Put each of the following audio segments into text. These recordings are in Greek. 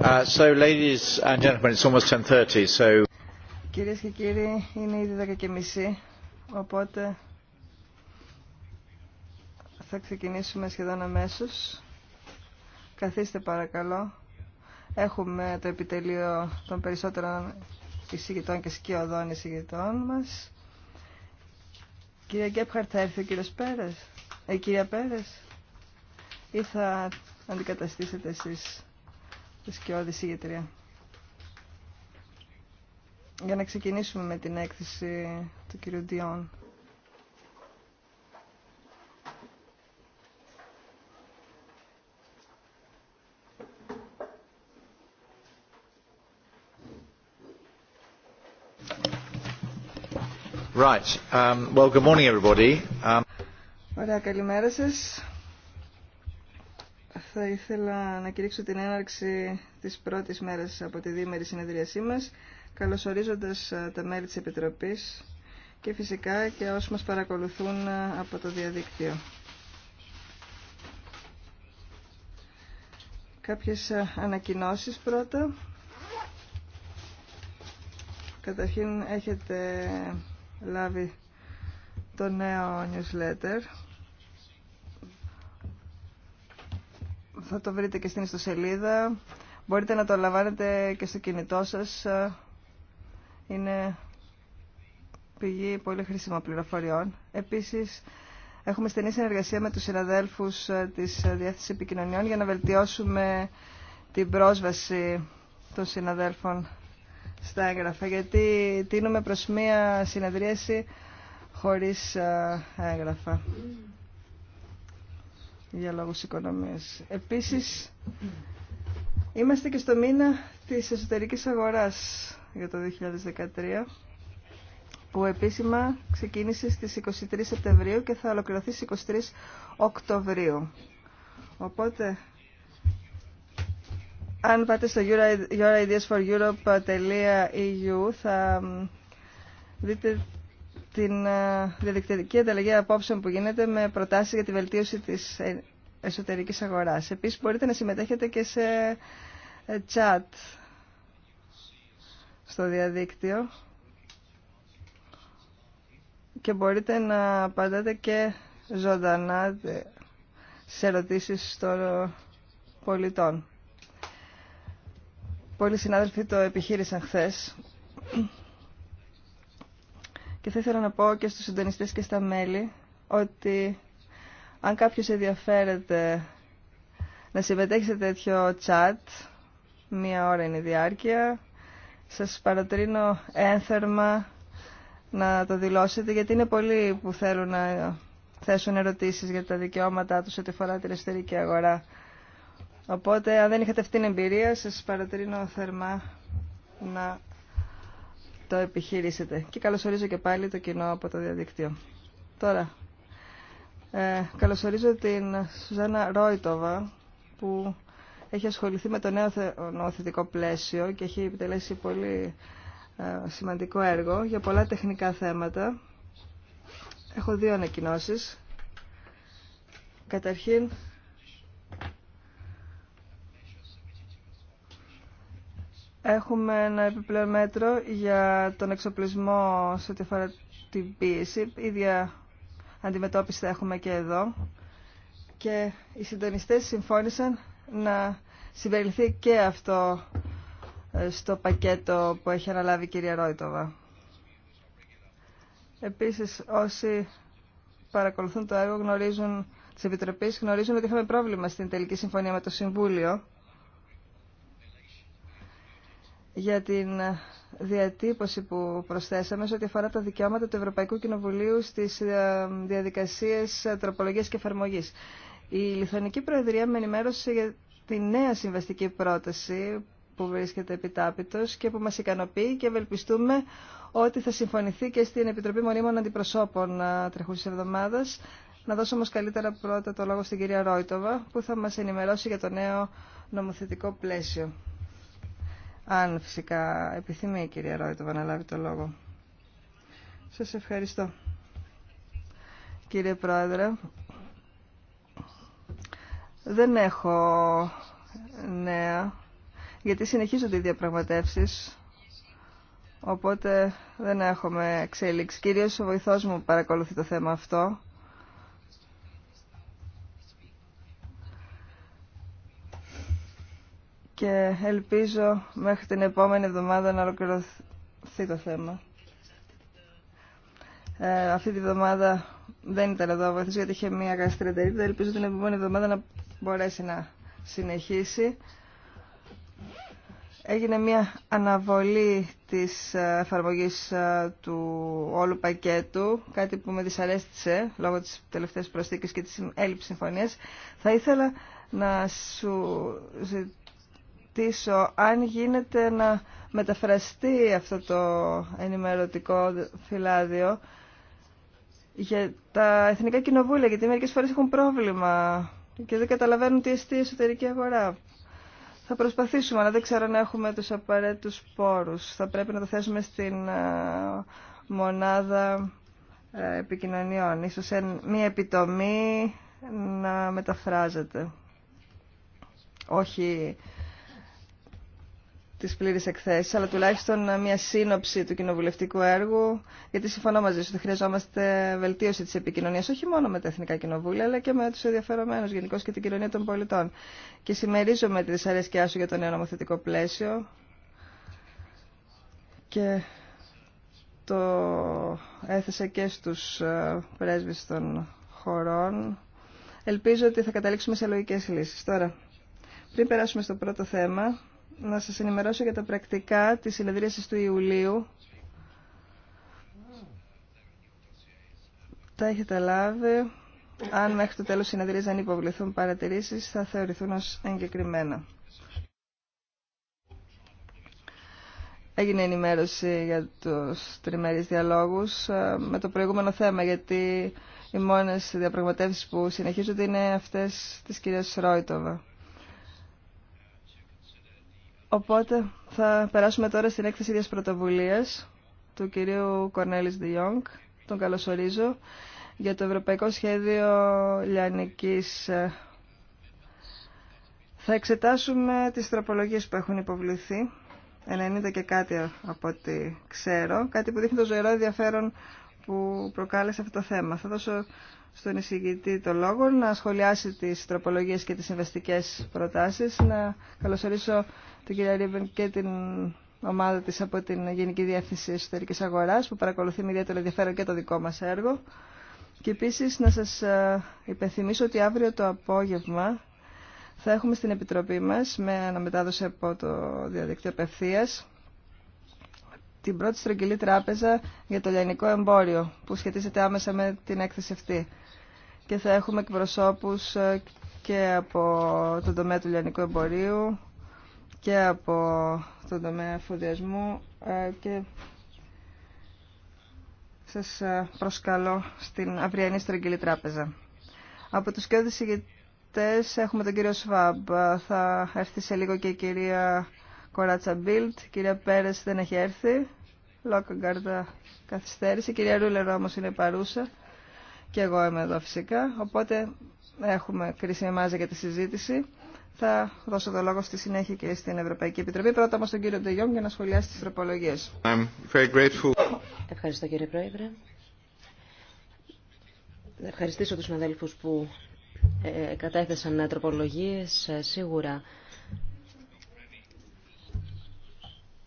Uh, Κυρίες και κύριοι, είναι ήδη μισή, οπότε θα ξεκινήσουμε σχεδόν αμέσως. Καθίστε παρακαλώ. Έχουμε το επιτελείο των περισσότερων εισηγητών και σκιωδών εισηγητών μας. Κυρία Γκέπχαρτ, θα έρθει ο κύριος Πέρες, ε, Πέρες, ή θα αντικαταστήσετε εσείς σκιώδη συγγετρία. Για να ξεκινήσουμε με την έκθεση του κυρίου Διόν. Right. Um, well, good morning everybody. Um... Ωραία, καλημέρα σας. Θα ήθελα να κηρύξω την έναρξη της πρώτης μέρας από τη διήμερη συνεδρίασή μας, καλωσορίζοντας ε, τα μέλη της Επιτροπής και φυσικά και όσοι μας παρακολουθούν ε, από το διαδίκτυο. Κάποιες ε, ανακοινώσεις πρώτα. Καταρχήν έχετε λάβει το νέο newsletter θα το βρείτε και στην ιστοσελίδα. Μπορείτε να το λαμβάνετε και στο κινητό σας. Είναι πηγή πολύ χρήσιμα πληροφοριών. Επίσης, έχουμε στενή συνεργασία με τους συναδέλφους ε, της Διεύθυνσης Επικοινωνιών για να βελτιώσουμε την πρόσβαση των συναδέλφων στα έγγραφα, γιατί τίνουμε προς μία συνεδρίαση χωρίς ε, έγγραφα για λόγους οικονομίας. Επίσης, είμαστε και στο μήνα της εσωτερικής αγοράς για το 2013 που επίσημα ξεκίνησε στις 23 Σεπτεμβρίου και θα ολοκληρωθεί στις 23 Οκτωβρίου. Οπότε, αν πάτε στο yourideasforeurope.eu θα δείτε την ε, διαδικτυακή ανταλλαγή απόψεων που γίνεται με προτάσεις για τη βελτίωση της ε, εσωτερικής αγοράς. Επίσης μπορείτε να συμμετέχετε και σε ε, chat στο διαδίκτυο και μπορείτε να απαντάτε και ζωντανά σε ερωτήσεις των πολιτών. Πολλοί συνάδελφοι το επιχείρησαν χθες και θα ήθελα να πω και στους συντονιστές και στα μέλη ότι αν κάποιος ενδιαφέρεται να συμμετέχει σε τέτοιο chat, μία ώρα είναι η διάρκεια, σας παρατρύνω ένθερμα να το δηλώσετε, γιατί είναι πολλοί που θέλουν να θέσουν ερωτήσεις για τα δικαιώματά τους ό,τι φορά την εστερική αγορά. Οπότε, αν δεν είχατε αυτήν την εμπειρία, σας παρατρύνω θερμά να το επιχειρήσετε. Και καλωσορίζω και πάλι το κοινό από το διαδίκτυο. Τώρα, ε, καλωσορίζω την Σουζάνα Ρόιτοβα που έχει ασχοληθεί με το νέο νομοθετικό πλαίσιο και έχει επιτελέσει πολύ ε, σημαντικό έργο για πολλά τεχνικά θέματα. Έχω δύο ανακοινώσεις. Καταρχήν, Έχουμε ένα επιπλέον μέτρο για τον εξοπλισμό σε ό,τι αφορά την πίεση. Ίδια αντιμετώπιση θα έχουμε και εδώ. Και οι συντονιστές συμφώνησαν να συμπεριληφθεί και αυτό ε, στο πακέτο που έχει αναλάβει η κυρία Ρόιτοβα. Επίσης, όσοι παρακολουθούν το έργο γνωρίζουν της Επιτροπής, γνωρίζουν ότι είχαμε πρόβλημα στην τελική συμφωνία με το Συμβούλιο για την ε, διατύπωση που προσθέσαμε σε ό,τι αφορά τα δικαιώματα του Ευρωπαϊκού Κοινοβουλίου στις ε, διαδικασίες ε, τροπολογίας και εφαρμογή. Η Λιθωνική Προεδρία με ενημέρωσε για τη νέα συμβαστική πρόταση που βρίσκεται επιτάπητος και που μας ικανοποιεί και ευελπιστούμε ότι θα συμφωνηθεί και στην Επιτροπή Μονίμων Αντιπροσώπων τρεχούσης εβδομάδα. Να δώσω όμω καλύτερα πρώτα το λόγο στην κυρία Ρόιτοβα που θα μας ενημερώσει για το νέο νομοθετικό πλαίσιο. Αν φυσικά επιθυμεί η κυρία Ρόιτοβα να λάβει το λόγο. Σας ευχαριστώ. Κύριε Πρόεδρε, δεν έχω νέα, γιατί συνεχίζονται οι διαπραγματεύσεις, οπότε δεν έχουμε εξέλιξη. Κυρίως ο βοηθός μου παρακολουθεί το θέμα αυτό και ελπίζω μέχρι την επόμενη εβδομάδα να ολοκληρωθεί το θέμα. Ε, αυτή τη εβδομάδα δεν ήταν εδώ βοηθός γιατί είχε μία γαστρεντερίτιδα. Ελπίζω την επόμενη εβδομάδα να μπορέσει να συνεχίσει. Έγινε μία αναβολή της ε, εφαρμογής ε, του όλου πακέτου, κάτι που με δυσαρέστησε λόγω της τελευταίας προσθήκης και της έλλειψης συμφωνίας. Θα ήθελα να σου ζητήσω αν γίνεται να μεταφραστεί αυτό το ενημερωτικό φυλάδιο για τα εθνικά κοινοβούλια, γιατί μερικές φορές έχουν πρόβλημα και δεν καταλαβαίνουν τι εστί η εσωτερική αγορά. Θα προσπαθήσουμε, αλλά δεν ξέρω αν έχουμε τους απαραίτητους πόρους. Θα πρέπει να το θέσουμε στην ε, μονάδα ε, επικοινωνιών. Ίσως μία επιτομή να μεταφράζεται. Όχι τις πλήρες εκθέσεις, αλλά τουλάχιστον μια σύνοψη του κοινοβουλευτικού έργου, γιατί συμφωνώ μαζί σου ότι χρειαζόμαστε βελτίωση της επικοινωνίας, όχι μόνο με τα Εθνικά Κοινοβούλια, αλλά και με τους ενδιαφερομένους γενικώ και την κοινωνία των πολιτών. Και συμμερίζομαι τη δυσαρέσκειά σου για το νέο νομοθετικό πλαίσιο και το έθεσα και στους ε, πρέσβεις των χωρών. Ελπίζω ότι θα καταλήξουμε σε λογικές λύσεις. Τώρα, πριν περάσουμε στο πρώτο θέμα, να σας ενημερώσω για τα πρακτικά της συνεδρίασης του Ιουλίου. Τα έχετε λάβει. Αν μέχρι το τέλος συνεδρίας δεν υποβληθούν παρατηρήσεις, θα θεωρηθούν ως εγκεκριμένα. Έγινε ενημέρωση για τους τριμερείς διαλόγους ε, με το προηγούμενο θέμα, γιατί οι μόνες διαπραγματεύσεις που συνεχίζονται είναι αυτές της κυρίας Ρόιτοβα. Οπότε θα περάσουμε τώρα στην έκθεση της πρωτοβουλίας του κυρίου Κορνέλης Διόγκ, τον καλωσορίζω, για το Ευρωπαϊκό Σχέδιο Λιανικής. Θα εξετάσουμε τις τροπολογίες που έχουν υποβληθεί, 90 και κάτι από ό,τι ξέρω, κάτι που δείχνει το ζωηρό ενδιαφέρον που προκάλεσε αυτό το θέμα. Θα δώσω στον εισηγητή το λόγο να σχολιάσει τι τροπολογίε και τι συμβαστικέ προτάσει Να καλωσορίσω την κυρία Ρίβεν και την ομάδα τη από την Γενική Διεύθυνση Εσωτερική αγορά που παρακολουθεί με ιδιαίτερο ενδιαφέρον και το δικό μα έργο. Και επίση να σα ε, υπενθυμίσω ότι αύριο το απόγευμα θα έχουμε στην Επιτροπή μα με αναμετάδοση από το διαδικτύο απευθεία την πρώτη στρογγυλή τράπεζα για το λιανικό εμπόριο που σχετίζεται άμεσα με την έκθεση αυτή και θα έχουμε εκπροσώπους ε, και από τον τομέα του λιανικού εμπορίου και από τον τομέα φουδιασμού ε, και σας ε, προσκαλώ στην αυριανή στρογγυλή τράπεζα. Από τους και ηγητές έχουμε τον κύριο Σβάμπ. Θα έρθει σε λίγο και η κυρία Κοράτσα Μπίλτ. Η κυρία Πέρες δεν έχει έρθει. Λόκαγκαρτα καθυστέρησε. Η κυρία Ρούλερ όμως είναι παρούσα. Και εγώ είμαι εδώ φυσικά, οπότε έχουμε κρίσιμη μάζα για τη συζήτηση. Θα δώσω το λόγο στη συνέχεια και στην Ευρωπαϊκή Επιτροπή. Πρώτα όμως τον κύριο Ντεγιόμ για να σχολιάσει τις τροπολογίες. Ευχαριστώ κύριε Πρόεδρε. Ευχαριστήσω τους συναδέλφους που ε, κατέθεσαν ε, τροπολογίες. Ε, σίγουρα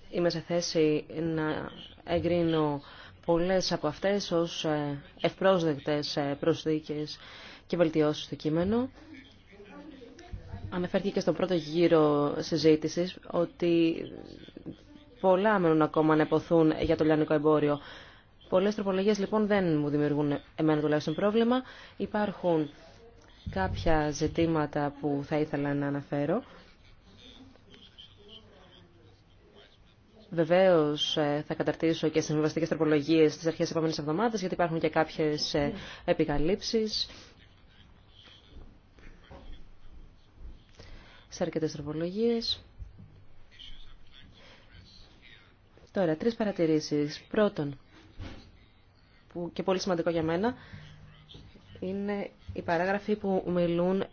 είμαι σε θέση να εγκρίνω πολλές από αυτές ως ε, ευπρόσδεκτες ε, προσθήκες και βελτιώσεις στο κείμενο. Αναφέρθηκε και στον πρώτο γύρο συζήτησης ότι πολλά μένουν ακόμα να εποθούν για το λιανικό εμπόριο. Πολλές τροπολογίες λοιπόν δεν μου δημιουργούν εμένα τουλάχιστον πρόβλημα. Υπάρχουν κάποια ζητήματα που θα ήθελα να αναφέρω. Βεβαίω ε, θα καταρτήσω και συμβιβαστικέ τροπολογίε στι αρχέ τη επόμενη εβδομάδα, γιατί υπάρχουν και κάποιε επικαλύψει. Σε αρκετέ τροπολογίε. Τώρα, τρεις παρατηρήσεις. Πρώτον, που και πολύ σημαντικό για μένα, είναι οι παράγραφοι που μιλούν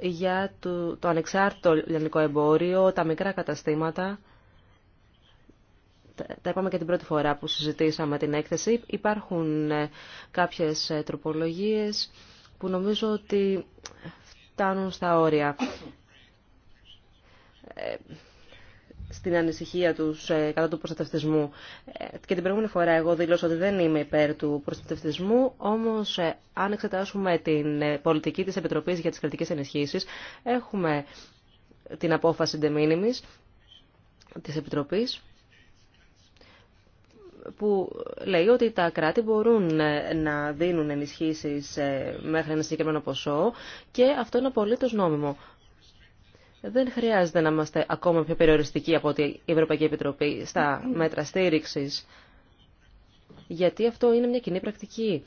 για το, το ανεξάρτητο λιανικό εμπόριο, τα μικρά καταστήματα τα είπαμε και την πρώτη φορά που συζητήσαμε την έκθεση. Υπάρχουν ε, κάποιες ε, τροπολογίες που νομίζω ότι φτάνουν στα όρια. Ε, στην ανησυχία τους κατά του προστατευτισμού. Και την προηγούμενη φορά εγώ δήλωσα ότι δεν είμαι υπέρ του προστατευτισμού, όμως αν εξετάσουμε την πολιτική της Επιτροπής για τις κρατικές ενισχύσεις, έχουμε την απόφαση de minimis της Επιτροπής, που λέει ότι τα κράτη μπορούν να δίνουν ενισχύσεις ε, μέχρι ένα συγκεκριμένο ποσό και αυτό είναι απολύτως νόμιμο. Δεν χρειάζεται να είμαστε ακόμα πιο περιοριστικοί από η Ευρωπαϊκή Επιτροπή στα μέτρα στήριξης, γιατί αυτό είναι μια κοινή πρακτική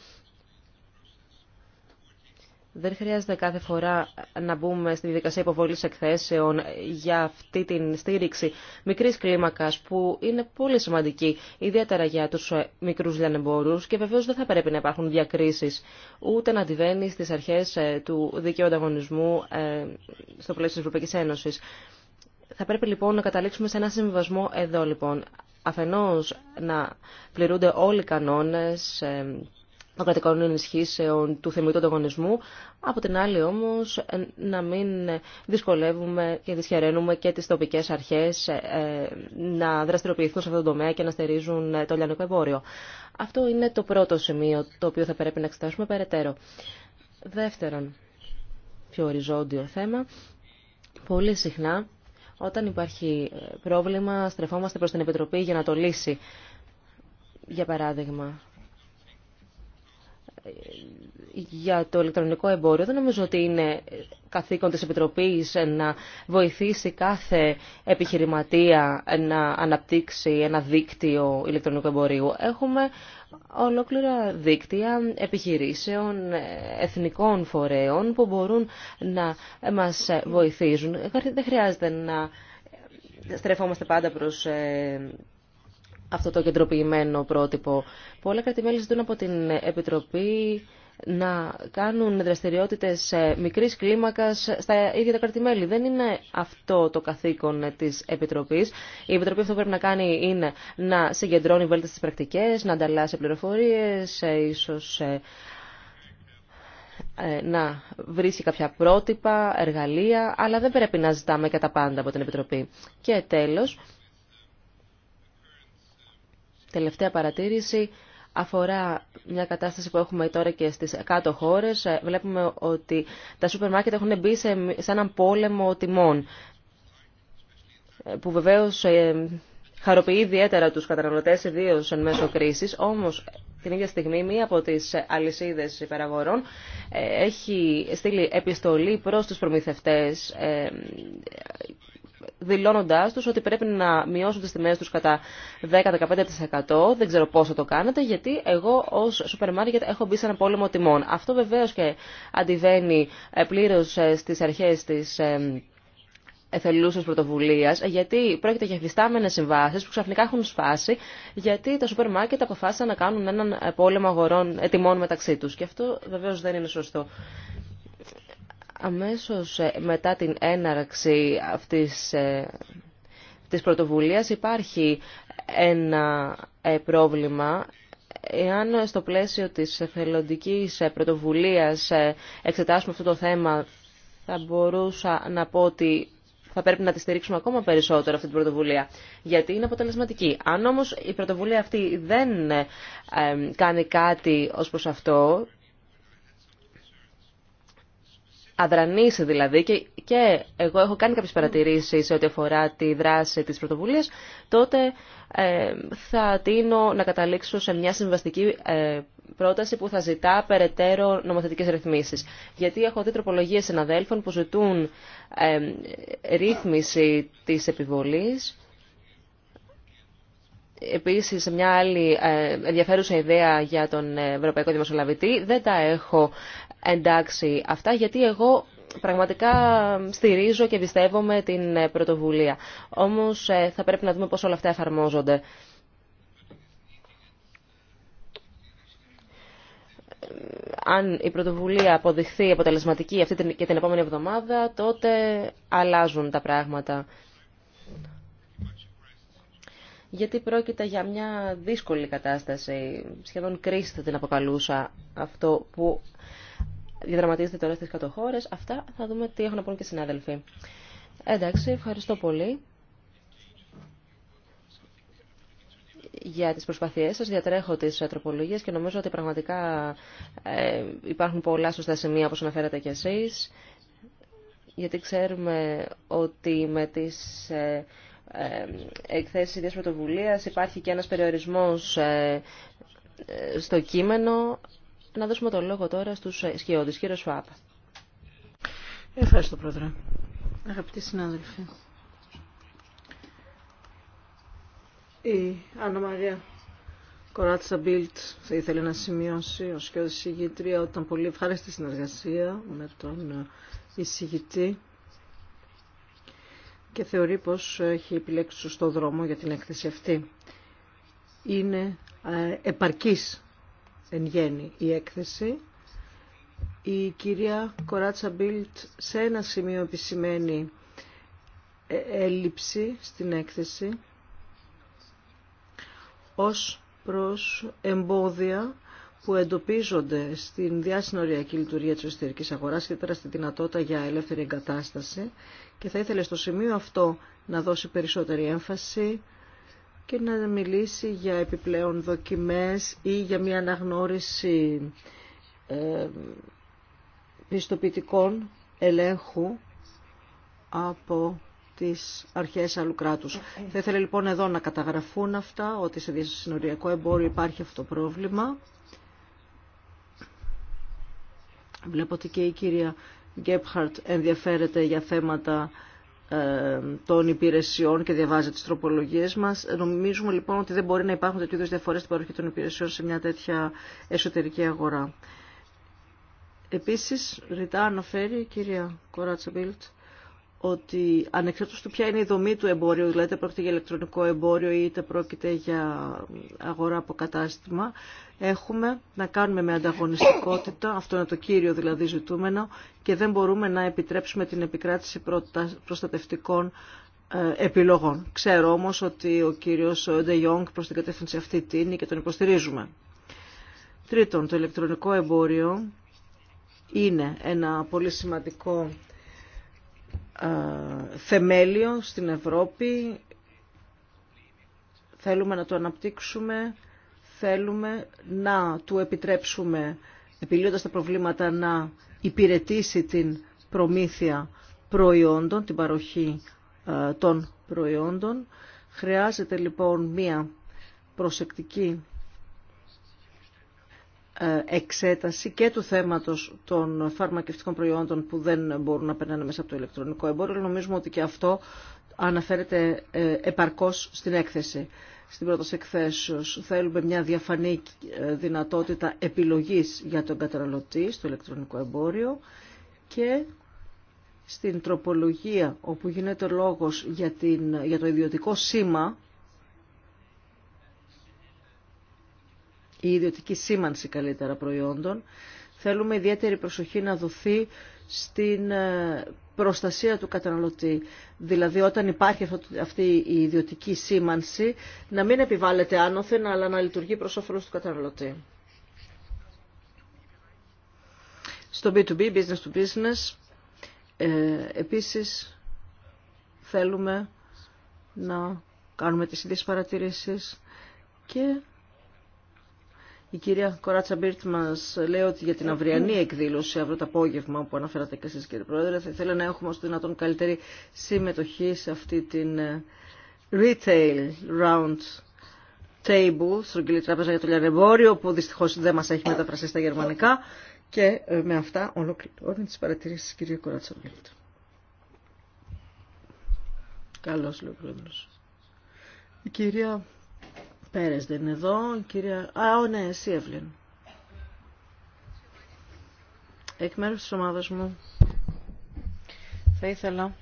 δεν χρειάζεται κάθε φορά να μπούμε στη δικασία υποβολής εκθέσεων για αυτή την στήριξη μικρής κλίμακας που είναι πολύ σημαντική, ιδιαίτερα για τους ε, μικρούς λιανεμπόρους και βεβαίως δεν θα πρέπει να υπάρχουν διακρίσεις, ούτε να αντιβαίνει στις αρχές ε, του δίκαιου ανταγωνισμού ε, στο πλαίσιο της Ευρωπαϊκής Ένωσης. Θα πρέπει λοιπόν να καταλήξουμε σε ένα συμβιβασμό εδώ λοιπόν. Αφενός να πληρούνται όλοι οι κανόνες των κρατικών ενισχύσεων του θεμητού ανταγωνισμού, από την άλλη όμως ε, να μην δυσκολεύουμε και δυσχεραίνουμε και τις τοπικές αρχές ε, να δραστηριοποιηθούν σε αυτό το τομέα και να στερίζουν το λιανικό εμπόριο. Αυτό είναι το πρώτο σημείο το οποίο θα πρέπει να εξετάσουμε περαιτέρω. Δεύτερον, πιο οριζόντιο θέμα, πολύ συχνά όταν υπάρχει ε, πρόβλημα στρεφόμαστε προς την Επιτροπή για να το λύσει. Για παράδειγμα, για το ηλεκτρονικό εμπόριο δεν νομίζω ότι είναι καθήκον της Επιτροπής να βοηθήσει κάθε επιχειρηματία να αναπτύξει ένα δίκτυο ηλεκτρονικού εμπορίου. Έχουμε ολόκληρα δίκτυα επιχειρήσεων, εθνικών φορέων που μπορούν να μας βοηθήσουν. Δεν χρειάζεται να στρεφόμαστε πάντα προς ε, αυτό το κεντροποιημένο πρότυπο. Πολλά κρατημέλη ζητούν από την Επιτροπή να κάνουν δραστηριότητες ε, μικρής κλίμακας στα ίδια τα κρατημέλη. Δεν είναι αυτό το καθήκον της Επιτροπής. Η Επιτροπή αυτό που πρέπει να κάνει είναι να συγκεντρώνει βέλτες στις πρακτικές, να ανταλλάσσει πληροφορίες, ε, ίσως ε, να βρίσκει κάποια πρότυπα, εργαλεία, αλλά δεν πρέπει να ζητάμε κατά πάντα από την Επιτροπή. Και τέλος, Τελευταία παρατήρηση αφορά μια κατάσταση που έχουμε τώρα και στις κάτω χώρες. Ε, βλέπουμε ότι τα σούπερ μάρκετ έχουν μπει σε, έναν πόλεμο τιμών ε, που βεβαίως ε, χαροποιεί ιδιαίτερα τους καταναλωτές, ιδίω εν μέσω κρίσης, όμως την ίδια στιγμή μία από τις αλυσίδες υπεραγορών έχει στείλει επιστολή προς τους προμηθευτές δηλώνοντάς του ότι πρέπει να μειώσουν τις τιμέ τους κατά 10-15%. Δεν ξέρω πώ θα το κάνετε, γιατί εγώ ω σούπερ μάρκετ έχω μπει σε ένα πόλεμο τιμών. Αυτό βεβαίω και αντιβαίνει ε, πλήρω ε, στι αρχέ τη ε, εθελούσεω πρωτοβουλία, γιατί πρόκειται για φυστάμενε συμβάσει που ξαφνικά έχουν σπάσει, γιατί τα σούπερ μάρκετ αποφάσισαν να κάνουν έναν πόλεμο αγορών τιμών μεταξύ του. Και αυτό βεβαίω δεν είναι σωστό αμέσως ε, μετά την έναρξη αυτής ε, της πρωτοβουλίας υπάρχει ένα ε, πρόβλημα εάν στο πλαίσιο της εθελοντικής πρωτοβουλίας εξετάσουμε αυτό το θέμα θα μπορούσα να πω ότι θα πρέπει να τη στηρίξουμε ακόμα περισσότερο αυτή την πρωτοβουλία, γιατί είναι αποτελεσματική. Αν όμως η πρωτοβουλία αυτή δεν κάνει κάτι ως προς αυτό, αδρανήσει δηλαδή και, εγώ έχω κάνει κάποιες παρατηρήσεις σε ό,τι αφορά τη δράση της πρωτοβουλίας, τότε ε, θα τίνω να καταλήξω σε μια συμβαστική ε, πρόταση που θα ζητά περαιτέρω νομοθετικές ρυθμίσεις. Γιατί έχω δει τροπολογίες συναδέλφων που ζητούν ε, ρύθμιση της επιβολής. Επίσης, μια άλλη ε, ενδιαφέρουσα ιδέα για τον Ευρωπαϊκό Δημοσιολαβητή. Δεν τα έχω εντάξει αυτά, γιατί εγώ πραγματικά στηρίζω και πιστεύω την ε, πρωτοβουλία. Όμως ε, θα πρέπει να δούμε πώς όλα αυτά εφαρμόζονται. αν η πρωτοβουλία αποδειχθεί αποτελεσματική αυτή και την επόμενη εβδομάδα, τότε αλλάζουν τα πράγματα. Γιατί πρόκειται για μια δύσκολη κατάσταση, σχεδόν κρίση θα την αποκαλούσα αυτό που διαδραματίζεται τώρα στις κατοχώρες. Αυτά θα δούμε τι έχουν να πούν και οι συνάδελφοι. Εντάξει, ευχαριστώ πολύ για τις προσπάθειές σας. Διατρέχω τις τροπολογίες και νομίζω ότι πραγματικά ε, υπάρχουν πολλά σωστά σημεία όπως αναφέρατε κι εσείς. Γιατί ξέρουμε ότι με τις ε, ε, εκθέσεις ίδιας πρωτοβουλίας υπάρχει και ένας περιορισμός στο κείμενο να δώσουμε το λόγο τώρα στους σκιώδεις. Κύριε Σφάπ. Ευχαριστώ, Πρόεδρε. Αγαπητοί συνάδελφοι. Η Άννα Μαρία Κοράτσα Μπίλτ θα ήθελε να σημειώσει ως και ως εισηγήτρια ότι ήταν πολύ ευχάριστη συνεργασία με τον εισηγητή και θεωρεί πως έχει επιλέξει σωστό δρόμο για την έκθεση αυτή. Είναι ε, επαρκής εν γέννη η έκθεση. Η κυρία Κοράτσα Μπίλτ σε ένα σημείο επισημαίνει ε, έλλειψη στην έκθεση ως προς εμπόδια που εντοπίζονται στην διασυνοριακή λειτουργία της εσωτερικής αγοράς, τώρα στη δυνατότητα για ελεύθερη εγκατάσταση και θα ήθελε στο σημείο αυτό να δώσει περισσότερη έμφαση και να μιλήσει για επιπλέον δοκιμές ή για μια αναγνώριση ε, πιστοποιητικών ελέγχου από τις αρχές άλλου κράτους. Θα ήθελα λοιπόν εδώ να καταγραφούν αυτά, ότι σε διασυνοριακό εμπόριο υπάρχει αυτό το πρόβλημα. Βλέπω ότι και η κυρία Γκέπχαρτ ενδιαφέρεται για θέματα ε, των υπηρεσιών και διαβάζει τις τροπολογίες μας. Νομίζουμε λοιπόν ότι δεν μπορεί να υπάρχουν τέτοιου είδους διαφορές στην παροχή των υπηρεσιών σε μια τέτοια εσωτερική αγορά. Επίσης, ρητά αναφέρει η κυρία Κοράτσα Μπίλτ ότι ανεξάρτητος του ποια είναι η δομή του εμπόριου, δηλαδή είτε πρόκειται για ηλεκτρονικό εμπόριο ή είτε πρόκειται για αγορά από κατάστημα, έχουμε να κάνουμε με ανταγωνιστικότητα, αυτό είναι το κύριο δηλαδή ζητούμενο, και δεν μπορούμε να επιτρέψουμε την επικράτηση προστατευτικών ε, επιλογών. Ξέρω όμως ότι ο κύριος Ντε Ιόγκ προς την κατεύθυνση αυτή τίνει και τον υποστηρίζουμε. Τρίτον, το ηλεκτρονικό εμπόριο είναι ένα πολύ σημαντικό θεμέλιο στην Ευρώπη. Θέλουμε να το αναπτύξουμε, θέλουμε να του επιτρέψουμε, επιλύοντας τα προβλήματα, να υπηρετήσει την προμήθεια προϊόντων, την παροχή των προϊόντων. Χρειάζεται λοιπόν μία προσεκτική εξέταση και του θέματος των φαρμακευτικών προϊόντων που δεν μπορούν να περνάνε μέσα από το ηλεκτρονικό εμπόριο. Νομίζουμε ότι και αυτό αναφέρεται ε, επαρκώς στην έκθεση. Στην πρώτη εκθέση θέλουμε μια διαφανή ε, δυνατότητα επιλογής για τον καταναλωτή στο ηλεκτρονικό εμπόριο και στην τροπολογία όπου γίνεται λόγος για, την, για το ιδιωτικό σήμα η ιδιωτική σήμανση καλύτερα προϊόντων. Θέλουμε ιδιαίτερη προσοχή να δοθεί στην ε, προστασία του καταναλωτή. Δηλαδή όταν υπάρχει αυτή η ιδιωτική σήμανση να μην επιβάλλεται άνωθεν αλλά να λειτουργεί προς όφελος του καταναλωτή. Στο B2B, business to business, ε, επίσης θέλουμε να κάνουμε τις ίδιες παρατηρήσεις και η κυρία Κοράτσα Μπίρτ μα λέει ότι για την αυριανή εκδήλωση, αύριο το απόγευμα που αναφέρατε και εσεί κύριε Πρόεδρε, θα ήθελα να έχουμε όσο δυνατόν καλύτερη συμμετοχή σε αυτή την ε, retail round table, στρογγυλή τράπεζα για το λιανεμπόριο, που δυστυχώ δεν μα έχει μεταφραστεί στα γερμανικά. Και ε, με αυτά ολοκληρώνει τι παρατηρήσει τη κυρία Κοράτσα Μπίρτ. Καλώ λέει Η κυρία Πέρες δεν είναι εδώ. Κυρία... Α, ο, ναι, εσύ Ευλίν. Εκ μέρους της ομάδας μου θα ήθελα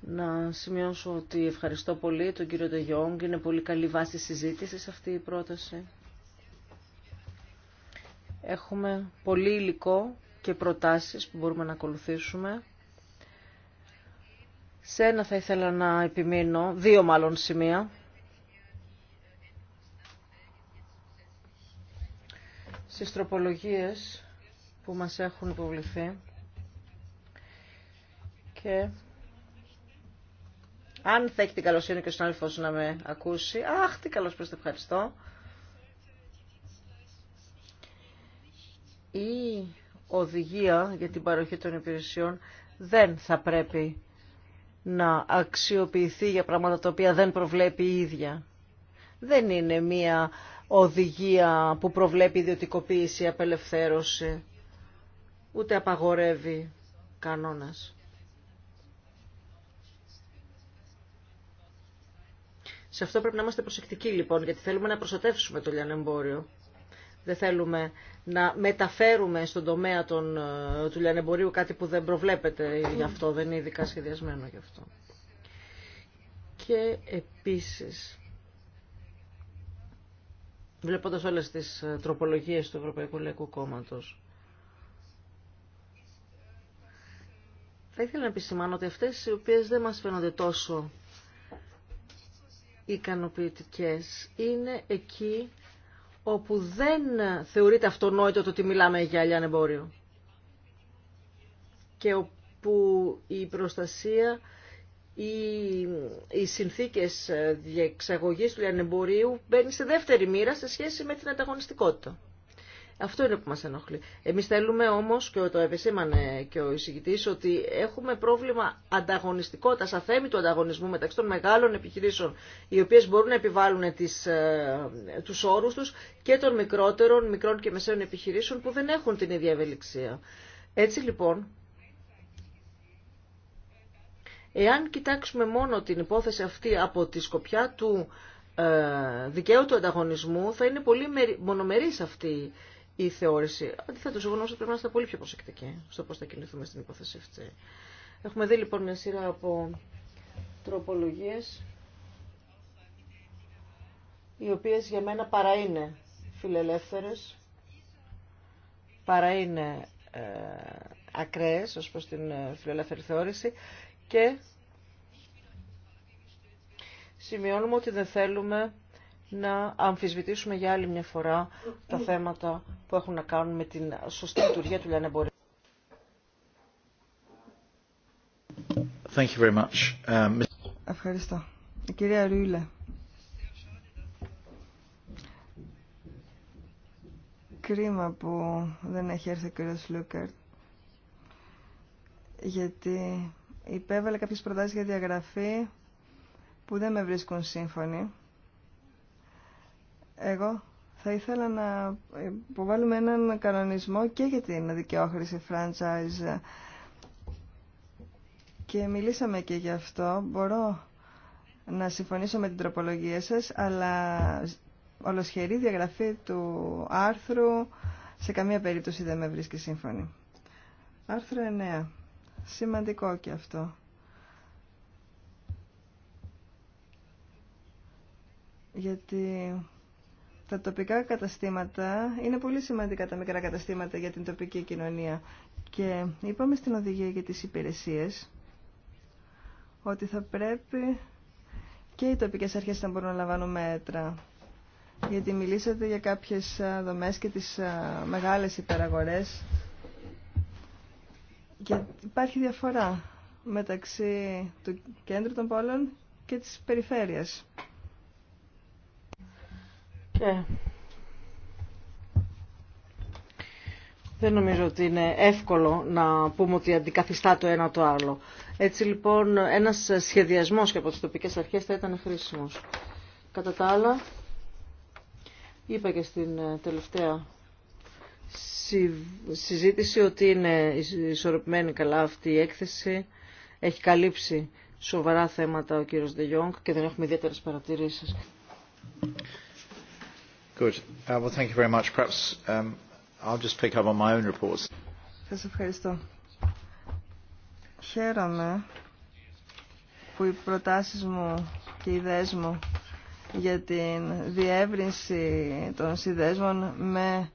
να σημειώσω ότι ευχαριστώ πολύ τον κύριο Ντεγιόγκ. Είναι πολύ καλή βάση συζήτησης αυτή η πρόταση. Έχουμε πολύ υλικό και προτάσεις που μπορούμε να ακολουθήσουμε. Σε ένα θα ήθελα να επιμείνω, δύο μάλλον σημεία. στις τροπολογίες που μας έχουν υποβληθεί και αν θα έχει την καλοσύνη και ο συνάδελφος να με ακούσει, αχ τι καλώς πες, ευχαριστώ, η οδηγία για την παροχή των υπηρεσιών δεν θα πρέπει να αξιοποιηθεί για πράγματα τα οποία δεν προβλέπει η ίδια. Δεν είναι μία οδηγία που προβλέπει ιδιωτικοποίηση, απελευθέρωση, ούτε απαγορεύει κανόνας. Σε αυτό πρέπει να είμαστε προσεκτικοί λοιπόν, γιατί θέλουμε να προστατεύσουμε το λιανεμπόριο. Δεν θέλουμε να μεταφέρουμε στον τομέα των, ε, του λιανεμπορίου κάτι που δεν προβλέπεται γι' αυτό, δεν είναι ειδικά σχεδιασμένο γι' αυτό. Και επίσης, βλέποντας όλες τις ε, τροπολογίες του Ευρωπαϊκού Λαϊκού Κόμματος. Θα ήθελα να επισημάνω ότι αυτές οι οποίες δεν μας φαίνονται τόσο ικανοποιητικές είναι εκεί όπου δεν θεωρείται αυτονόητο το ότι μιλάμε για εμπόριο. και όπου η προστασία οι συνθήκες διεξαγωγής του λιανεμπορίου μπαίνει σε δεύτερη μοίρα σε σχέση με την ανταγωνιστικότητα. Αυτό είναι που μας ενοχλεί. Εμείς θέλουμε όμως, και το επεσήμανε και ο εισηγητής, ότι έχουμε πρόβλημα ανταγωνιστικότητας, αθέμη του ανταγωνισμού μεταξύ των μεγάλων επιχειρήσεων, οι οποίες μπορούν να επιβάλλουν τις, ε, τους όρους τους, και των μικρότερων, μικρών και μεσαίων επιχειρήσεων που δεν έχουν την ίδια ευελιξία. Έτσι λοιπόν, Εάν κοιτάξουμε μόνο την υπόθεση αυτή από τη σκοπιά του ε, δικαίου του ανταγωνισμού, θα είναι πολύ μονομερής αυτή η θεώρηση. Αντίθετα, εγώ ότι πρέπει να είμαστε πολύ πιο προσεκτικοί στο πώ θα κινηθούμε στην υπόθεση αυτή. Έχουμε δει λοιπόν μια σειρά από τροπολογίε, οι οποίε για μένα παρά είναι φιλελεύθερε, παρά είναι ε, ακραίε ω προ την ε, φιλελεύθερη θεώρηση και σημειώνουμε ότι δεν θέλουμε να αμφισβητήσουμε για άλλη μια φορά τα θέματα που έχουν να κάνουν με την σωστή λειτουργία του λιανεμπορίου. Um, Ευχαριστώ. Η κυρία Ρούιλε. Κρίμα που δεν έχει έρθει ο κύριος Λούκερτ γιατί υπέβαλε κάποιες προτάσεις για διαγραφή που δεν με βρίσκουν σύμφωνοι. Εγώ θα ήθελα να υποβάλουμε έναν κανονισμό και για την δικαιόχρηση franchise και μιλήσαμε και γι' αυτό. Μπορώ να συμφωνήσω με την τροπολογία σας, αλλά ολοσχερή διαγραφή του άρθρου σε καμία περίπτωση δεν με βρίσκει σύμφωνη. Άρθρο 9. Σημαντικό και αυτό. Γιατί τα τοπικά καταστήματα είναι πολύ σημαντικά τα μικρά καταστήματα για την τοπική κοινωνία. Και είπαμε στην οδηγία για τις υπηρεσίες ότι θα πρέπει και οι τοπικές αρχές να μπορούν να λαμβάνουν μέτρα. Γιατί μιλήσατε για κάποιες ε, δομές και τις ε, μεγάλες υπεραγορές για, υπάρχει διαφορά μεταξύ του κέντρου των πόλεων και της περιφέρειας. Ε, δεν νομίζω ότι είναι εύκολο να πούμε ότι αντικαθιστά το ένα το άλλο. Έτσι λοιπόν ένας σχεδιασμός και από τις τοπικές αρχές θα ήταν χρήσιμος. Κατά τα άλλα, είπα και στην ε, τελευταία συζήτηση ότι είναι ισορροπημένη καλά αυτή η έκθεση. Έχει καλύψει σοβαρά θέματα ο κύριος Δε Ιόγκ και δεν έχουμε ιδιαίτερε παρατηρήσεις. Good. Uh, well, thank you very much. Perhaps um, I'll just pick up on my own reports. Σας ευχαριστώ. Χαίρομαι που οι προτάσεις μου και οι ιδέες μου για την διεύρυνση των συνδέσμων με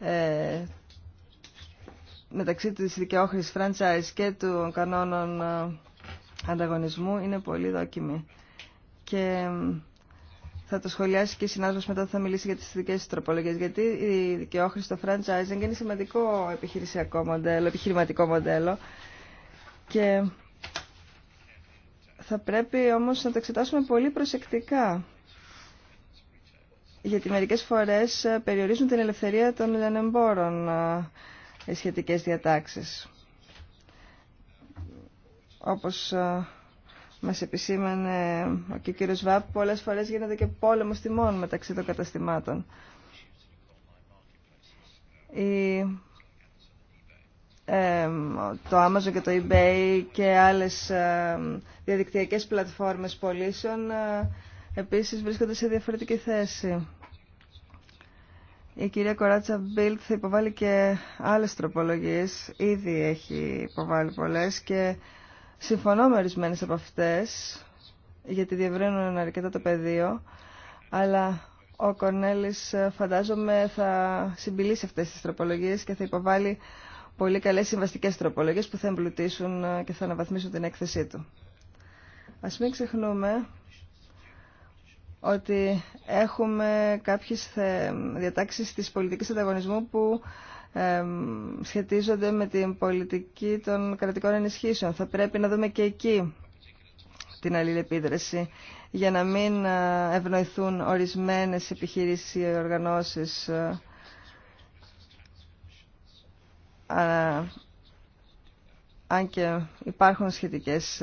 ε, μεταξύ της δικαιόχρησης franchise και των κανόνων ε, ανταγωνισμού είναι πολύ δόκιμη. Και θα το σχολιάσει και η συνάδελφος μετά θα μιλήσει για τις δικές της τροπολογίες, γιατί η δικαιόχρηση στο franchising είναι σημαντικό επιχειρησιακό μοντέλο, επιχειρηματικό μοντέλο και θα πρέπει όμως να το εξετάσουμε πολύ προσεκτικά γιατί μερικές φορές ε, περιορίζουν την ελευθερία των λιανεμπόρων ε, οι σχετικές διατάξεις. Όπως ε, μας επισήμανε και ο κύριος Βάπ, πολλές φορές γίνεται και πόλεμος τιμών μεταξύ των καταστημάτων. Η... Ε, το Amazon και το eBay και άλλες διαδικτυακές πλατφόρμες πωλήσεων επίσης βρίσκονται σε διαφορετική θέση. Η κυρία Κοράτσα Μπίλτ θα υποβάλει και άλλες τροπολογίες. Ήδη έχει υποβάλει πολλές και συμφωνώ με ορισμένες από αυτές γιατί διευρύνουν αρκετά το πεδίο αλλά ο Κορνέλης ε, φαντάζομαι θα συμπηλήσει αυτές τις τροπολογίες και θα υποβάλει πολύ καλές συμβαστικές τροπολογίες που θα εμπλουτίσουν ε, και θα αναβαθμίσουν την έκθεσή του. Ας μην ξεχνούμε ότι έχουμε κάποιες ε, διατάξεις της πολιτικής ανταγωνισμού που ε, σχετίζονται με την πολιτική των κρατικών ενισχύσεων. Θα πρέπει να δούμε και εκεί την αλληλεπίδραση για να μην ε, ευνοηθούν ορισμένες επιχειρήσεις ή οργανώσεις αν και υπάρχουν σχετικές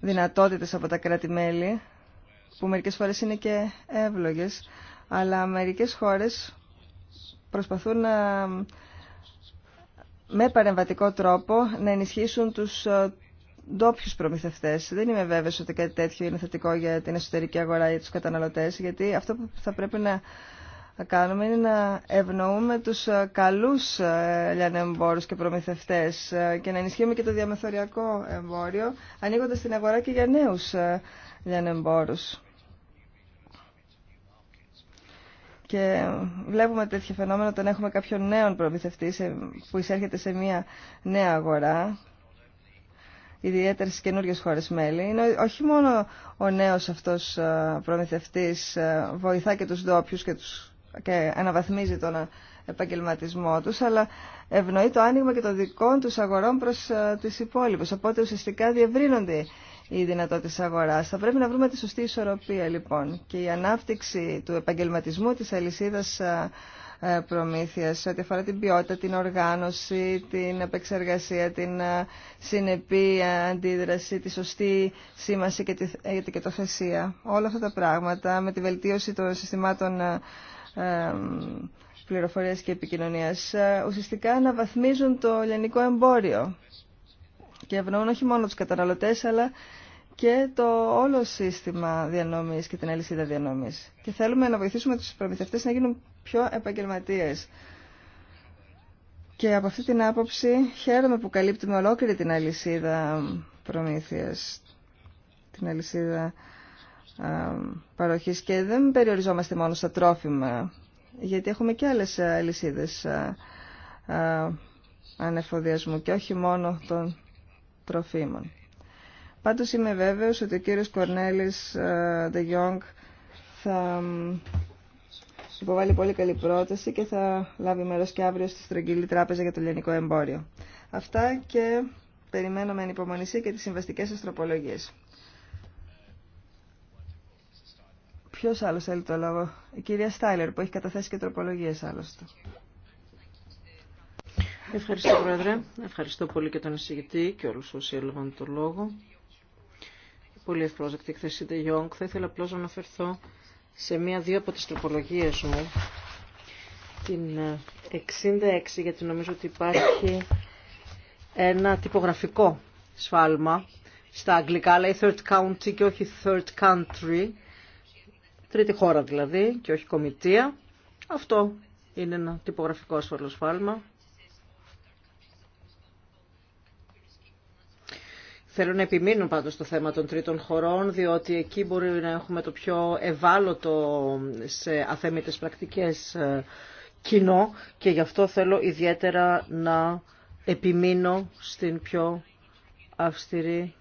δυνατότητες από τα κράτη-μέλη που μερικές φορές είναι και εύλογες, αλλά μερικές χώρες προσπαθούν να, με παρεμβατικό τρόπο να ενισχύσουν τους ε, ντόπιου προμηθευτέ. Δεν είμαι βέβαιο ότι κάτι τέτοιο είναι θετικό για την εσωτερική αγορά ή του καταναλωτέ, γιατί αυτό που θα πρέπει να κάνουμε είναι να ευνοούμε του ε, καλούς ε, λιανεμπόρου και προμηθευτέ και να ενισχύουμε και το διαμεθοριακό εμπόριο, ανοίγοντα την αγορά και για νέου λιανεμπόρου. Και βλέπουμε τέτοια φαινόμενα όταν έχουμε κάποιον νέο προμηθευτή που εισέρχεται σε μια νέα αγορά, ιδιαίτερα στι καινούριε χώρε μέλη. Είναι όχι μόνο ο νέο αυτό ε, προμηθευτή ε, βοηθά και του ντόπιου και, και αναβαθμίζει τον ε, επαγγελματισμό του, αλλά ευνοεί το άνοιγμα και των δικών του αγορών προ του υπόλοιπου. Οπότε ουσιαστικά διευρύνονται οι δυνατότητε της αγοράς. Θα πρέπει να βρούμε τη σωστή ισορροπία λοιπόν και η ανάπτυξη του επαγγελματισμού της αλυσίδας ε, προμήθειας ό,τι αφορά την ποιότητα, την οργάνωση, την επεξεργασία, την συνεπή ε, αντίδραση, τη σωστή σήμαση και την ε, ετικετοθεσία. Όλα αυτά τα πράγματα με τη βελτίωση των συστημάτων πληροφορία και επικοινωνίας ουσιαστικά αναβαθμίζουν το ελληνικό εμπόριο και ευνοούν όχι μόνο τους καταναλωτές αλλά και το όλο σύστημα διανομής και την αλυσίδα διανομής. Και θέλουμε να βοηθήσουμε τους προμηθευτές να γίνουν πιο επαγγελματίες. Και από αυτή την άποψη χαίρομαι που καλύπτουμε ολόκληρη την αλυσίδα προμήθειας, την αλυσίδα παροχή παροχής και δεν περιοριζόμαστε μόνο στα τρόφιμα, γιατί έχουμε και άλλες αλυσίδες ανεφοδιασμού και όχι μόνο των τροφίμων. Πάντως είμαι βέβαιος ότι ο κύριος Κορνέλης Ντε Γιόγκ θα υποβάλει πολύ καλή πρόταση και θα λάβει μέρος και αύριο στη Στρογγυλή Τράπεζα για το Λιανικό Εμπόριο. Αυτά και περιμένω με ανυπομονησία και τις συμβαστικές αστροπολογίες. Ποιο άλλο θέλει το λόγο. Η κυρία Στάιλερ που έχει καταθέσει και τροπολογίε άλλωστε. Ευχαριστώ Πρόεδρε. Ευχαριστώ πολύ και τον εισηγητή και όλου όσοι έλαβαν το λόγο πολύ ευπρόσδεκτη εκθέση De Jong. Θα ήθελα απλώ να αναφερθώ σε μία-δύο από τις τροπολογίες μου. Την 66, ε, γιατί νομίζω ότι υπάρχει ένα τυπογραφικό σφάλμα στα αγγλικά, λέει third county και όχι third country, τρίτη χώρα δηλαδή και όχι κομιτεία. Αυτό είναι ένα τυπογραφικό ασφαλό σφάλμα. Θέλω να επιμείνω πάντως στο θέμα των τρίτων χωρών, διότι εκεί μπορεί να έχουμε το πιο ευάλωτο σε αθέμητες πρακτικές ε, κοινό και γι' αυτό θέλω ιδιαίτερα να επιμείνω στην πιο αυστηρή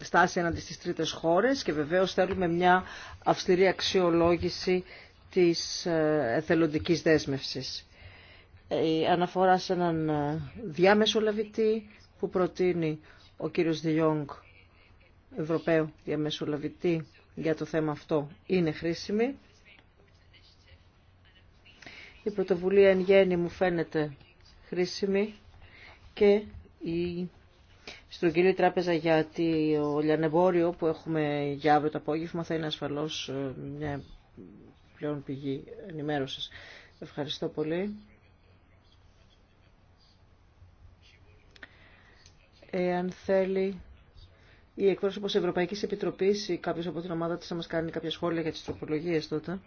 στάση εναντί στις τρίτες χώρες και βεβαίως θέλουμε μια αυστηρή αξιολόγηση της ε, εθελοντικής δέσμευσης η αναφορά σε έναν ε, διαμεσολαβητή που προτείνει ο κύριος Διόγκ, Ευρωπαίο διαμεσολαβητή για το θέμα αυτό, είναι χρήσιμη. Η πρωτοβουλία εν γέννη μου φαίνεται χρήσιμη και η στρογγυλή τράπεζα για το λιανεμπόριο που έχουμε για αύριο το απόγευμα θα είναι ασφαλώς ε, μια πλέον πηγή ενημέρωσης. Ευχαριστώ πολύ. εάν θέλει η εκπρόσωπος Ευρωπαϊκής Επιτροπής ή κάποιος από την ομάδα της να μας κάνει κάποια σχόλια για τις τροπολογίες τότε.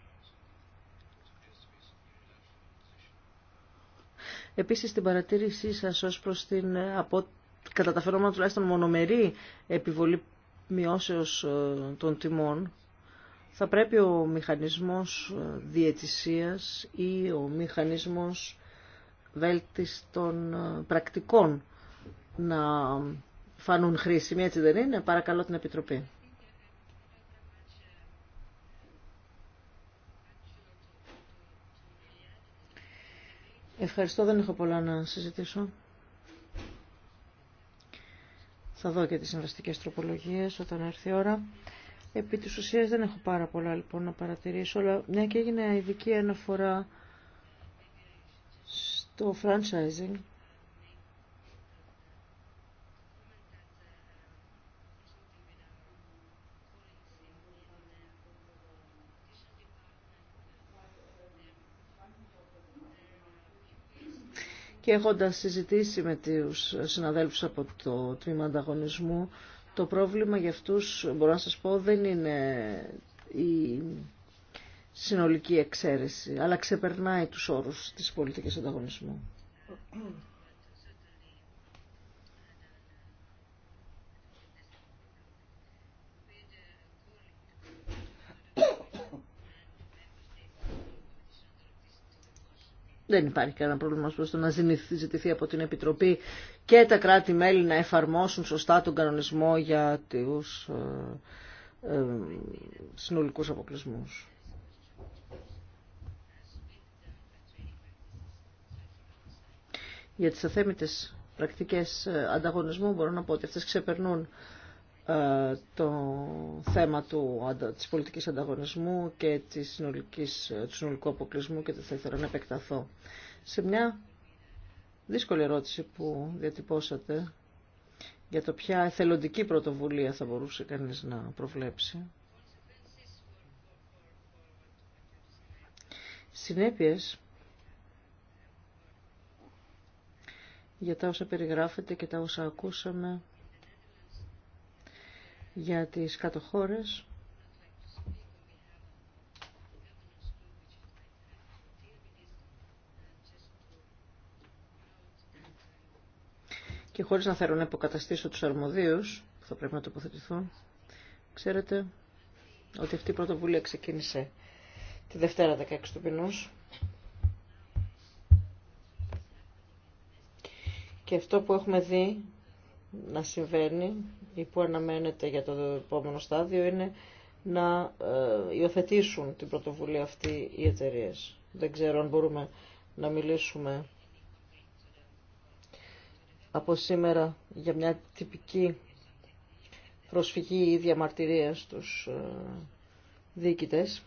Επίσης την παρατήρησή σας ως προς την από, κατά τα φαινόμενα τουλάχιστον μονομερή επιβολή μειώσεως ε, των τιμών θα πρέπει ο μηχανισμός ε, διαιτησίας ή ο μηχανισμός βέλτιστων ε, πρακτικών να φανούν χρήσιμοι, έτσι δεν είναι. Παρακαλώ την Επιτροπή. Ευχαριστώ, δεν έχω πολλά να συζητήσω. Θα δω και τις συμβαστικές τροπολογίες όταν έρθει η ώρα. Επί της ουσίας δεν έχω πάρα πολλά λοιπόν να παρατηρήσω, αλλά μια και έγινε ειδική αναφορά στο franchising. και έχοντας συζητήσει με τους συναδέλφους από το τμήμα ανταγωνισμού, το πρόβλημα για αυτούς, μπορώ να σας πω, δεν είναι η συνολική εξαίρεση, αλλά ξεπερνάει τους όρους της πολιτικής ανταγωνισμού. Δεν υπάρχει κανένα πρόβλημα στο να ζητηθεί από την Επιτροπή και τα κράτη-μέλη να εφαρμόσουν σωστά τον κανονισμό για τους ε, ε, συνολικούς αποκλεισμούς. Για τις αθέμητες πρακτικές ε, ανταγωνισμού μπορώ να πω ότι αυτές ξεπερνούν ε, το θέμα του, της πολιτικής ανταγωνισμού και της συνολικής, ε, του συνολικού αποκλεισμού και θα ήθελα να επεκταθώ. Σε μια δύσκολη ερώτηση που διατυπώσατε για το ποια εθελοντική πρωτοβουλία θα μπορούσε κανείς να προβλέψει. Συνέπειες για τα όσα περιγράφεται και τα όσα ακούσαμε για τις κατοχώρες. Και χωρίς να θέλω να υποκαταστήσω τους αρμοδίους, που θα πρέπει να τοποθετηθούν, ξέρετε ότι αυτή η πρωτοβουλία ξεκίνησε τη Δευτέρα 16 του Πινούς Και αυτό που έχουμε δει να συμβαίνει ή που αναμένεται για το επόμενο στάδιο είναι να ε, υιοθετήσουν την πρωτοβουλία αυτή οι εταιρείε. Δεν ξέρω αν μπορούμε να μιλήσουμε από σήμερα για μια τυπική προσφυγή ή διαμαρτυρία στους ε, διοικητές.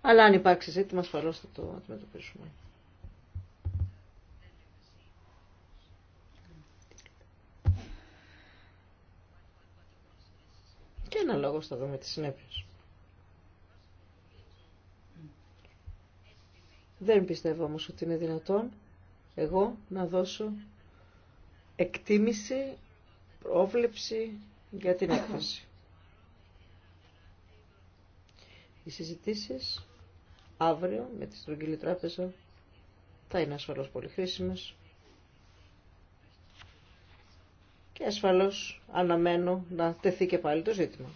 Αλλά αν υπάρξει ζήτημα, ασφαλώς θα το αντιμετωπίσουμε. λόγο θα δούμε τις συνέπειες. Δεν πιστεύω όμως ότι είναι δυνατόν εγώ να δώσω εκτίμηση, πρόβλεψη για την έκφραση. Οι συζητήσεις αύριο με τη Στρογγυλή Τράπεζα θα είναι ασφαλώς πολύ χρήσιμες και αναμένω να τεθεί και πάλι το ζήτημα.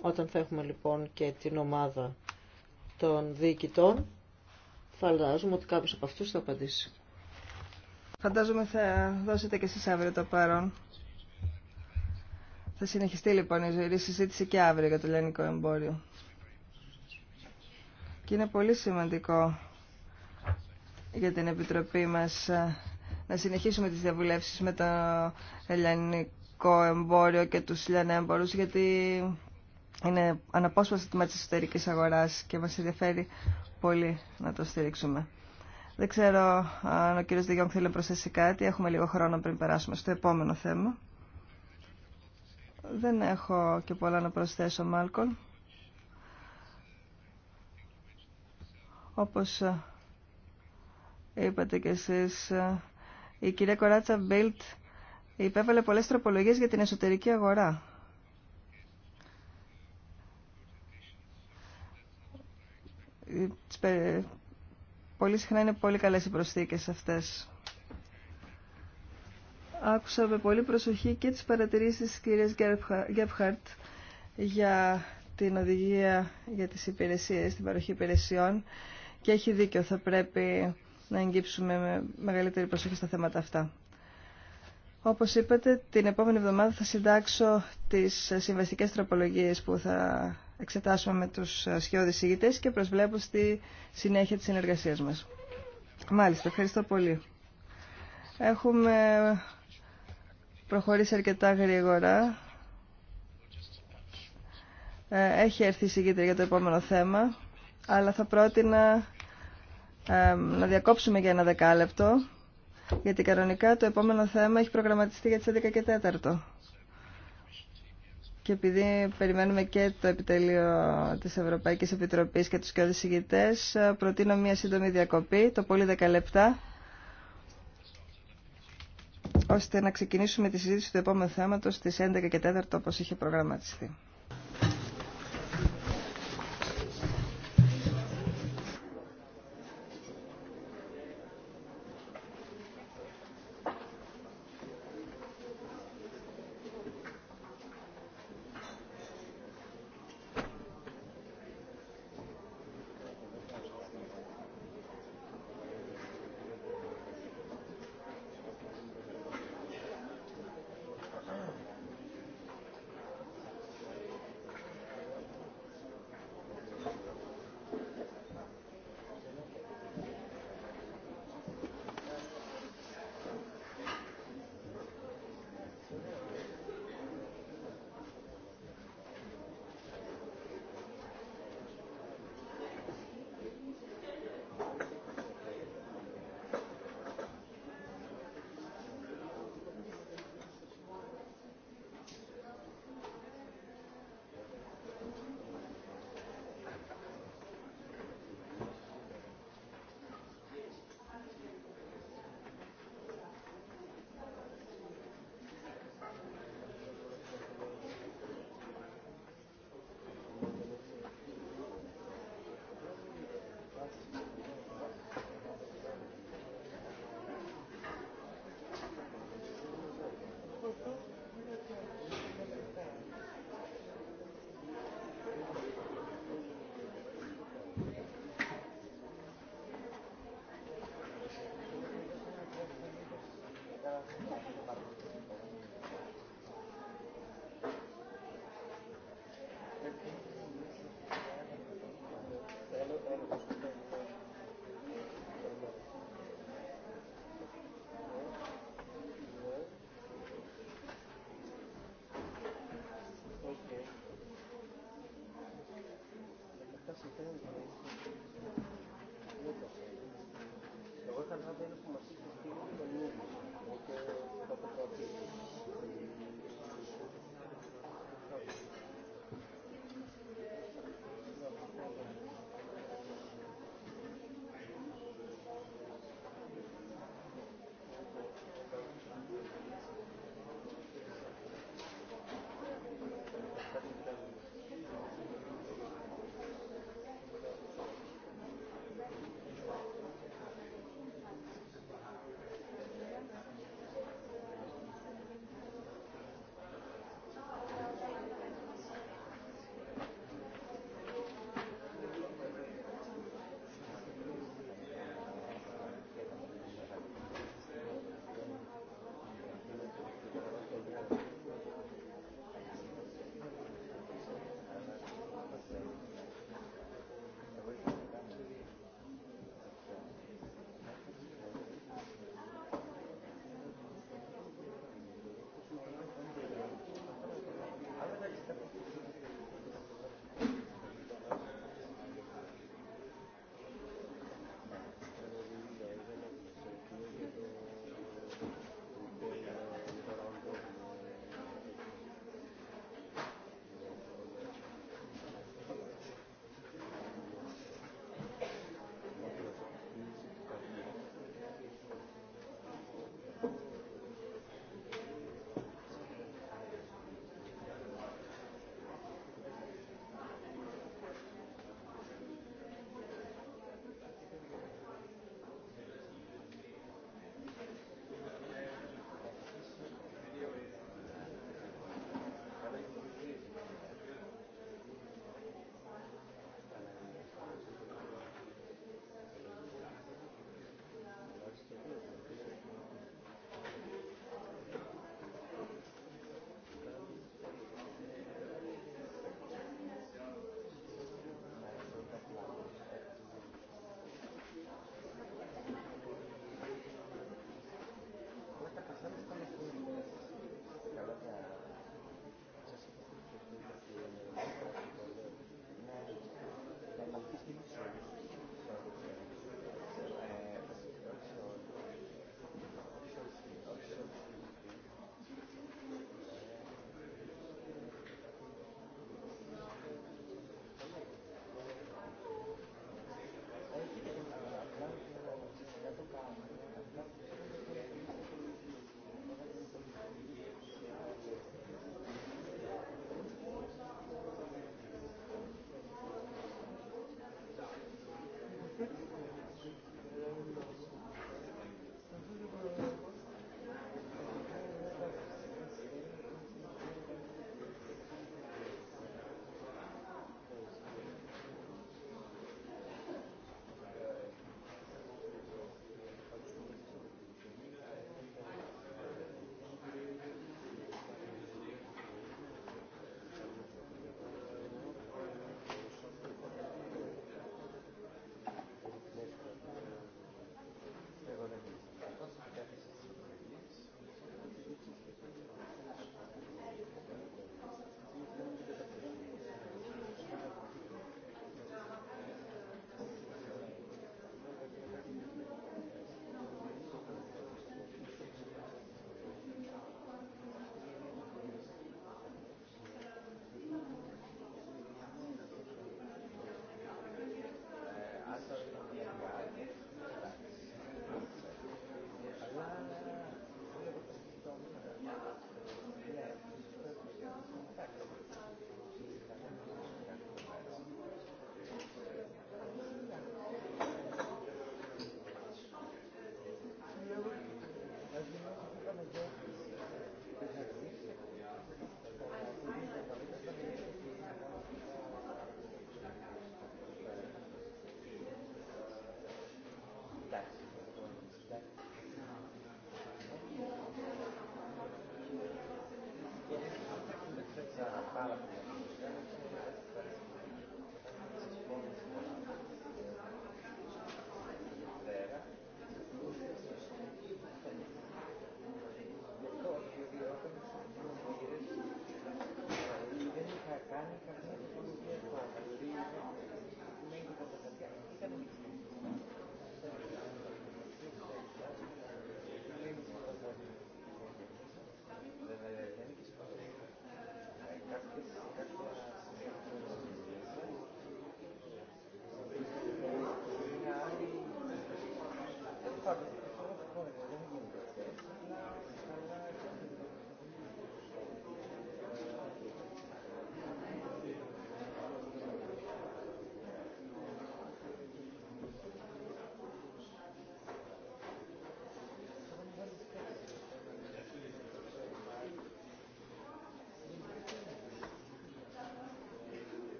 Όταν θα έχουμε λοιπόν και την ομάδα των διοικητών, φαντάζομαι ότι κάποιος από αυτούς θα απαντήσει. Φαντάζομαι θα δώσετε και εσείς αύριο το παρόν. Θα συνεχιστεί λοιπόν η ζωή συζήτηση και αύριο για το ελληνικό εμπόριο. Και είναι πολύ σημαντικό για την Επιτροπή μας ε, να συνεχίσουμε τις διαβουλεύσεις με το ελληνικό εμπόριο και τους λιανέμπορους γιατί είναι αναπόσπαστο τμήμα της εσωτερική αγοράς και μας ενδιαφέρει πολύ να το στηρίξουμε. Δεν ξέρω αν ο κύριος Δηγιόγκ θέλει να προσθέσει κάτι. Έχουμε λίγο χρόνο πριν περάσουμε στο επόμενο θέμα. Δεν έχω και πολλά να προσθέσω, Μάλκον. Όπως είπατε κι εσείς, η κυρία Κοράτσα Μπίλτ υπέβαλε πολλές τροπολογίες για την εσωτερική αγορά. Ε, πολύ συχνά είναι πολύ καλές οι προσθήκες αυτές. Άκουσα με πολύ προσοχή και τις παρατηρήσεις της κυρίας Γκέφχαρτ για την οδηγία για τις υπηρεσίες, την παροχή υπηρεσιών και έχει δίκιο, θα πρέπει να εγγύψουμε με μεγαλύτερη προσοχή στα θέματα αυτά. Όπως είπατε, την επόμενη εβδομάδα θα συντάξω τις συμβαστικές τροπολογίες που θα εξετάσουμε με τους σχεώδεις ηγητές και προσβλέπω στη συνέχεια της συνεργασίας μας. Μάλιστα, ευχαριστώ πολύ. Έχουμε προχωρήσει αρκετά γρήγορα. Ε, έχει έρθει η για το επόμενο θέμα, αλλά θα πρότεινα ε, να διακόψουμε για ένα δεκάλεπτο, γιατί κανονικά το επόμενο θέμα έχει προγραμματιστεί για τις 11 και 4. Και επειδή περιμένουμε και το επιτελείο της Ευρωπαϊκής Επιτροπής και τους και οδησηγητές, ε, προτείνω μια σύντομη διακοπή, το πολύ δεκαλεπτά, ώστε να ξεκινήσουμε τη συζήτηση του επόμενου θέματος στις 11 και 4 όπως είχε προγραμματιστεί.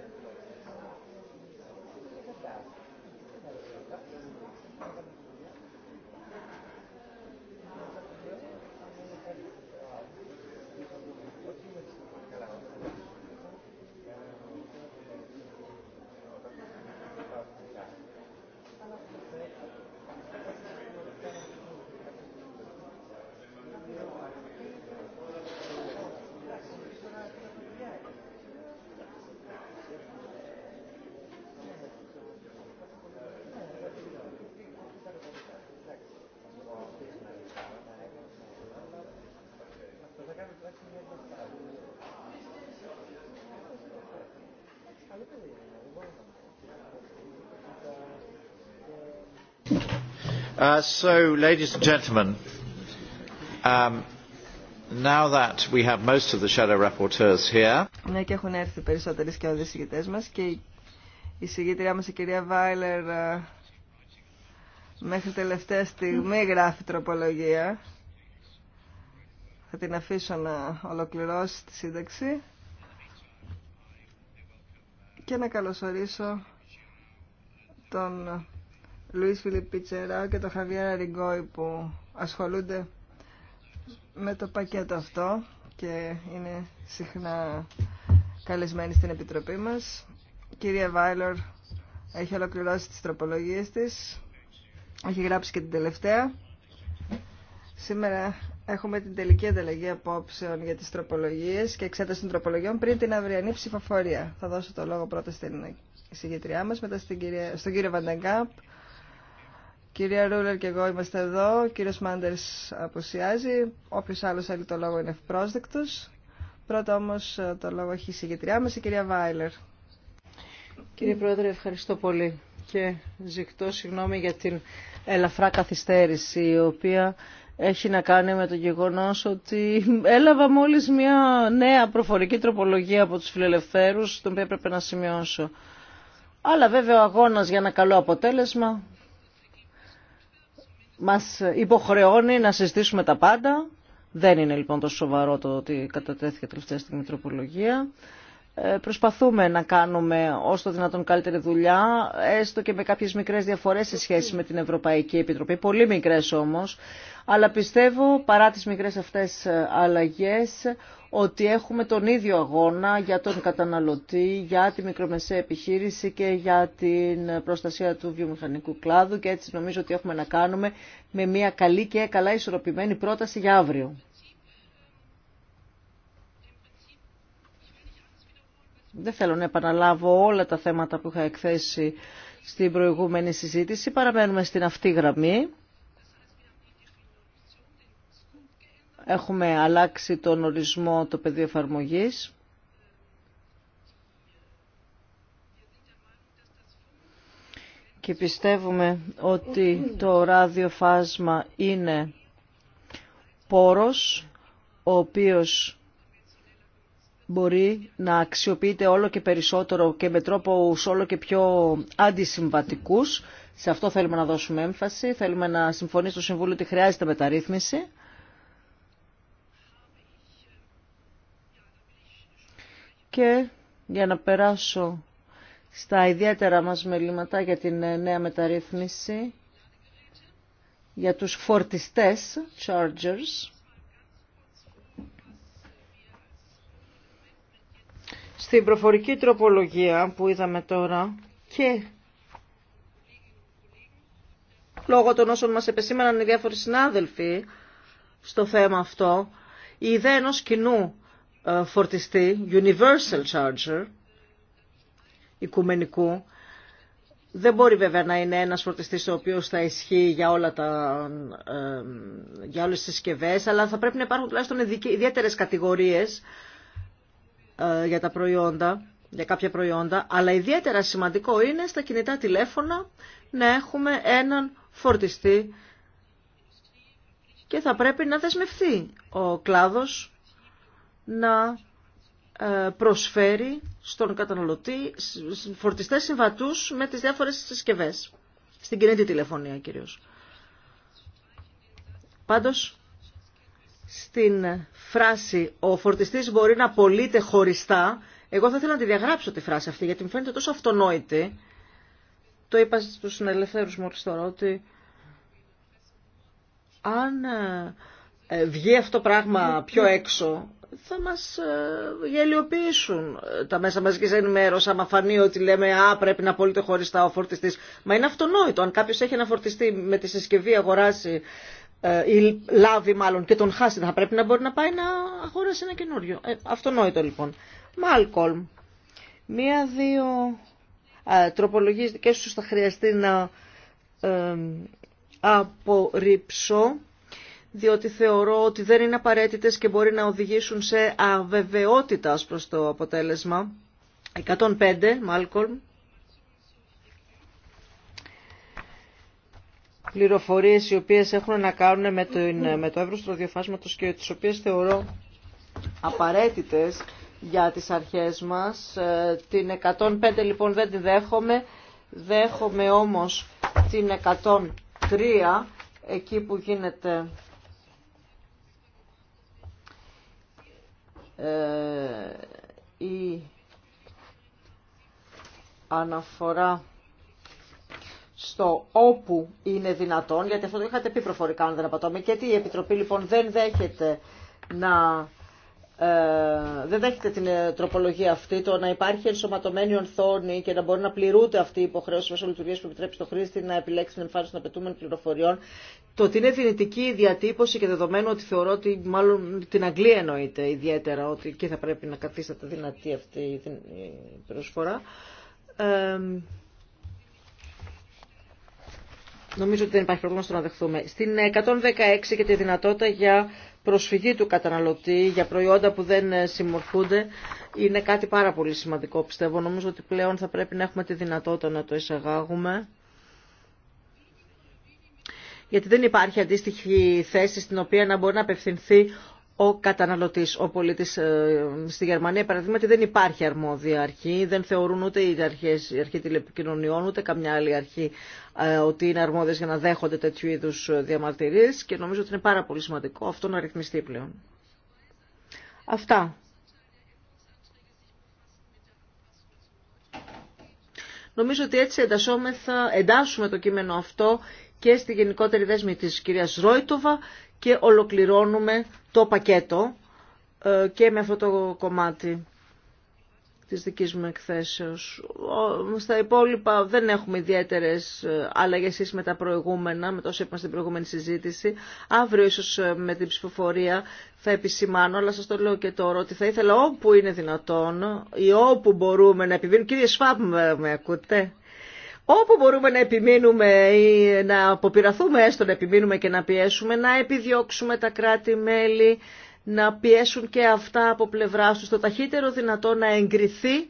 Υπότιτλοι AUTHORWAVE Uh, So, ladies and gentlemen, um, now that we have most of the shadow rapporteurs here. Ναι, και έχουν έρθει περισσότεροι και οδηγητές μας και η συγγήτριά μας η κυρία Βάιλερ ε, μέχρι τελευταία στιγμή γράφει τροπολογία θα την αφήσω να ολοκληρώσει τη σύνταξη και να καλωσορίσω τον Λουίς Φιλιπ Πιτσερά και τον Χαβιέρα Ριγκόη που ασχολούνται με το πακέτο αυτό και είναι συχνά καλεσμένοι στην Επιτροπή μας. κυρία Βάιλορ έχει ολοκληρώσει τις τροπολογίες της, έχει γράψει και την τελευταία. Σήμερα Έχουμε την τελική ανταλλαγή απόψεων για τι τροπολογίε και εξέταση των τροπολογιών πριν την αυριανή ψηφοφορία. Θα δώσω το λόγο πρώτα στην συγγετριά μα μετά στην κυρία, στον κύριο Βαντεγκάμπ. Κυρία Ρούλερ και εγώ είμαστε εδώ, ο κύριος Μάντερς απουσιάζει, Όποιο άλλο θέλει το λόγο είναι ευπρόσδεκτο. Πρώτα όμω, ε, το λόγο έχει η συγγετριά μα, η κυρία Βάιλερ. Κύριε Πρόεδρε, ευχαριστώ πολύ και ζητώ συγγνώμη για την ελαφρά καθυστέρηση η οποία έχει να κάνει με το γεγονός ότι έλαβα μόλις μια νέα προφορική τροπολογία από τους φιλελευθέρους, τον οποίο έπρεπε να σημειώσω. Αλλά βέβαια ο αγώνας για ένα καλό αποτέλεσμα μας υποχρεώνει να συζητήσουμε τα πάντα. Δεν είναι λοιπόν τόσο σοβαρό το ότι κατατέθηκε τελευταία στιγμή τροπολογία. Ε, προσπαθούμε να κάνουμε όσο το δυνατόν καλύτερη δουλειά, έστω και με κάποιες μικρές διαφορές σε σχέση με την Ευρωπαϊκή Επιτροπή, πολύ μικρές όμως, αλλά πιστεύω παρά τις μικρές αυτές ε, αλλαγές ότι έχουμε τον ίδιο αγώνα για τον καταναλωτή, για τη μικρομεσαία επιχείρηση και για την προστασία του βιομηχανικού κλάδου και έτσι νομίζω ότι έχουμε να κάνουμε με μια καλή και καλά ισορροπημένη πρόταση για αύριο. Δεν θέλω να επαναλάβω όλα τα θέματα που είχα εκθέσει στην προηγούμενη συζήτηση. Παραμένουμε στην αυτή γραμμή. Έχουμε αλλάξει τον ορισμό το πεδίο εφαρμογή. Και πιστεύουμε ότι το ράδιο φάσμα είναι πόρος ο οποίος μπορεί να αξιοποιείται όλο και περισσότερο και με τρόπο όλο και πιο αντισυμβατικούς. Σε αυτό θέλουμε να δώσουμε έμφαση. Θέλουμε να συμφωνήσουμε στο Συμβούλιο ότι χρειάζεται μεταρρύθμιση. Και για να περάσω στα ιδιαίτερα μας μελήματα για την ε, νέα μεταρρύθμιση, για τους φορτιστές, chargers, στην προφορική τροπολογία που είδαμε τώρα και λόγω των όσων μας επεσήμαναν οι διάφοροι συνάδελφοι στο θέμα αυτό, η ιδέα ενός κοινού ε, φορτιστή, universal charger, οικουμενικού, δεν μπορεί βέβαια να είναι ένας φορτιστής ο οποίος θα ισχύει για, όλα τα, ε, για όλες τις συσκευέ, αλλά θα πρέπει να υπάρχουν τουλάχιστον ιδιαίτερες κατηγορίες ε, για τα προϊόντα, για κάποια προϊόντα, αλλά ιδιαίτερα σημαντικό είναι στα κινητά τηλέφωνα να έχουμε έναν φορτιστή και θα πρέπει να δεσμευτεί ο κλάδος να ε, προσφέρει στον καταναλωτή φορτιστές συμβατούς με τις διάφορες συσκευές. Στην κινητή τηλεφωνία κυρίως. Πάντως, στην φράση «ο φορτιστής μπορεί να πωλείται χωριστά», εγώ θα ήθελα να τη διαγράψω τη φράση αυτή, γιατί μου φαίνεται τόσο αυτονόητη. Το είπα στους συνελευθέρους μόλις τώρα, ότι αν ε, βγει αυτό το πράγμα πιο έξω, θα μας ε, γελιοποιήσουν ε, τα μέσα μαζικής ενημέρωση άμα φανεί ότι λέμε «Α, πρέπει να πωλείται χωριστά ο φορτιστής». Μα είναι αυτονόητο. Αν κάποιος έχει ένα φορτιστή με τη συσκευή αγοράσει ε, ή λάβει μάλλον και τον χάσει, θα πρέπει να μπορεί να πάει να αγοράσει ένα καινούριο. αυτονόητο λοιπόν. Μάλκολμ, μία-δύο ε, τροπολογίες σου θα χρειαστεί να απορρίψω διότι θεωρώ ότι δεν είναι απαραίτητες και μπορεί να οδηγήσουν σε αβεβαιότητα ως προς το αποτέλεσμα. 105, Μάλκολμ. Πληροφορίες οι οποίες έχουν να κάνουν με το, με το του ραδιοφάσματος και τις οποίες θεωρώ απαραίτητες για τις αρχές μας. Ε, την 105 λοιπόν δεν τη δέχομαι, δέχομαι όμως την 103 εκεί που γίνεται Ε, η αναφορά στο όπου είναι δυνατόν, γιατί αυτό το είχατε πει προφορικά αν δεν απατώμε, γιατί η Επιτροπή λοιπόν δεν δέχεται να ε, δεν δέχεται την ε, τροπολογία αυτή, το να υπάρχει ενσωματωμένη ορθόνη και να μπορεί να πληρούνται αυτή η υποχρέωση μέσω λειτουργία που επιτρέπει στο χρήστη να επιλέξει την εμφάνιση των απαιτούμενων πληροφοριών. Το ότι είναι δυνητική η διατύπωση και δεδομένου ότι θεωρώ ότι μάλλον την Αγγλία εννοείται ιδιαίτερα, ότι εκεί θα πρέπει να καθίσταται δυνατή αυτή η προσφορά. Ε, νομίζω ότι δεν υπάρχει πρόβλημα στο να δεχθούμε. Στην 116 και τη δυνατότητα για προσφυγή του καταναλωτή για προϊόντα που δεν ε, συμμορφούνται είναι κάτι πάρα πολύ σημαντικό πιστεύω. Νομίζω ότι πλέον θα πρέπει να έχουμε τη δυνατότητα να το εισαγάγουμε. Γιατί δεν υπάρχει αντίστοιχη θέση στην οποία να μπορεί να απευθυνθεί ο καταναλωτή. ο πολίτης. Ε, στη Γερμανία, παραδείγματι, δεν υπάρχει αρμόδια αρχή, δεν θεωρούν ούτε οι αρχές, η αρχή τηλεπικοινωνιών, ούτε καμιά άλλη αρχή ε, ότι είναι αρμόδιες για να δέχονται τέτοιου είδου ε, διαμαρτυρίε και νομίζω ότι είναι πάρα πολύ σημαντικό αυτό να ρυθμιστεί πλέον. Αυτά. Νομίζω ότι έτσι εντάσσουμε το κείμενο αυτό και στη γενικότερη δέσμη της κυρίας Ρόιτοβα και ολοκληρώνουμε το πακέτο ε, και με αυτό το κομμάτι της δικής μου εκθέσεως. Στα υπόλοιπα δεν έχουμε ιδιαίτερες ε, αλλαγές εσείς με τα προηγούμενα, με τόσο είπαμε στην προηγούμενη συζήτηση. Αύριο ίσως ε, με την ψηφοφορία θα επισημάνω, αλλά σας το λέω και τώρα, ότι θα ήθελα όπου είναι δυνατόν ή όπου μπορούμε να επιβίνουμε. Κύριε Σφαμ, με ακούτε όπου μπορούμε να επιμείνουμε ή να αποπειραθούμε έστω να επιμείνουμε και να πιέσουμε, να επιδιώξουμε τα κράτη-μέλη, να πιέσουν και αυτά από πλευρά του. το ταχύτερο δυνατό να εγκριθεί,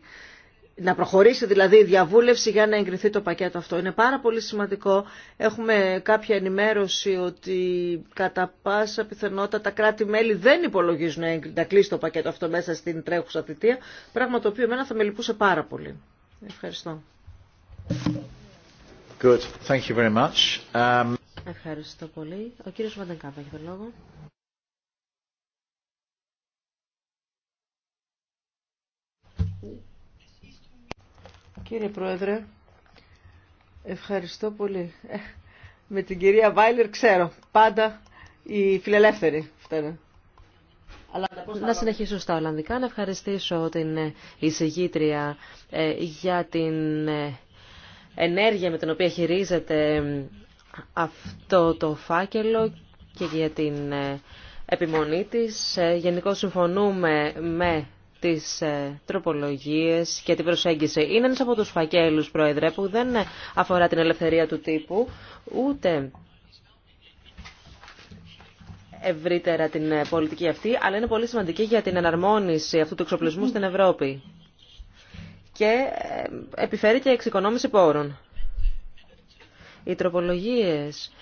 να προχωρήσει δηλαδή η διαβούλευση για να εγκριθεί το πακέτο αυτό. Είναι πάρα πολύ σημαντικό. Έχουμε κάποια ενημέρωση ότι κατά πάσα πιθανότητα τα κράτη-μέλη δεν υπολογίζουν να κλείσει το πακέτο αυτό μέσα στην τρέχουσα θητεία, πράγμα το οποίο εμένα θα με λυπούσε πάρα πολύ. Ευχαριστώ. Um, ευχαριστώ πολύ. Ο κύριος Βαντεκάπα έχει τον λόγο. Κύριε Πρόεδρε, ευχαριστώ πολύ. Ε, με την κυρία Βάιλερ ξέρω, πάντα οι φιλελεύθεροι φταίνε. Να συνεχίσω στα Ολλανδικά, να ευχαριστήσω την ε, εισηγήτρια ε, για την ενέργεια με την οποία χειρίζεται αυτό το φάκελο και για την ε, επιμονή της. Ε, Γενικώ συμφωνούμε με τις ε, τροπολογίες και την προσέγγιση. Είναι ένας από τους φακέλους, Πρόεδρε, που δεν αφορά την ελευθερία του τύπου, ούτε ευρύτερα την πολιτική αυτή, αλλά είναι πολύ σημαντική για την εναρμόνιση αυτού του εξοπλισμού στην Ευρώπη και ε, επιφέρει και εξοικονόμηση πόρων. Οι τροπολογίες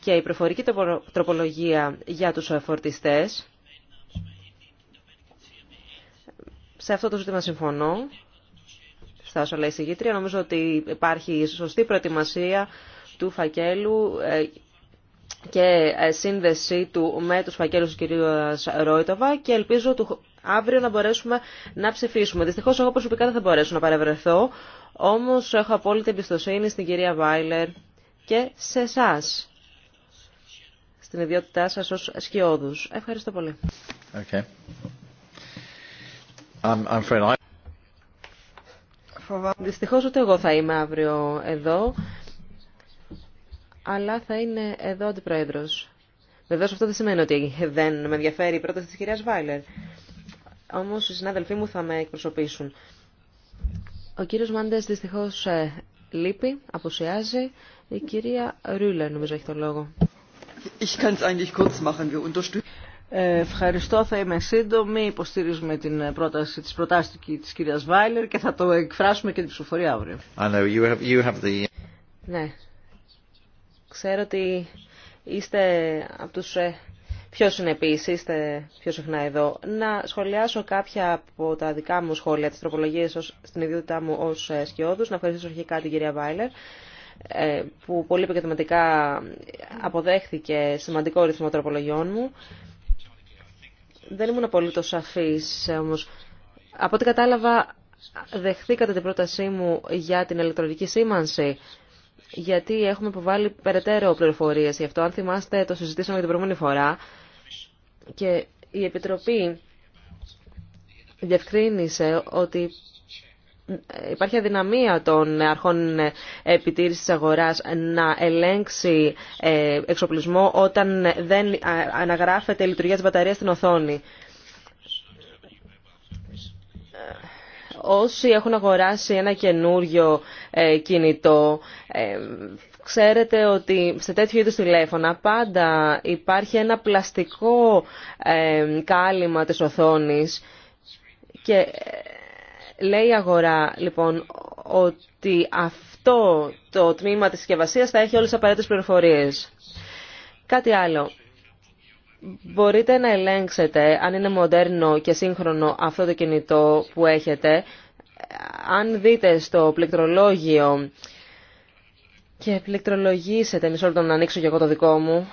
και η προφορική τροπολογία για τους φορτιστές. Σε αυτό το ζήτημα συμφωνώ. Στα όσα λέει η νομίζω ότι υπάρχει σωστή προετοιμασία του φακέλου ε, και ε, σύνδεση του με τους φακέλους του κυρίου Ρόιτοβα και ελπίζω του αύριο να μπορέσουμε να ψηφίσουμε. Δυστυχώ εγώ προσωπικά δεν θα μπορέσω να παρευρεθώ, όμως έχω απόλυτη εμπιστοσύνη στην κυρία Βάιλερ και σε εσά στην ιδιότητά σας ως σκιώδου. Ευχαριστώ πολύ. Okay. I'm, I'm afraid I... Δυστυχώς ούτε εγώ θα είμαι αύριο εδώ, αλλά θα είναι εδώ αντιπρόεδρος. Βεβαίω αυτό δεν σημαίνει ότι δεν με ενδιαφέρει η πρόταση τη κυρία Βάιλερ. Όμω, οι συνάδελφοί μου θα με εκπροσωπήσουν. Ο κύριος Μάντες δυστυχώς ε, λείπει, αποσιάζει. Η κυρία Ρούλε νομίζω έχει το λόγο. Ε, ευχαριστώ, θα είμαι σύντομη. Υποστηρίζουμε την ε, πρόταση της προτάσης της κυρίας Βάιλερ και θα το εκφράσουμε και την ψηφοφορία αύριο. Ναι. Ξέρω ότι είστε από τους είναι συνεπείς, είστε πιο συχνά εδώ. Να σχολιάσω κάποια από τα δικά μου σχόλια, τις τροπολογίες στην ιδιότητά μου ως ε, σκιώδους. Να ευχαριστήσω αρχικά την κυρία Βάιλερ ε, που πολύ επικοινωνικά αποδέχθηκε σημαντικό ρυθμό τροπολογιών μου. Δεν ήμουν απολύτως σαφής ε, όμως. Από ό,τι κατάλαβα, δεχθήκατε την πρότασή μου για την ηλεκτρονική σήμανση, γιατί έχουμε υποβάλει περαιτέρω πληροφορίες γι' αυτό. Αν θυμάστε, το συζητήσαμε για την προηγούμενη φορά. Και η Επιτροπή διευκρίνησε ότι υπάρχει αδυναμία των αρχών επιτήρησης της αγοράς να ελέγξει ε, εξοπλισμό όταν δεν ε, αναγράφεται η λειτουργία της μπαταρίας στην οθόνη. Όσοι έχουν αγοράσει ένα καινούριο ε, κινητό Ξέρετε ότι σε τέτοιου είδους τηλέφωνα πάντα υπάρχει ένα πλαστικό ε, κάλυμα της οθόνης και ε, λέει η αγορά λοιπόν ότι αυτό το τμήμα της συσκευασία θα έχει όλες τις απαραίτητες πληροφορίες. Κάτι άλλο. Μπορείτε να ελέγξετε αν είναι μοντέρνο και σύγχρονο αυτό το κινητό που έχετε αν δείτε στο πληκτρολόγιο και πληκτρολογήσετε, μισό λεπτό να ανοίξω και εγώ το δικό μου.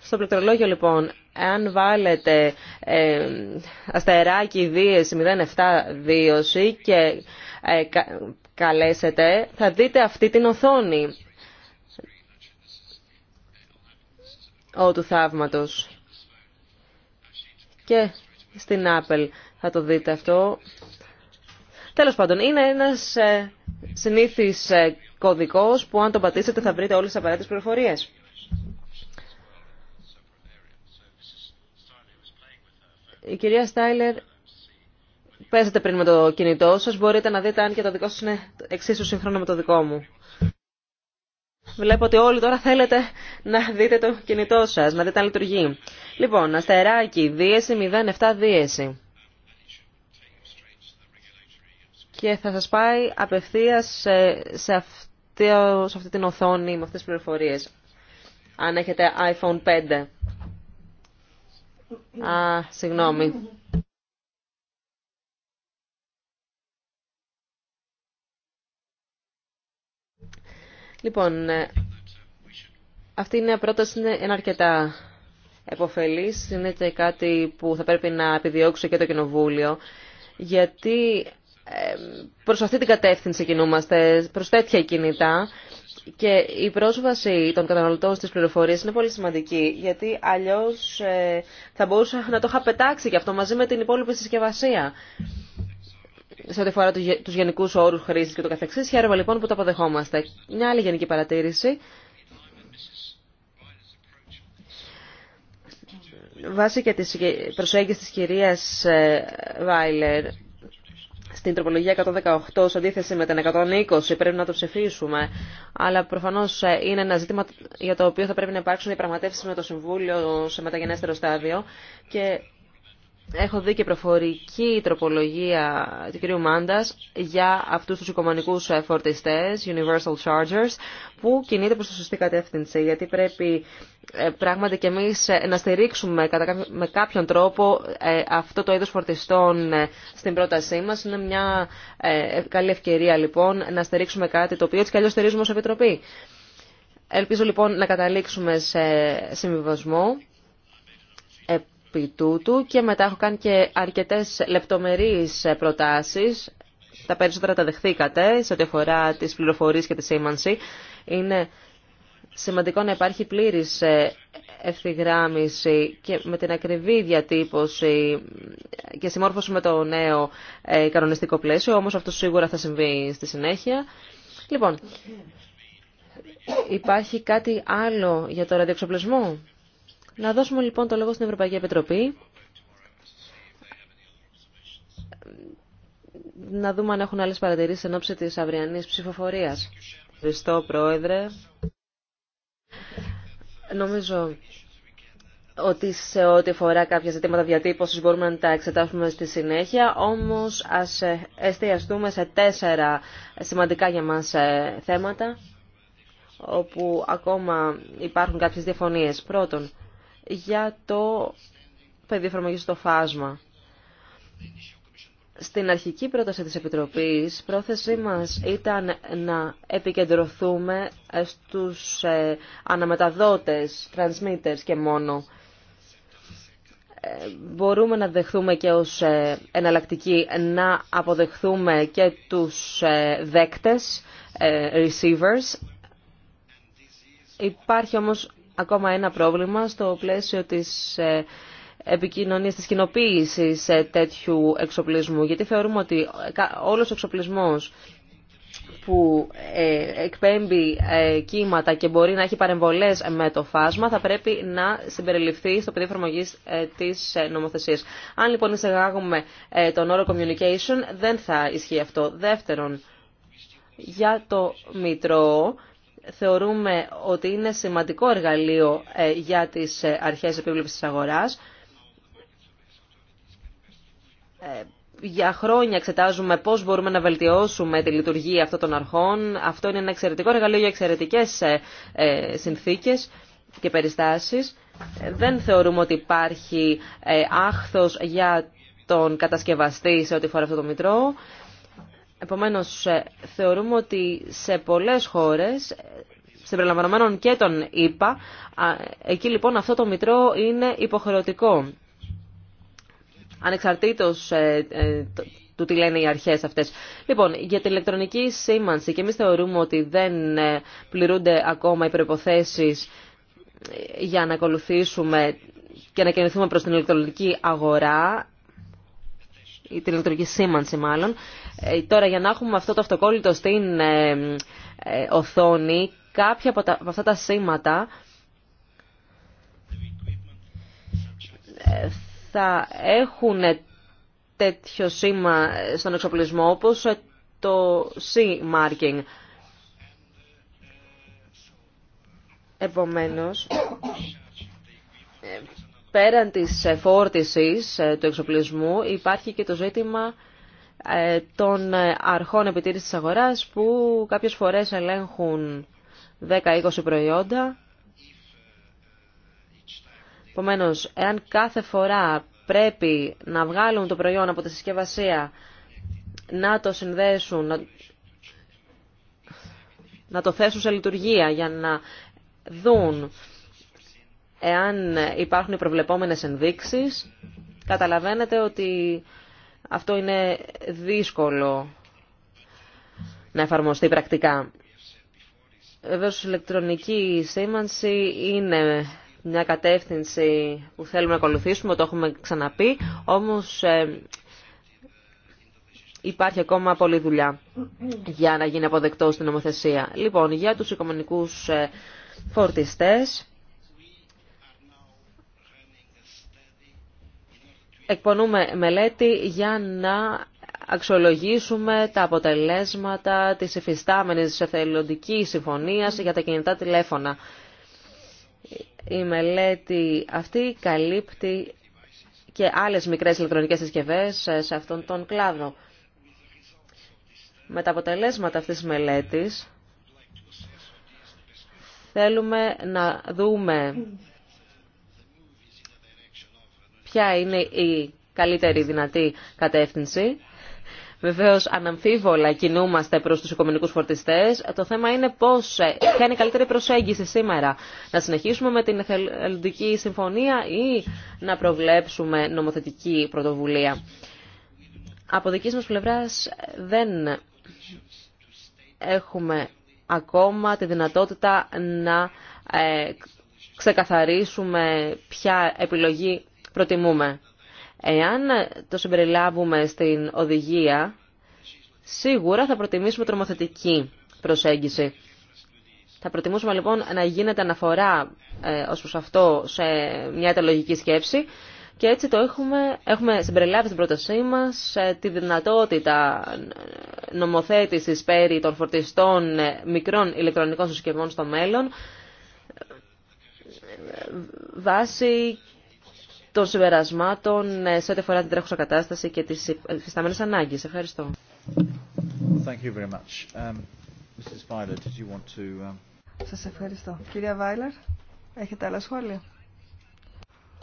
Στο πληκτρολόγιο λοιπόν, αν βάλετε ε, αστερακι δύο, 07 δίωση και ε, καλέσετε, θα δείτε αυτή την οθόνη ο, του θαύματος. Και στην Apple θα το δείτε αυτό. Τέλος πάντων, είναι ένας ε, συνήθις ε, κωδικός που αν τον πατήσετε θα βρείτε όλες τις απαραίτητες πληροφορίες. Η κυρία Στάιλερ, παίζετε πριν με το κινητό σας, μπορείτε να δείτε αν και το δικό σας είναι εξίσου σύγχρονο με το δικό μου. Βλέπω ότι όλοι τώρα θέλετε να δείτε το κινητό σας, να δείτε αν λειτουργεί. Λοιπόν, αστεράκι, δίεση, 07 δίεση. και θα σας πάει απευθείας σε, αυτή, αυτή την οθόνη με αυτές τις πληροφορίες. Αν έχετε iPhone 5. Α, συγγνώμη. Λοιπόν, ε, αυτή η νέα πρόταση είναι αρκετά εποφελής. Είναι και κάτι που θα πρέπει να επιδιώξει και το Κοινοβούλιο. Γιατί προς αυτή την κατεύθυνση κινούμαστε, προς τέτοια κινητά και η πρόσβαση των καταναλωτών στις πληροφορίες είναι πολύ σημαντική γιατί αλλιώς ε, θα μπορούσα να το είχα πετάξει και αυτό μαζί με την υπόλοιπη συσκευασία σε ό,τι αφορά του γενικού όρου χρήση και το καθεξή. Χαίρομαι λοιπόν που το αποδεχόμαστε. Μια άλλη γενική παρατήρηση. Βάσει και τη προσέγγιση της κυρίας ε, Βάιλερ, την τροπολογία 118 σε αντίθεση με την 120 πρέπει να το ψηφίσουμε. Αλλά προφανώ ε, είναι ένα ζήτημα για το οποίο θα πρέπει να υπάρξουν πραγματεύσει με το Συμβούλιο σε μεταγενέστερο στάδιο. Και έχω δει και προφορική τροπολογία του κ. Μάντας για αυτούς του οικομανικούς ε, φορτιστές, Universal Chargers, που κινείται προς τη σωστή κατεύθυνση, γιατί πρέπει ε, πράγματι και εμείς ε, να στηρίξουμε με κάποιον τρόπο αυτό το είδος φορτιστών στην πρότασή μα. Είναι μια καλή ευκαιρία λοιπόν να στηρίξουμε κάτι το οποίο έτσι κι αλλιώ στηρίζουμε ω Επιτροπή. Ελπίζω λοιπόν να καταλήξουμε σε συμβιβασμό σπιτού του και μετά έχω κάνει και αρκετές λεπτομερείς προτάσεις. Τα περισσότερα τα δεχθήκατε σε ό,τι αφορά τις πληροφορίες και τη σήμανση. Είναι σημαντικό να υπάρχει πλήρης ε, ευθυγράμμιση και με την ακριβή διατύπωση και συμμόρφωση με το νέο ε, κανονιστικό πλαίσιο, όμως αυτό σίγουρα θα συμβεί στη συνέχεια. Λοιπόν, υπάρχει κάτι άλλο για το ραδιοξοπλισμό. Να δώσουμε λοιπόν το λόγο στην Ευρωπαϊκή Επιτροπή. Να δούμε αν έχουν άλλες παρατηρήσεις εν ώψη της αυριανής ψηφοφορίας. Ευχαριστώ, Πρόεδρε. Νομίζω ότι σε ό,τι φορά κάποια ζητήματα διατύπωσης μπορούμε να τα εξετάσουμε στη συνέχεια, όμως ας ε, εστιαστούμε σε τέσσερα σημαντικά για μας ε, θέματα, όπου ακόμα υπάρχουν κάποιες διαφωνίες. Πρώτον, για το πεδίο στο φάσμα. Στην αρχική πρόταση της Επιτροπής, πρόθεσή μας ήταν να επικεντρωθούμε στους ε, αναμεταδότες, transmitters και μόνο. Ε, μπορούμε να δεχθούμε και ως ε, εναλλακτική να αποδεχθούμε και τους δέκτες, receivers. Υπάρχει όμως ακόμα ένα πρόβλημα στο πλαίσιο της ε, επικοινωνία, της κοινοποίηση ε, τέτοιου εξοπλισμού. Γιατί θεωρούμε ότι ε, όλος ο εξοπλισμός που εκπέμπει κύματα και μπορεί να έχει παρεμβολές με το φάσμα θα πρέπει να συμπεριληφθεί στο πεδίο εφαρμογή της νομοθεσίας. Αν λοιπόν εισαγάγουμε τον όρο communication δεν θα ισχύει αυτό. Δεύτερον, για το Μητρό θεωρούμε ότι είναι σημαντικό εργαλείο ε, για τις ε, αρχές επίβλεψης της αγοράς. Ε, για χρόνια εξετάζουμε πώς μπορούμε να βελτιώσουμε τη λειτουργία αυτών των αρχών. Αυτό είναι ένα εξαιρετικό εργαλείο για εξαιρετικές συνθήκες και περιστάσεις. Δεν θεωρούμε ότι υπάρχει άχθος για τον κατασκευαστή σε ό,τι φορά αυτό το μητρό. Επομένως, ε, θεωρούμε ότι σε πολλές χώρες, ε, συμπεριλαμβανομένων και των ΗΠΑ, εκεί λοιπόν αυτό το μητρό είναι υποχρεωτικό. Ανεξαρτήτως ε, του τι λένε οι αρχές αυτές. Λοιπόν, για την ηλεκτρονική σήμανση και εμεί θεωρούμε ότι δεν πληρούνται ακόμα οι προϋποθέσεις για να ακολουθήσουμε και να κινηθούμε προς την ηλεκτρονική αγορά, την ηλεκτρονική σήμανση μάλλον. Ε, τώρα, για να έχουμε αυτό το αυτοκόλλητο στην ε, ε, οθόνη, κάποια από, αυτά τα σήματα θα έχουν τέτοιο σήμα στον εξοπλισμό, όπως το C-marking. Επομένως, πέραν της φόρτισης του εξοπλισμού υπάρχει και το ζήτημα ε, των αρχών επιτήρησης της αγοράς που κάποιες φορές ελέγχουν 10-20 προϊόντα. Επομένω, εάν κάθε φορά πρέπει να βγάλουν το προϊόν από τη συσκευασία, να το συνδέσουν, να, το θέσουν σε λειτουργία για να δουν εάν υπάρχουν οι προβλεπόμενες ενδείξεις, καταλαβαίνετε ότι αυτό είναι δύσκολο να εφαρμοστεί πρακτικά. Βεβαίω, η ηλεκτρονική σήμανση είναι μια κατεύθυνση που θέλουμε να ακολουθήσουμε, το έχουμε ξαναπεί, όμως ε, υπάρχει ακόμα πολλή δουλειά για να γίνει αποδεκτό στην νομοθεσία. Λοιπόν, για τους οικονομικούς ε, φορτιστές, εκπονούμε μελέτη για να αξιολογήσουμε τα αποτελέσματα της εφιστάμενης εθελοντικής συμφωνίας για τα κινητά τηλέφωνα. Η μελέτη αυτή καλύπτει και άλλες μικρές ηλεκτρονικές συσκευές σε αυτόν τον κλάδο. Με τα αποτελέσματα αυτής της μελέτης θέλουμε να δούμε ποια είναι η καλύτερη δυνατή κατεύθυνση. Βεβαίω αναμφίβολα κινούμαστε προς τους οικομενικού φορτιστέ. Το θέμα είναι πώς, ε, ποια είναι η καλύτερη προσέγγιση σήμερα. Να συνεχίσουμε με την εθελοντική Συμφωνία ή να προβλέψουμε νομοθετική πρωτοβουλία. Από δική μα πλευράς δεν έχουμε ακόμα τη δυνατότητα να ε, ξεκαθαρίσουμε ποια επιλογή προτιμούμε. Εάν το συμπεριλάβουμε στην οδηγία, σίγουρα θα προτιμήσουμε τρομοθετική προσέγγιση. Θα προτιμούσαμε λοιπόν να γίνεται αναφορά ε, ως προς αυτό σε μια ιταλογική σκέψη και έτσι το έχουμε, έχουμε συμπεριλάβει στην πρότασή μας τη δυνατότητα νομοθέτησης περί των φορτιστών μικρών ηλεκτρονικών συσκευών στο μέλλον βάσει των συμπερασμάτων ε, σε ό,τι αφορά την τρέχουσα κατάσταση και τις υφιστάμενες ανάγκες. Ευχαριστώ. Thank you very much. Um, Mrs. Weiler, did you want to, um... Σας ευχαριστώ. Κυρία Βάιλερ, έχετε άλλα σχόλια.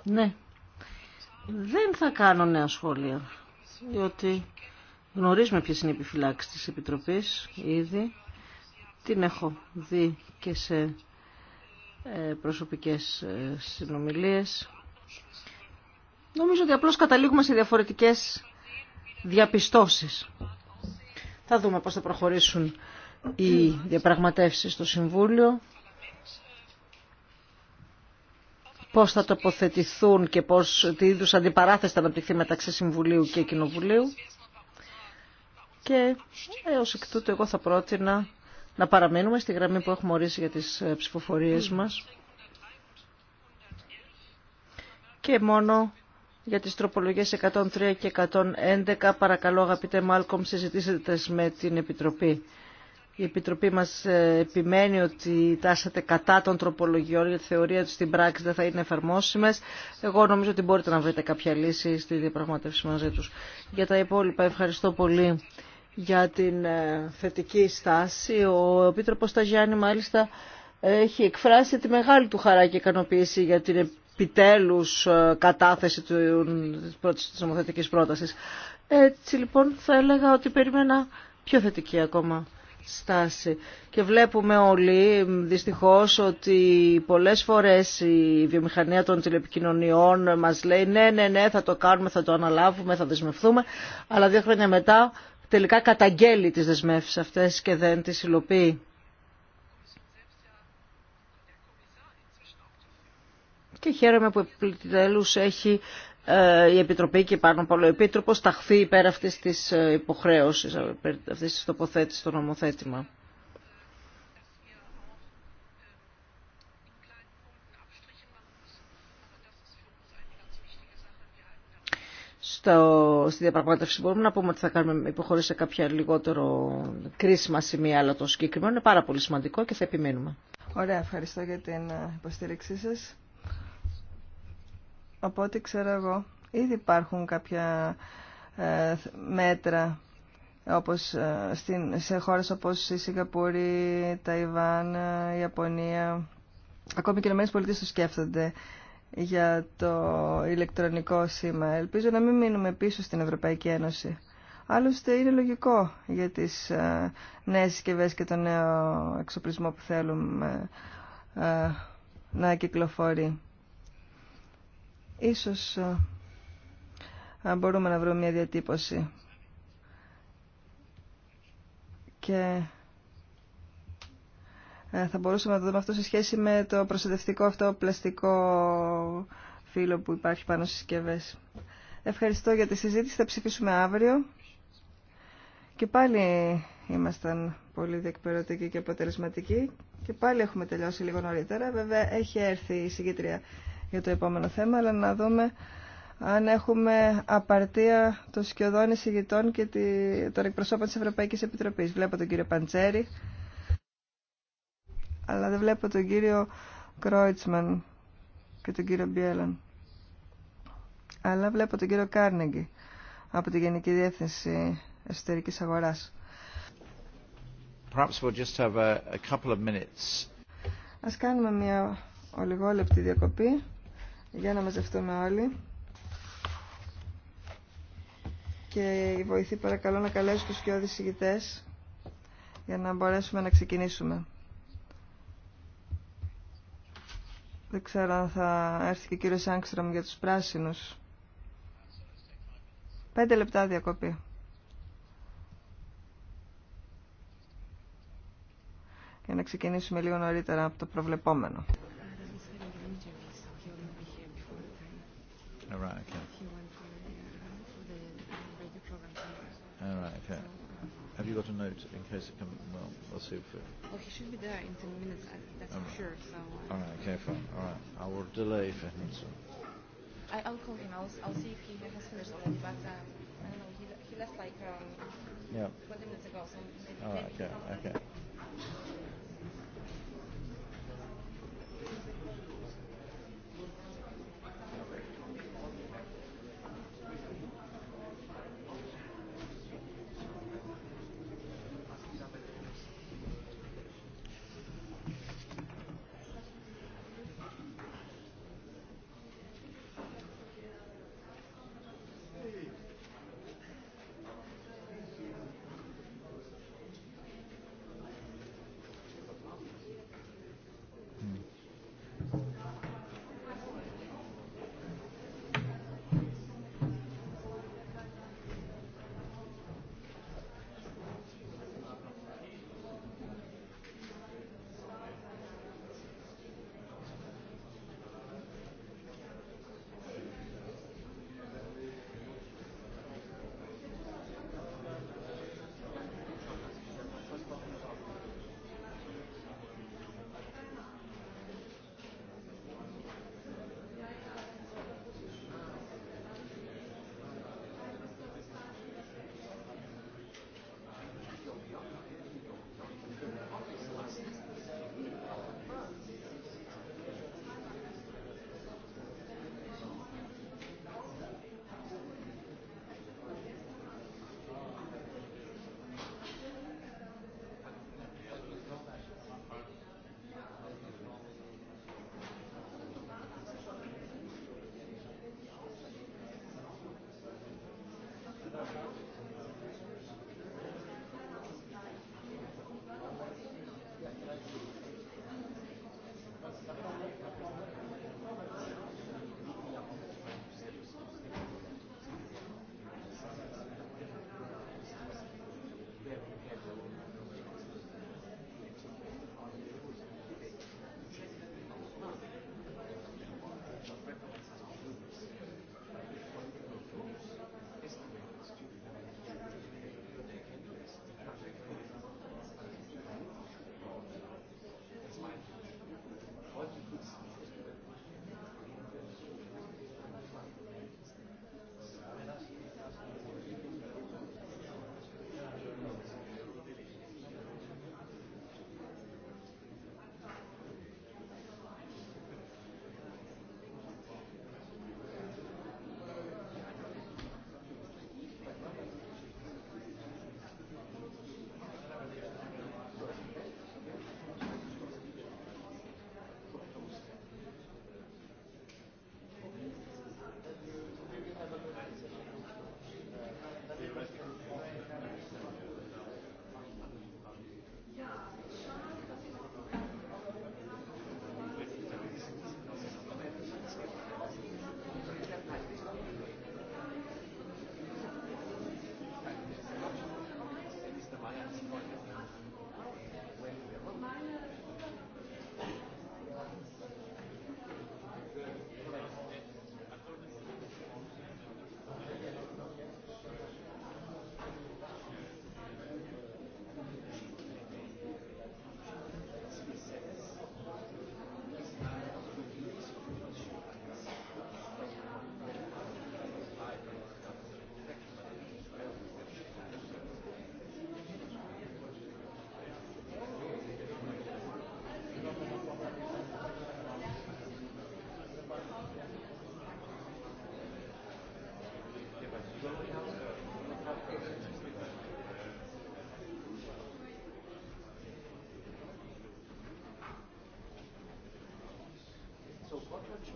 Ναι. Δεν θα κάνω νέα σχόλια, διότι γνωρίζουμε ποιες είναι οι επιφυλάξεις της Επιτροπής ήδη. Την έχω δει και σε ε, προσωπικές ε, συνομιλίες Νομίζω ότι απλώς καταλήγουμε σε διαφορετικές διαπιστώσεις. Θα δούμε πώς θα προχωρήσουν οι διαπραγματεύσεις στο Συμβούλιο, πώς θα τοποθετηθούν και πώς, τι είδους αντιπαράθεση θα αναπτυχθεί μεταξύ Συμβουλίου και Κοινοβουλίου. Και έως εκ τούτου εγώ θα πρότεινα να παραμείνουμε στη γραμμή που έχουμε ορίσει για τις ε, ψηφοφορίες μας και μόνο για τις τροπολογίες 103 και 111. Παρακαλώ αγαπητέ Μάλκομ, συζητήσετε με την Επιτροπή. Η Επιτροπή μας ε, επιμένει ότι τάσατε κατά των τροπολογιών γιατί θεωρία ότι στην πράξη δεν θα είναι εφαρμόσιμες. Εγώ νομίζω ότι μπορείτε να βρείτε κάποια λύση στη διαπραγματεύση μαζί τους. Για τα υπόλοιπα ευχαριστώ πολύ για την ε, θετική στάση. Ο Επίτροπος Σταγιάννη μάλιστα έχει εκφράσει τη μεγάλη του χαρά και ικανοποίηση για την επιτέλους ε, κατάθεση της, πρώτης της νομοθετικής πρότασης. Έτσι λοιπόν θα έλεγα ότι περίμενα πιο θετική ακόμα στάση. Και βλέπουμε όλοι δυστυχώς ότι πολλές φορές η βιομηχανία των τηλεπικοινωνιών μας λέει ναι, ναι, ναι, θα το κάνουμε, θα το αναλάβουμε, θα δεσμευθούμε», αλλά δύο χρόνια μετά τελικά καταγγέλει τις δεσμεύσεις αυτές και δεν τις υλοποιεί. και χαίρομαι που επιτέλου έχει ε, η Επιτροπή και πάνω από ο Επίτροπος ταχθεί υπέρ αυτής της ε, υποχρέωσης, υπέρ αυτής της τοποθέτησης στο νομοθέτημα. στο, στη διαπραγμάτευση μπορούμε να πούμε ότι θα κάνουμε υποχωρήσει σε κάποια λιγότερο κρίσιμα σημεία, αλλά το συγκεκριμένο είναι πάρα πολύ σημαντικό και θα επιμείνουμε. Ωραία, ευχαριστώ για την ε, υποστήριξή σας από ό,τι ξέρω εγώ, ήδη υπάρχουν κάποια ε, μέτρα όπως ε, στην, σε χώρες όπως η Σιγκαπούρη, Ταϊβάν, ε, η Ιαπωνία. Ακόμη και οι ΗΠΑ το σκέφτονται για το ηλεκτρονικό σήμα. Ελπίζω να μην μείνουμε πίσω στην Ευρωπαϊκή Ένωση. Άλλωστε είναι λογικό για τις ε, νέες συσκευέ και τον νέο εξοπλισμό που θέλουμε να κυκλοφορεί. Ίσως ε, ε, μπορούμε να βρούμε μια διατύπωση. Και ε, θα μπορούσαμε να το δούμε αυτό σε σχέση με το προστατευτικό αυτό πλαστικό φύλλο που υπάρχει πάνω στις συσκευέ. Ευχαριστώ για τη συζήτηση. Θα ψηφίσουμε αύριο. Και πάλι ήμασταν πολύ διεκπαιρωτικοί και αποτελεσματικοί. Και πάλι έχουμε τελειώσει λίγο νωρίτερα. Βέβαια έχει έρθει η συγκήτρια για το επόμενο θέμα, αλλά να δούμε αν έχουμε απαρτία των σκιωδών εισηγητών και των εκπροσώπων της Ευρωπαϊκής Επιτροπής. Βλέπω τον κύριο Παντσέρη, αλλά δεν βλέπω τον κύριο Κρόιτσμαν και τον κύριο Μπιέλαν. Αλλά βλέπω τον κύριο Κάρνεγκη από τη Γενική Διεύθυνση εσωτερική Αγοράς. Perhaps we'll just Ας κάνουμε μια ολιγόλεπτη διακοπή για να μαζευτούμε όλοι. Και η βοηθή παρακαλώ να καλέσω τους πιο δυσηγητές για να μπορέσουμε να ξεκινήσουμε. Δεν ξέρω αν θα έρθει και ο κύριος Άγκστρομ για τους πράσινους. Πέντε λεπτά διακοπή. Για να ξεκινήσουμε λίγο νωρίτερα από το προβλεπόμενο. All right, okay. All right, okay. Have you got a note in case it comes? Well, we'll see if. Well, he should be there in 10 minutes. That's for sure. So. All right, okay, fine. All right, I will delay for him. So. I, I'll call him. I'll, I'll see if he has finished already. But um, I don't know. He, he left like um, yeah. 20 minutes ago. So. All right, okay, okay. Thank you.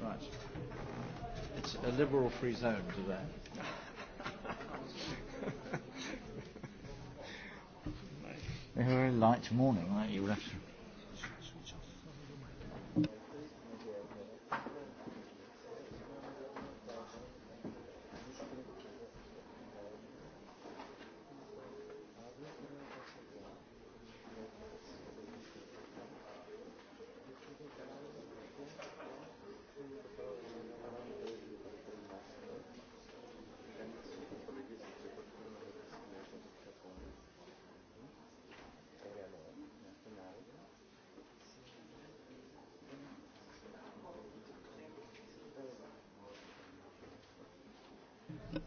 Right. It's a liberal free zone today. We a very light morning, right? You would have to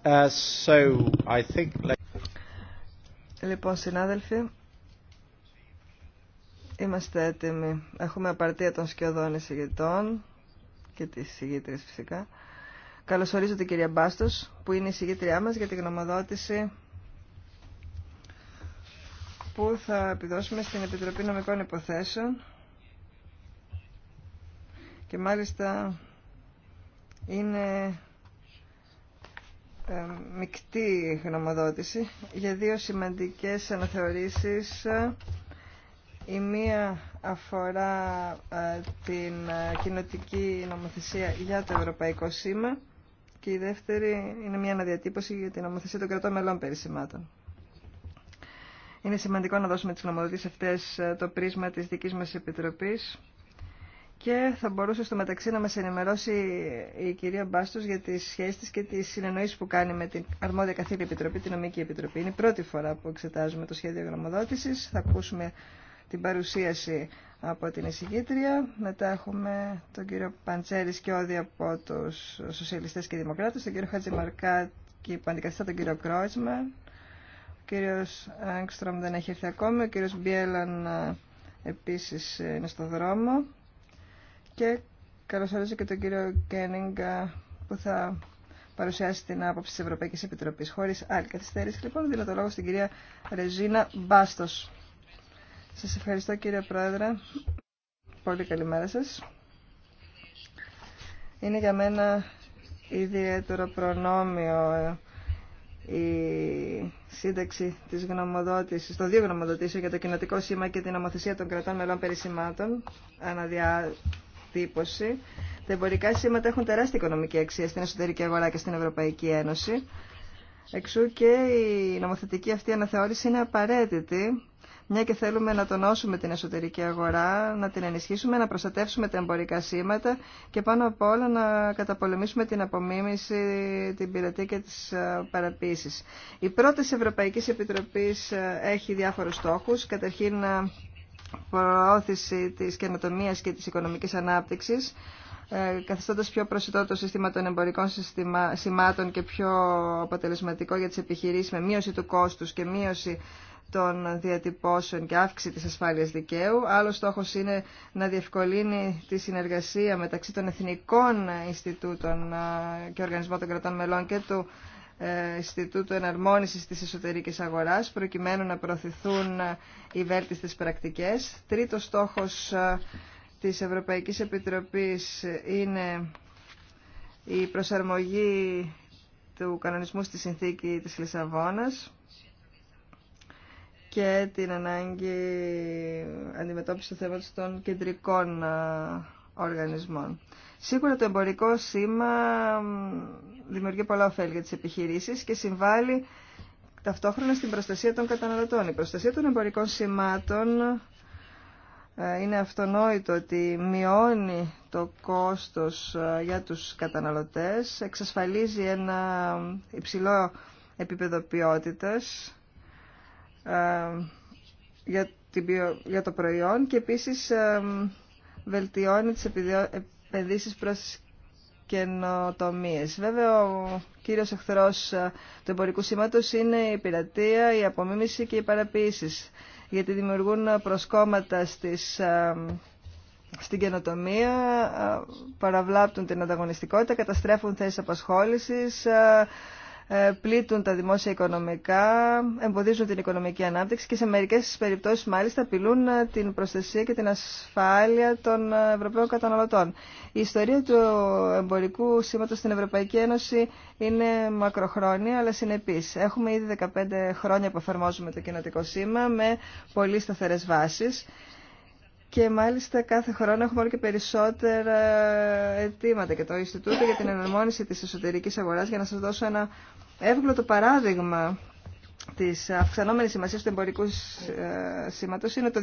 Uh, λοιπόν, συνάδελφοι, είμαστε έτοιμοι. Έχουμε απαρτία των σκιωδών εισηγητών και της εισηγήτρια φυσικά. Καλωσορίζω την κυρία Μπάστο, που είναι η εισηγήτριά μα για την γνωμοδότηση που θα επιδώσουμε στην Επιτροπή Νομικών Υποθέσεων και μάλιστα είναι μεικτή γνωμοδότηση για δύο σημαντικές αναθεωρήσεις. Η μία αφορά ε, την ε, κοινοτική νομοθεσία για το ευρωπαϊκό σήμα και η δεύτερη είναι μια αναδιατύπωση για την νομοθεσία των κρατών μελών περί Είναι σημαντικό να δώσουμε τις γνωμοδοτήσεις αυτές ε, το πρίσμα της δικής μας Επιτροπής και θα μπορούσε στο μεταξύ να μας ενημερώσει η κυρία Μπάστος για τις σχέσεις της και τις συνεννοήσεις που κάνει με την αρμόδια καθήλια επιτροπή, την νομική επιτροπή. Είναι η πρώτη φορά που εξετάζουμε το σχέδιο γνωμοδότησης. Θα ακούσουμε την παρουσίαση από την εισηγήτρια. Μετά έχουμε τον κύριο Παντσέρη και όδη από τους σοσιαλιστές και δημοκράτες, τον κύριο Χατζημαρκά και που αντικαθιστά τον κύριο Κρόσμα, Ο κύριος Άγκστρομ δεν έχει έρθει ακόμη, ο κύριος Μπιέλαν ε, επίσης ε, είναι στο δρόμο. Και καλωσορίζω και τον κύριο Κένιγκ που θα παρουσιάσει την άποψη της Ευρωπαϊκής Επιτροπής. Χωρίς άλλη καθυστέρηση, λοιπόν, δίνω το λόγο στην κυρία Ρεζίνα Μπάστος. Σας ευχαριστώ κύριε Πρόεδρε. Πολύ καλημέρα σας. Είναι για μένα ιδιαίτερο προνόμιο ε, η σύνταξη της γνωμοδότησης, το δύο γνωμοδοτήσεων για το κοινοτικό σήμα και την ομοθεσία των κρατών μελών περισημάτων αναδια εκτύπωση. Τα εμπορικά σήματα έχουν τεράστια οικονομική αξία στην εσωτερική αγορά και στην Ευρωπαϊκή Ένωση. Εξού και η νομοθετική αυτή αναθεώρηση είναι απαραίτητη, μια και θέλουμε να τονώσουμε την εσωτερική αγορά, να την ενισχύσουμε, να προστατεύσουμε τα εμπορικά σήματα και πάνω απ' όλα να καταπολεμήσουμε την απομίμηση, την πειρατή και τι ε, παραποίησει. Η πρώτη Ευρωπαϊκή Επιτροπής ε, έχει διάφορου στόχου. Καταρχήν προώθηση της καινοτομίας και της οικονομικής ανάπτυξης ε, καθιστώντας πιο προσιτό το σύστημα των εμπορικών σημάτων και πιο αποτελεσματικό για τις επιχειρήσεις με μείωση του κόστους και μείωση των διατυπώσεων και αύξηση της ασφάλειας δικαίου. Άλλος στόχος είναι να διευκολύνει τη συνεργασία μεταξύ των εθνικών Ινστιτούτων ε, και Οργανισμών των Κρατών Μελών και του ε, Ινστιτούτου Εναρμόνισης της Εσωτερικής Αγοράς προκειμένου να προωθηθούν ε, οι βέλτιστες πρακτικές. Τρίτος στόχος ε, της Ευρωπαϊκής Επιτροπής είναι η προσαρμογή του κανονισμού στη συνθήκη της Λισαβόνας και την ανάγκη αντιμετώπιση του θέματος των κεντρικών οργανισμών. Σίγουρα το εμπορικό σήμα δημιουργεί πολλά ωφέλη για τις επιχειρήσεις και συμβάλλει ταυτόχρονα στην προστασία των καταναλωτών. Η προστασία των εμπορικών σημάτων ε, είναι αυτονόητο ότι μειώνει το κόστος ε, για τους καταναλωτές, εξασφαλίζει ένα υψηλό επίπεδο ποιότητας ε, για το προϊόν και επίσης βελτιώνει τις επενδύσεις προς καινοτομίες. Βέβαια, ο κύριος εχθρός του εμπορικού σήματος είναι η πειρατεία, η απομίμηση και οι παραποίησει, γιατί δημιουργούν προσκόμματα στις, στην καινοτομία, παραβλάπτουν την ανταγωνιστικότητα, καταστρέφουν θέσεις απασχόλησης, ε, πλήττουν τα δημόσια οικονομικά, εμποδίζουν την οικονομική ανάπτυξη και σε μερικές περιπτώσεις μάλιστα απειλούν ε, την προστασία και την ασφάλεια των ε, Ευρωπαίων καταναλωτών. Η ιστορία του εμπορικού σήματος στην Ευρωπαϊκή Ένωση είναι μακροχρόνια αλλά συνεπής. Έχουμε ήδη 15 χρόνια που εφαρμόζουμε το κοινοτικό σήμα με πολύ σταθερές βάσεις και μάλιστα κάθε χρόνο έχουμε όλο και περισσότερα αιτήματα και το Ινστιτούτο για την Εναρμόνιση της Εσωτερικής Αγοράς για να σας δώσω ένα εύγλωτο παράδειγμα της αυξανόμενης σημασίας του εμπορικού ε, σήματος είναι το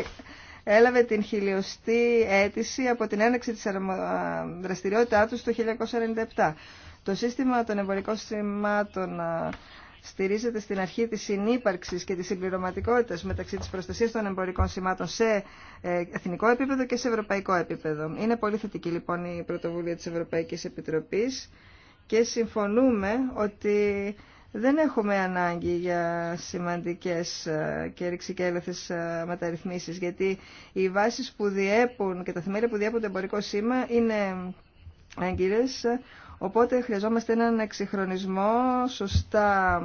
2011 έλαβε την χιλιοστή αίτηση από την έναξη της δραστηριότητά του το 1997. Το σύστημα των εμπορικών σημάτων στηρίζεται στην αρχή της συνύπαρξης και της συμπληρωματικότητα μεταξύ της προστασίας των εμπορικών σημάτων σε ε, εθνικό επίπεδο και σε ευρωπαϊκό επίπεδο. Είναι πολύ θετική λοιπόν η πρωτοβουλία της Ευρωπαϊκής Επιτροπής και συμφωνούμε ότι δεν έχουμε ανάγκη για σημαντικές ε, και ρηξικέλευθες ε, μεταρρυθμίσεις, γιατί οι βάσεις που διέπουν και τα θεμέλια που διέπουν το εμπορικό σήμα είναι έγκυρες, Οπότε χρειαζόμαστε έναν εξυγχρονισμό σωστά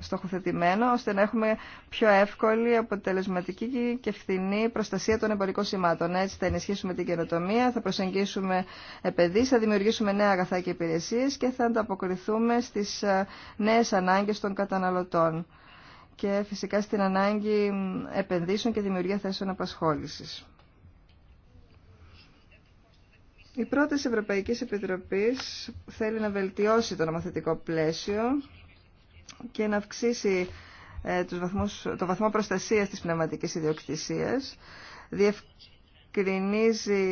στοχοθετημένο, ώστε να έχουμε πιο εύκολη, αποτελεσματική και φθηνή προστασία των εμπορικών σημάτων. Έτσι θα ενισχύσουμε την καινοτομία, θα προσεγγίσουμε επενδύσεις, θα δημιουργήσουμε νέα αγαθά και υπηρεσίε και θα ανταποκριθούμε στι ε, νέε ανάγκε των καταναλωτών και φυσικά στην ανάγκη επενδύσεων και δημιουργία θέσεων απασχόλησης. Η πρώτη Ευρωπαϊκή Επιτροπής θέλει να βελτιώσει το νομοθετικό πλαίσιο και να αυξήσει ε, τους βαθμούς, το βαθμό προστασίας της πνευματικής ιδιοκτησίας, διευκρινίζει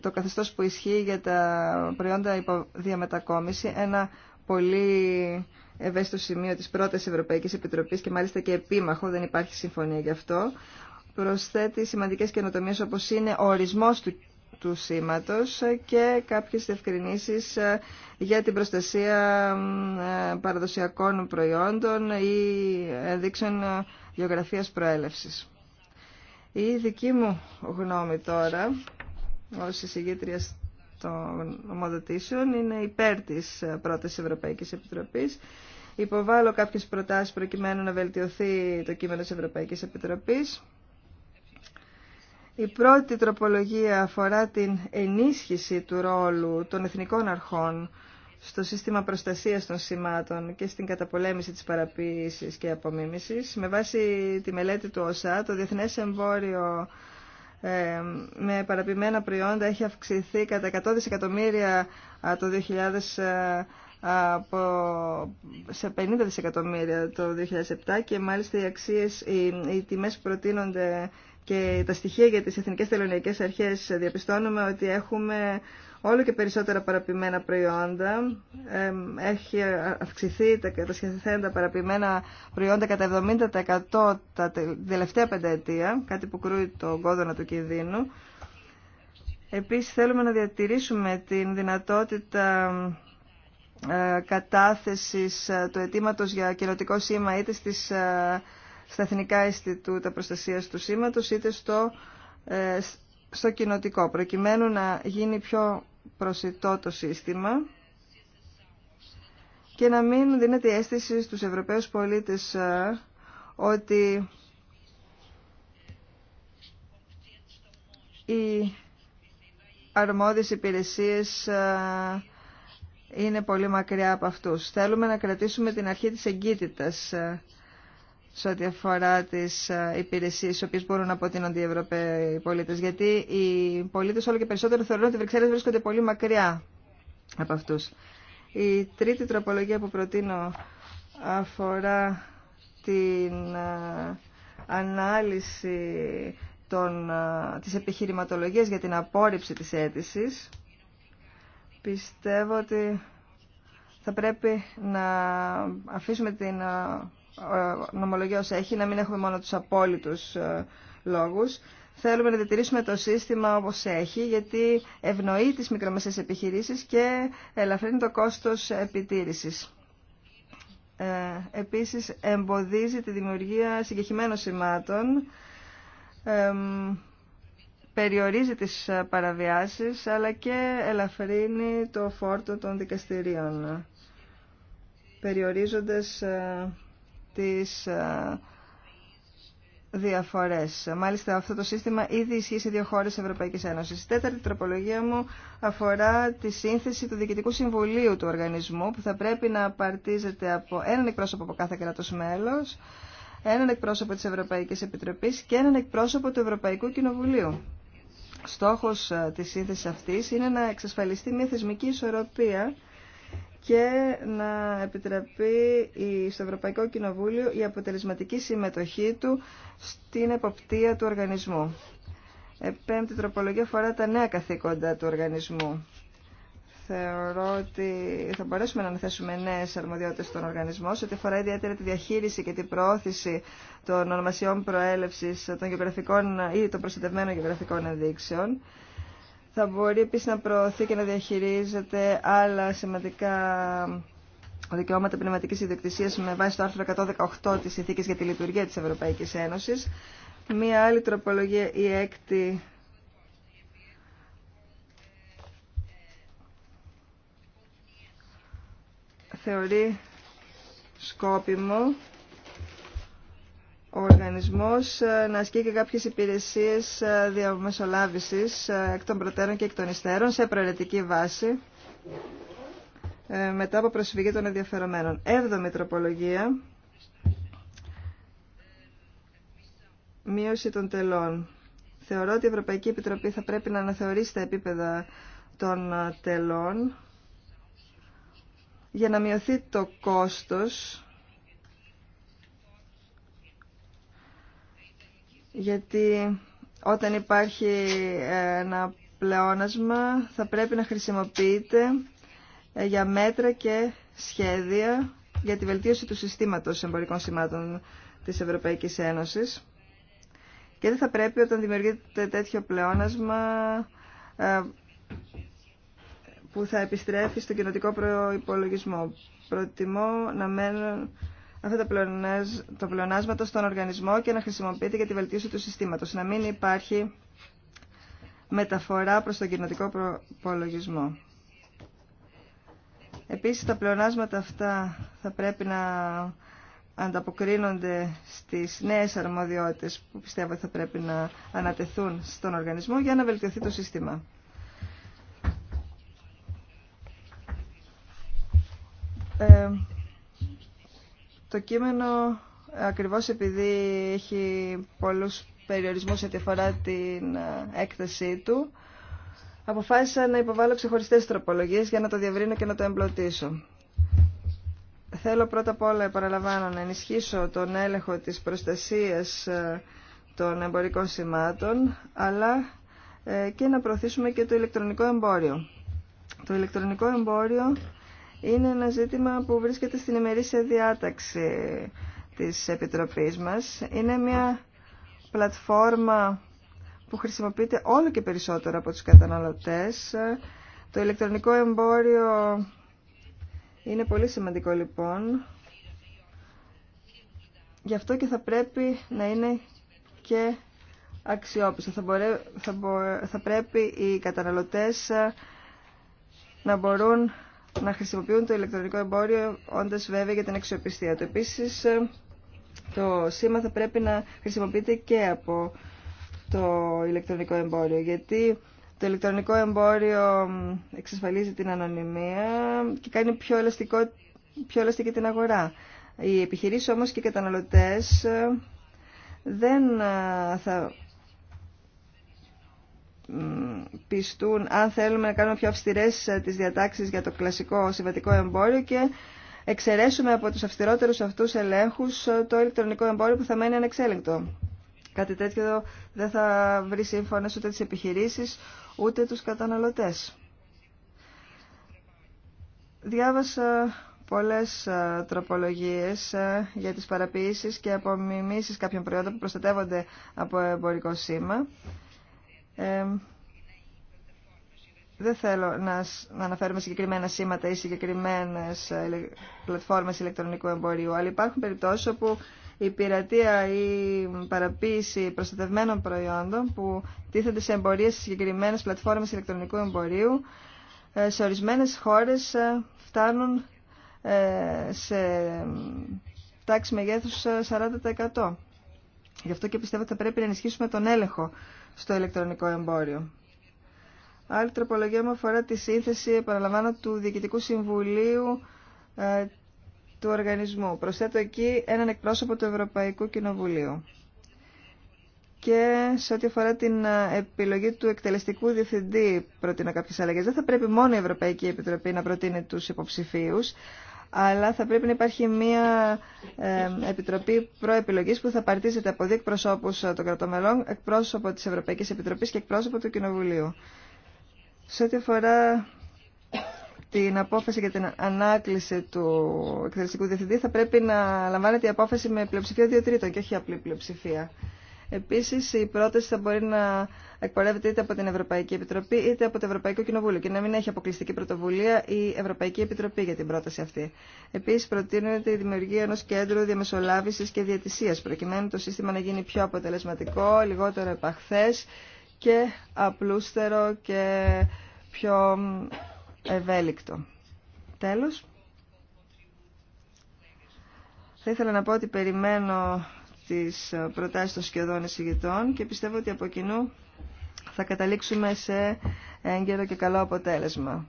το καθεστώς που ισχύει για τα προϊόντα διαμετακόμιση, ένα πολύ ευαίσθητο σημείο της πρώτης Ευρωπαϊκής Επιτροπής και μάλιστα και επίμαχο, δεν υπάρχει συμφωνία γι' αυτό, προσθέτει σημαντικές καινοτομίες όπως είναι ο ορισμός του του σήματος και κάποιες ευκρινήσεις ε, για την προστασία ε, παραδοσιακών προϊόντων ή ενδείξεων ε, γεωγραφίας προέλευσης. Η δική μου γνώμη τώρα, ως εισηγήτρια των ομοδοτήσεων, είναι υπέρ της πρώτης Ευρωπαϊκής Επιτροπής. Υποβάλλω κάποιες προτάσεις προκειμένου να βελτιωθεί το κείμενο της Ευρωπαϊκής Επιτροπής η πρώτη τροπολογία αφορά την ενίσχυση του ρόλου των εθνικών αρχών στο σύστημα προστασίας των σημάτων και στην καταπολέμηση της παραποίησης και απομίμησης. Με βάση τη μελέτη του ΟΣΑ, το διεθνές εμπόριο ε, με παραπημένα προϊόντα έχει αυξηθεί κατά 100 ε, δισεκατομμύρια το 2000 από σε 50 δισεκατομμύρια το 2007 και μάλιστα οι αξίες, οι, οι τιμές που προτείνονται και τα στοιχεία για τις εθνικές τελωνιακές αρχές διαπιστώνουμε ότι έχουμε όλο και περισσότερα παραπημένα προϊόντα. έχει αυξηθεί τα κατασκευθέντα παραπημένα προϊόντα κατά 70% τα τελευταία πενταετία, κάτι που κρούει το κόδωνα του κινδύνου. Επίσης θέλουμε να διατηρήσουμε την δυνατότητα ε, κατάθεσης ε, του αιτήματο για κοινοτικό σήμα είτε στις ε, στα Εθνικά Ινστιτούτα Προστασίας του Σήματος είτε στο, ε, στο κοινοτικό, προκειμένου να γίνει πιο προσιτό το σύστημα και να μην δίνεται αίσθηση στους Ευρωπαίους πολίτες ε, ότι οι αρμόδιες υπηρεσίες ε, είναι πολύ μακριά από αυτούς. Θέλουμε να κρατήσουμε την αρχή της εγκύτητας σε ό,τι αφορά τι ε, υπηρεσίε, οι οποίε μπορούν να αποτείνονται οι Ευρωπαίοι πολίτε. Γιατί οι πολίτε όλο και περισσότερο θεωρούν ότι οι Βρυξέλλε βρίσκονται πολύ μακριά από αυτούς. Η τρίτη τροπολογία που προτείνω αφορά την ε, ανάλυση των, ε, της επιχειρηματολογίας για την απόρριψη της αίτησης. Πιστεύω ότι θα πρέπει να αφήσουμε την ε, νομολογία έχει, να μην έχουμε μόνο τους απόλυτους ε, λόγους. Θέλουμε να διατηρήσουμε το σύστημα όπως έχει, γιατί ευνοεί τις μικρομεσαίες επιχειρήσεις και ελαφρύνει το κόστος επιτήρησης. Ε, επίσης, εμποδίζει τη δημιουργία συγκεκριμένων σημάτων, περιορίζει τις παραβιάσεις, αλλά και ελαφρύνει το φόρτο των δικαστηρίων, περιορίζοντας τις ε, διαφορές. Μάλιστα αυτό το σύστημα ήδη ισχύει σε δύο χώρες της Ευρωπαϊκής Ένωσης. Η τέταρτη τροπολογία μου αφορά τη σύνθεση του Διοικητικού Συμβουλίου του οργανισμού που θα πρέπει να απαρτίζεται από έναν εκπρόσωπο από κάθε κράτος μέλος, έναν εκπρόσωπο της Ευρωπαϊκής Επιτροπής και έναν εκπρόσωπο του Ευρωπαϊκού Κοινοβουλίου. Στόχος ε, της σύνθεσης αυτής είναι να εξασφαλιστεί μια θεσμική ισορροπία και να επιτραπεί στο Ευρωπαϊκό Κοινοβούλιο η αποτελεσματική συμμετοχή του στην εποπτεία του οργανισμού. Επέμπτη τροπολογία αφορά τα νέα καθήκοντα του οργανισμού. Θεωρώ ότι θα μπορέσουμε να αναθέσουμε νέε αρμοδιότητε στον οργανισμό, σε ό,τι αφορά ιδιαίτερα τη διαχείριση και την προώθηση των ονομασιών προέλευση των ή των προστατευμένων γεωγραφικών ενδείξεων θα μπορεί επίσης να προωθεί και να διαχειρίζεται άλλα σημαντικά δικαιώματα πνευματική ιδιοκτησία με βάση το άρθρο 118 της συνθήκη για τη Λειτουργία της Ευρωπαϊκής Ένωσης. Μία άλλη τροπολογία, η έκτη, θεωρεί σκόπιμο ο οργανισμός ε, να ασκεί και κάποιες υπηρεσίες ε, διαμεσολάβησης ε, εκ των προτέρων και εκ των υστέρων σε προαιρετική βάση μετά από προσφυγή των ενδιαφερομένων. Έβδομη τροπολογία, μείωση των τελών. Θεωρώ ότι η Ευρωπαϊκή Επιτροπή θα πρέπει να αναθεωρήσει τα επίπεδα των τελών για να μειωθεί το κόστος γιατί όταν υπάρχει ένα πλεόνασμα θα πρέπει να χρησιμοποιείται ε, για μέτρα και σχέδια για τη βελτίωση του συστήματος εμπορικών σημάτων της Ευρωπαϊκής Ένωσης και δεν θα πρέπει όταν δημιουργείται τέτοιο πλεόνασμα ε, που θα επιστρέφει στον κοινοτικό προϋπολογισμό. Προτιμώ να μένουν αυτά τα πλεονάσματα στον οργανισμό και να χρησιμοποιείται για τη βελτίωση του συστήματος. Να μην υπάρχει μεταφορά προς τον κοινοτικό προπολογισμό. Επίσης τα πλεονάσματα αυτά θα πρέπει να ανταποκρίνονται στις νέες αρμοδιότητες που πιστεύω θα πρέπει να ανατεθούν στον οργανισμό για να βελτιωθεί το σύστημα. Ε, το κείμενο, ακριβώς επειδή έχει πολλούς περιορισμούς τη αφορά την ε, έκθεσή του, αποφάσισα να υποβάλω ξεχωριστές τροπολογίες για να το διαβρύνω και να το εμπλωτίσω. Θέλω πρώτα απ' όλα, επαναλαμβάνω, να ενισχύσω τον έλεγχο της προστασίας ε, των εμπορικών σημάτων, αλλά ε, και να προωθήσουμε και το ηλεκτρονικό εμπόριο. Το ηλεκτρονικό εμπόριο είναι ένα ζήτημα που βρίσκεται στην ημερήσια διάταξη της Επιτροπής μας. Είναι μια πλατφόρμα που χρησιμοποιείται όλο και περισσότερο από τους καταναλωτές. Το ηλεκτρονικό εμπόριο είναι πολύ σημαντικό λοιπόν. Γι' αυτό και θα πρέπει να είναι και αξιόπιστο. Θα, θα, θα πρέπει οι καταναλωτές να μπορούν να χρησιμοποιούν το ηλεκτρονικό εμπόριο όντας βέβαια για την αξιοπιστία του. επίση ε, το σήμα θα πρέπει να χρησιμοποιείται και από το ηλεκτρονικό εμπόριο, γιατί το ηλεκτρονικό εμπόριο εξασφαλίζει την ανωνυμία και κάνει πιο, ελαστικό, πιο ελαστική την αγορά. Οι επιχειρήσεις όμως και οι καταναλωτές ε, δεν ε, θα πιστούν αν θέλουμε να κάνουμε πιο αυστηρές ε, τις διατάξεις για το κλασικό συμβατικό εμπόριο και εξαιρέσουμε από τους αυστηρότερους αυτούς ελέγχους ε, το ηλεκτρονικό εμπόριο που θα μένει ανεξέλεγκτο. Κάτι τέτοιο δεν θα βρει σύμφωνα ούτε τις επιχειρήσεις ούτε τους καταναλωτές. Διάβασα πολλές ε, τροπολογίες για τις παραποιήσεις και απομιμήσεις κάποιων προϊόντων που προστατεύονται από εμπορικό σήμα δεν θέλω να, αναφέρουμε συγκεκριμένα σήματα ή συγκεκριμένες ε, πλατφόρμες ηλεκτρονικού εμπορίου, αλλά υπάρχουν περιπτώσεις όπου η συγκεκριμενε πλατφορμες ηλεκτρονικου ή περιπτωσει οπου η προστατευμένων προϊόντων που τίθενται σε εμπορίες σε συγκεκριμένε πλατφόρμες ηλεκτρονικού εμπορίου ε, σε ορισμένες χώρε ε, φτάνουν σε τάξη μεγέθους 40%. Γι' αυτό και πιστεύω ότι θα πρέπει να ενισχύσουμε τον έλεγχο στο ηλεκτρονικό εμπόριο. Άλλη τροπολογία μου αφορά τη σύνθεση, επαναλαμβάνω, του Διοικητικού Συμβουλίου ε, του Οργανισμού. Προσθέτω εκεί έναν εκπρόσωπο του Ευρωπαϊκού Κοινοβουλίου. Και σε ό,τι αφορά την ε, επιλογή του εκτελεστικού διευθυντή, προτείνω κάποιε αλλαγέ. Δεν θα πρέπει μόνο η Ευρωπαϊκή Επιτροπή να προτείνει του υποψηφίου, αλλά θα πρέπει να υπάρχει μια επιτροπή προεπιλογής που θα παρτίζεται από δύο εκπροσώπους ε, των κρατομελών, εκπρόσωπο της Ευρωπαϊκής Επιτροπής και εκπρόσωπο του Κοινοβουλίου. Σε ό,τι αφορά την απόφαση για την ανάκληση του εκτελεστικού διευθυντή θα πρέπει να λαμβάνεται η απόφαση με πλειοψηφία δύο τρίτων και όχι απλή πλειοψηφία. Επίσης, η πρόταση θα μπορεί να εκπορεύεται είτε από την Ευρωπαϊκή Επιτροπή είτε από το Ευρωπαϊκό Κοινοβούλιο και να μην έχει αποκλειστική πρωτοβουλία η Ευρωπαϊκή Επιτροπή για την πρόταση αυτή. Επίσης, προτείνεται η δημιουργία ενός κέντρου διαμεσολάβησης και διατησία, προκειμένου το σύστημα να γίνει πιο αποτελεσματικό, λιγότερο επαχθές και απλούστερο και πιο ευέλικτο. Τέλος, θα ήθελα να πω ότι περιμένω στις ε, προτάσεις των σχεδόν εισηγητών και πιστεύω ότι από κοινού θα καταλήξουμε σε έγκαιρο και καλό αποτέλεσμα.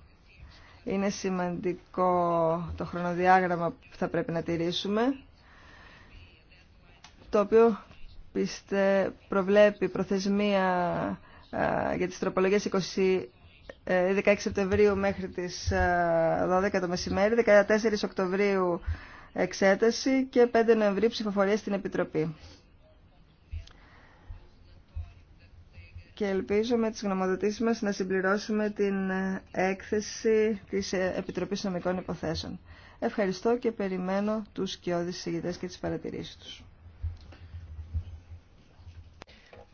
Είναι σημαντικό το χρονοδιάγραμμα που θα πρέπει να τηρήσουμε, το οποίο πιστε, προβλέπει προθεσμία ε, για τις τροπολογίες 20 16 ε, Σεπτεμβρίου μέχρι τις 12 το μεσημέρι, 14 Οκτωβρίου εξέταση και 5 Νοεμβρίου ψηφοφορία στην Επιτροπή. Και ελπίζω με τις γνωμοδοτήσεις μας να συμπληρώσουμε την έκθεση της Επιτροπής Νομικών Υποθέσεων. Ευχαριστώ και περιμένω τους σκιώδεις συγγητές και τις παρατηρήσεις τους.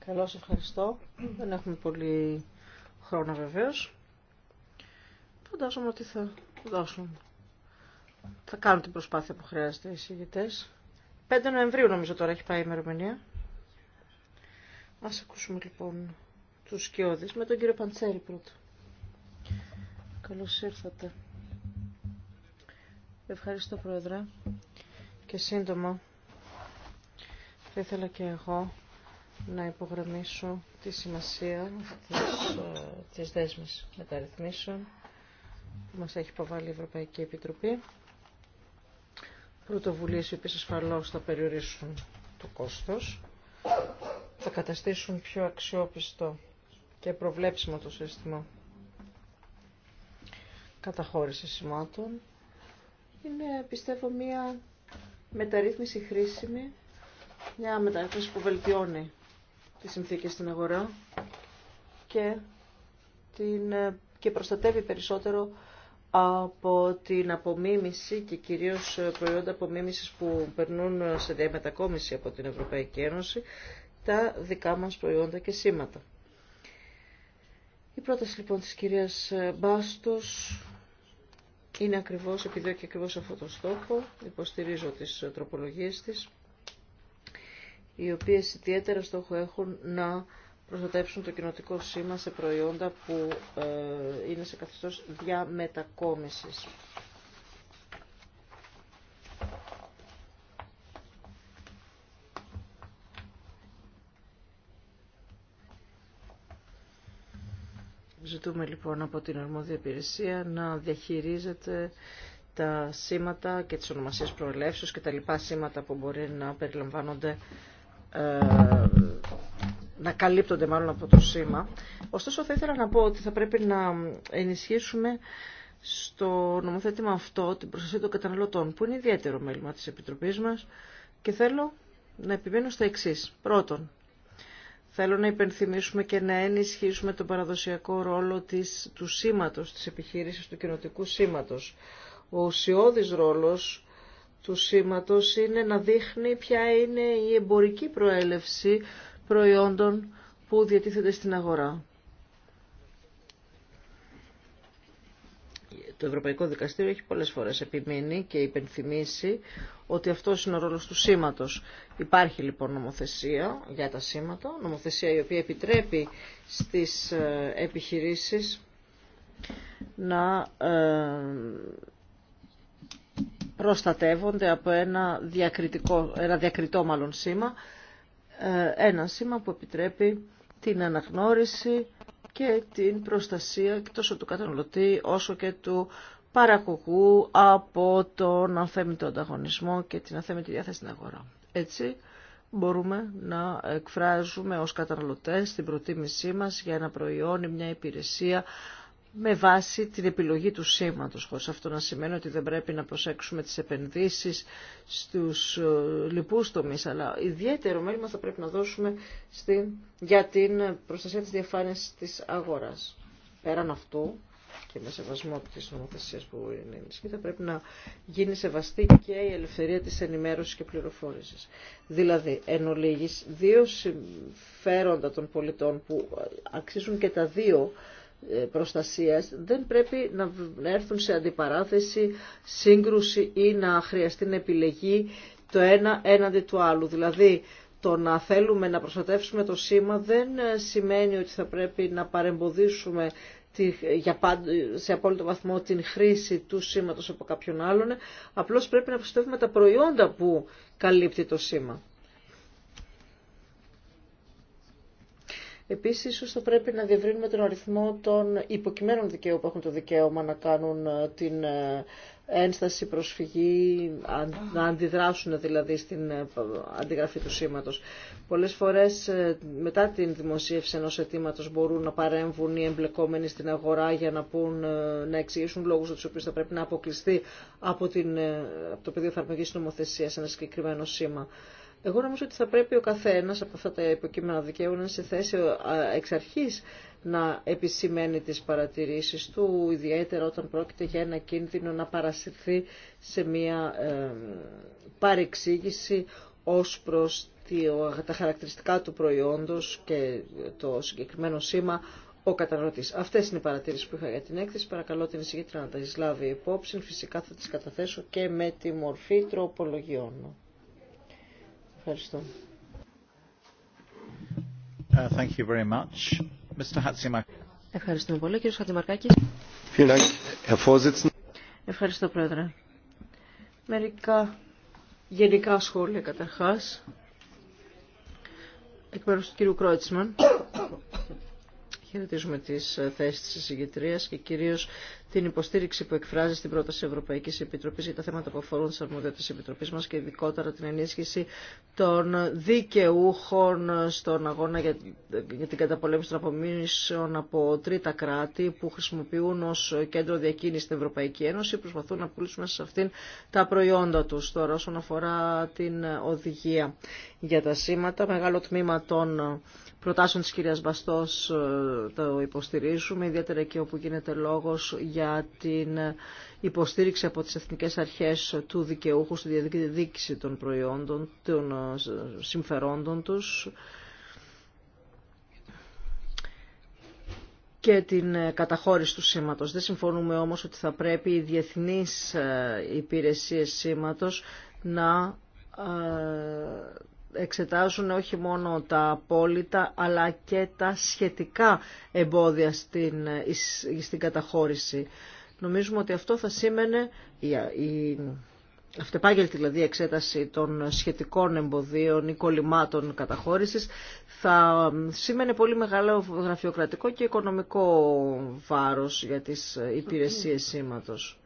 Καλώς ευχαριστώ. Δεν έχουμε πολύ χρόνο βεβαίως. Φαντάζομαι ότι θα δώσουμε θα κάνω την προσπάθεια που χρειάζεται οι συγγητέ. 5 Νοεμβρίου νομίζω τώρα έχει πάει η ημερομηνία. Ας ακούσουμε λοιπόν τους σκιώδη με τον κύριο Παντσέρη πρώτο. Καλώς ήρθατε. Ευχαριστώ Πρόεδρε και σύντομα θα ήθελα και εγώ να υπογραμμίσω τη σημασία της, ε, της δέσμης μεταρρυθμίσεων που μας έχει υποβάλει η Ευρωπαϊκή Επιτροπή πρωτοβουλίες οι οποίες ασφαλώς θα περιορίσουν το κόστος, θα καταστήσουν πιο αξιόπιστο και προβλέψιμο το σύστημα καταχώρηση σημάτων. Είναι, πιστεύω, μία μεταρρύθμιση χρήσιμη, μια μεταρρύθμιση που βελτιώνει τις συνθήκες στην αγορά και, την, ε, και προστατεύει περισσότερο από την απομίμηση και κυρίως προϊόντα απομίμησης που περνούν σε διαμετακόμιση από την Ευρωπαϊκή Ένωση τα δικά μας προϊόντα και σήματα. Η πρόταση λοιπόν της κυρίας Μπάστος είναι ακριβώς, επιδιώκει ακριβώς αυτό το στόχο, υποστηρίζω τις τροπολογίες της, οι οποίες ιδιαίτερα στόχο έχουν να προστατεύσουν το κοινοτικό σήμα σε προϊόντα που ε, είναι σε καθεστώς διαμετακόμισης. Ζητούμε λοιπόν από την αρμόδια υπηρεσία να διαχειρίζεται τα σήματα και τις ονομασίες προελεύσεως και τα λοιπά σήματα που μπορεί να περιλαμβάνονται ε, να καλύπτονται μάλλον από το σήμα. Ωστόσο θα ήθελα να πω ότι θα πρέπει να ενισχύσουμε στο νομοθέτημα αυτό την προστασία των καταναλωτών, που είναι ιδιαίτερο μέλημα της Επιτροπής μας και θέλω να επιμένω στα εξή. Πρώτον, θέλω να υπενθυμίσουμε και να ενισχύσουμε τον παραδοσιακό ρόλο της, του σήματος, της επιχείρησης του κοινοτικού σήματος. Ο ουσιώδης ρόλος του σήματος είναι να δείχνει ποια είναι η εμπορική προέλευση προϊόντων που διατίθεται στην αγορά. Το Ευρωπαϊκό Δικαστήριο έχει πολλές φορές επιμείνει και υπενθυμίσει ότι αυτό είναι ο ρόλος του σήματος. Υπάρχει λοιπόν νομοθεσία για τα σήματα, νομοθεσία η οποία επιτρέπει στις ε, επιχειρήσεις να ε, προστατεύονται από ένα, διακριτικό, ένα διακριτό μάλλον σήμα ε, ένα σήμα που επιτρέπει την αναγνώριση και την προστασία τόσο του καταναλωτή όσο και του παρακοκού από τον αθέμητο ανταγωνισμό και την αθέμητη διάθεση στην αγορά. Έτσι μπορούμε να εκφράζουμε ως καταναλωτές την προτίμησή μας για ένα προϊόν ή μια υπηρεσία με βάση την επιλογή του σήματος, χωρίς αυτό να σημαίνει ότι δεν πρέπει να προσέξουμε τις επενδύσεις στους ε, λοιπούς τομείς, αλλά ιδιαίτερο μέλημα θα πρέπει να δώσουμε στην, για την προστασία της διαφάνειας της αγοράς. Πέραν αυτού, και με σεβασμό τη νομοθεσία που είναι ενισχύει, θα πρέπει να γίνει σεβαστή και η ελευθερία τη ενημέρωση και πληροφόρηση. Δηλαδή, εν ολίγης, δύο συμφέροντα των πολιτών που αξίζουν και τα δύο ε, προστασίας δεν πρέπει να έρθουν σε αντιπαράθεση, σύγκρουση ή να χρειαστεί να επιλεγεί το ένα έναντι του άλλου. Δηλαδή το να θέλουμε να προστατεύσουμε το σήμα δεν ε, σημαίνει ότι θα πρέπει να παρεμποδίσουμε σε απόλυτο βαθμό την χρήση του σήματος από κάποιον άλλον. Απλώς πρέπει να προστατεύουμε τα προϊόντα που καλύπτει το σήμα. Επίσης, ίσω θα πρέπει να διευρύνουμε τον αριθμό των υποκειμένων δικαίου που έχουν το δικαίωμα να κάνουν ε, την ε, ένσταση προσφυγή, να αντιδράσουν δηλαδή στην ε, αντιγραφή του σήματος. Πολλές φορές μετά την δημοσίευση ενός αιτήματο μπορούν να παρέμβουν οι εμπλεκόμενοι στην αγορά για να, πούν, να εξηγήσουν λόγους του οποίου θα πρέπει να αποκλειστεί από, την, από το πεδίο εφαρμογή νομοθεσία ένα συγκεκριμένο σήμα. Εγώ νομίζω ότι θα πρέπει ο καθένα από αυτά τα υποκείμενα δικαίου να είναι σε θέση εξ αρχή να επισημαίνει τι παρατηρήσει του, ιδιαίτερα όταν πρόκειται για ένα κίνδυνο να παρασυρθεί σε μια ε, παρεξήγηση ω προ τα χαρακτηριστικά του προϊόντο και το συγκεκριμένο σήμα ο καταναλωτή. Αυτέ είναι οι παρατήρησει που είχα για την έκθεση. Παρακαλώ την εισηγήτρια να τα λάβει υπόψη. Φυσικά θα τι καταθέσω και με τη μορφή τροπολογιών. Ευχαριστώ. Uh, Ευχαριστούμε πολύ. κύριο Χατζημαρκάκη. Ευχαριστώ, Πρόεδρε. Μερικά γενικά σχόλια, καταρχά. Εκ μέρου του κύριου Κρότσμαν. Χαιρετίζουμε τι θέσει τη εισηγητρίας και κυρίω την υποστήριξη που εκφράζει στην πρόταση Ευρωπαϊκή Επιτροπή για τα θέματα που αφορούν τι αρμοδιότητε τη Επιτροπή μα και ειδικότερα την ενίσχυση των δικαιούχων στον αγώνα για, την καταπολέμηση των απομήνυσεων από τρίτα κράτη που χρησιμοποιούν ω κέντρο διακίνηση στην Ευρωπαϊκή Ένωση και προσπαθούν να πουλήσουν μέσα σε αυτήν τα προϊόντα του. Τώρα, όσον αφορά την οδηγία για τα σήματα, μεγάλο τμήμα των προτάσεων τη κυρία Μπαστό ε, το υποστηρίζουμε, ιδιαίτερα εκεί όπου γίνεται λόγο για την υποστήριξη από τις εθνικές αρχές του δικαιούχου στη διαδίκηση των προϊόντων, των ε, συμφερόντων τους και την ε, καταχώρηση του σήματος. Δεν συμφωνούμε όμως ότι θα πρέπει οι διεθνείς ε, υπηρεσίες σήματος να εξετάζουν όχι μόνο τα απόλυτα αλλά και τα σχετικά εμπόδια στην, στην καταχώρηση. Νομίζουμε ότι αυτό θα σήμαινε η αυτεπάγγελτη δηλαδή εξέταση των σχετικών εμποδίων ή κολλημάτων καταχώρησης θα σήμαινε πολύ μεγάλο γραφειοκρατικό και οικονομικό βάρος για τις υπηρεσίες σήματος.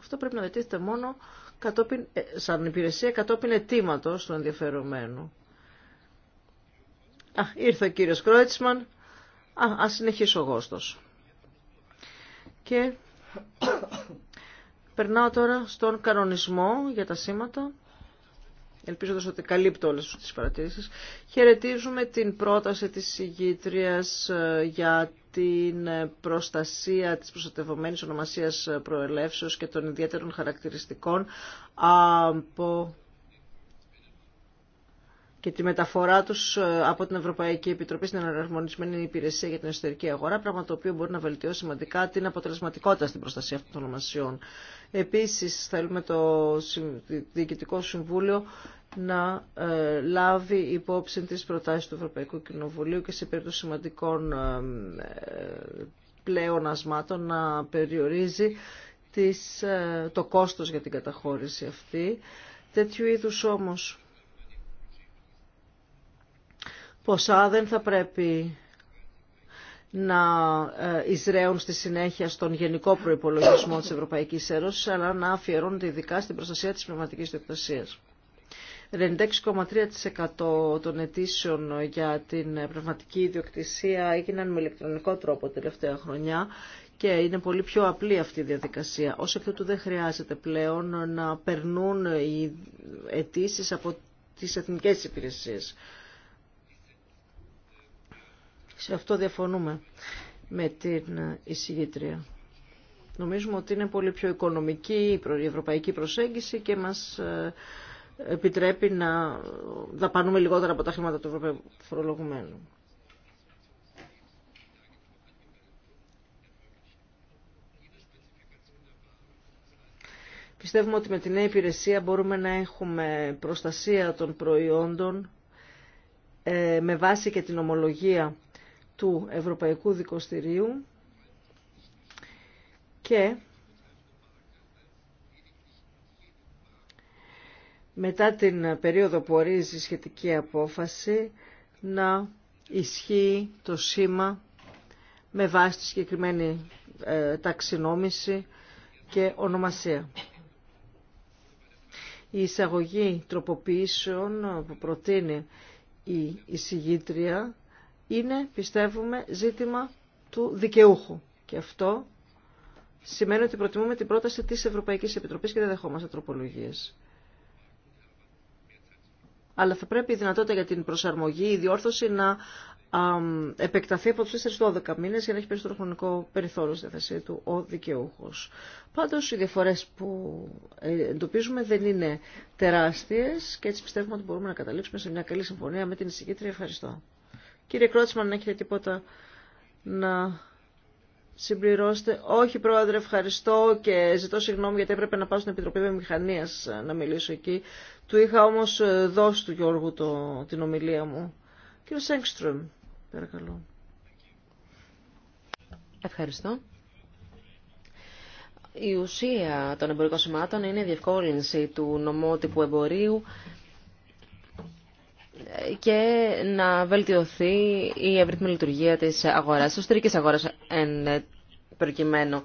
Αυτό πρέπει να δετίθεται μόνο κατόπιν, ε, σαν υπηρεσία κατόπιν αιτήματος του ενδιαφερομένου. Α, ήρθε ο κύριος Κρόιτσμαν. Α, ας συνεχίσω ο Και περνάω τώρα στον κανονισμό για τα σήματα. Ελπίζω ότι καλύπτω όλες τις παρατηρήσεις. Χαιρετίζουμε την πρόταση της συγγήτριας ε, για την προστασία της προστατευομένης ονομασίας προελεύσεως και των ιδιαίτερων χαρακτηριστικών από και τη μεταφορά του ε, από την Ευρωπαϊκή Επιτροπή στην Εναρμονισμένη Υπηρεσία για την Εσωτερική Αγορά, πράγμα το οποίο μπορεί να βελτιώσει σημαντικά την αποτελεσματικότητα στην προστασία αυτών των ονομασιών. Επίση, θέλουμε το Διοικητικό Συμβούλιο να ε, λάβει υπόψη τι προτάσει του Ευρωπαϊκού Κοινοβουλίου και σε περίπτωση σημαντικών ε, πλέον ασμάτων να περιορίζει το κόστος για την καταχώρηση αυτή. Τέτοιου είδους όμως ποσά δεν θα πρέπει να ε, εισραίουν στη συνέχεια στον γενικό προϋπολογισμό της Ευρωπαϊκής Ένωσης, αλλά να αφιερώνονται ειδικά στην προστασία της πνευματικής διοκτησίας. 96,3% των αιτήσεων για την πνευματική ιδιοκτησία έγιναν με ηλεκτρονικό τρόπο τελευταία χρονιά και είναι πολύ πιο απλή αυτή η διαδικασία. ω εκ τούτου δεν χρειάζεται πλέον να περνούν οι αιτήσει από τις εθνικές υπηρεσίες σε αυτό διαφωνούμε με την εισηγήτρια. Νομίζουμε ότι είναι πολύ πιο οικονομική η ευρωπαϊκή προσέγγιση και μας ε, επιτρέπει να δαπανούμε λιγότερα από τα χρήματα του Ευρωπαϊκού Φορολογουμένου. Πιστεύουμε ότι με την νέα υπηρεσία μπορούμε να έχουμε προστασία των προϊόντων ε, με βάση και την ομολογία του Ευρωπαϊκού Δικοστηρίου και μετά την περίοδο που ορίζει σχετική απόφαση να ισχύει το σήμα με βάση τη συγκεκριμένη ε, ταξινόμηση και ονομασία. Η εισαγωγή τροποποιήσεων που προτείνει η εισηγήτρια είναι, πιστεύουμε, ζήτημα του δικαιούχου. Και αυτό σημαίνει ότι προτιμούμε την πρόταση της Ευρωπαϊκής Επιτροπής και δεν δεχόμαστε τροπολογίες. Αλλά θα πρέπει η δυνατότητα για την προσαρμογή, η διόρθωση να επεκταθεί από τους 4-12 μήνες για να έχει περισσότερο χρονικό περιθώριο στη θέση του ο δικαιούχος. Πάντως οι διαφορές που ε, εντοπίζουμε δεν είναι τεράστιες και έτσι πιστεύουμε ότι μπορούμε να καταλήξουμε σε μια καλή συμφωνία με την εισηγήτρια. Ευχαριστώ. Κύριε Κρότσμαν, αν έχετε τίποτα να συμπληρώσετε. Όχι, Πρόεδρε, ευχαριστώ και ζητώ συγγνώμη γιατί έπρεπε να πάω στην Επιτροπή Μηχανία να μιλήσω εκεί. Του είχα όμω ε, δώσει του Γιώργου το, την ομιλία μου. Κύριε Σέγκστρομ, παρακαλώ. Ευχαριστώ. Η ουσία των εμπορικών σημάτων είναι η διευκόλυνση του νομότυπου εμπορίου και να βελτιωθεί η ευρύθμινη λειτουργία της αγοράς, της εσωτερικής αγοράς εν προκειμένου.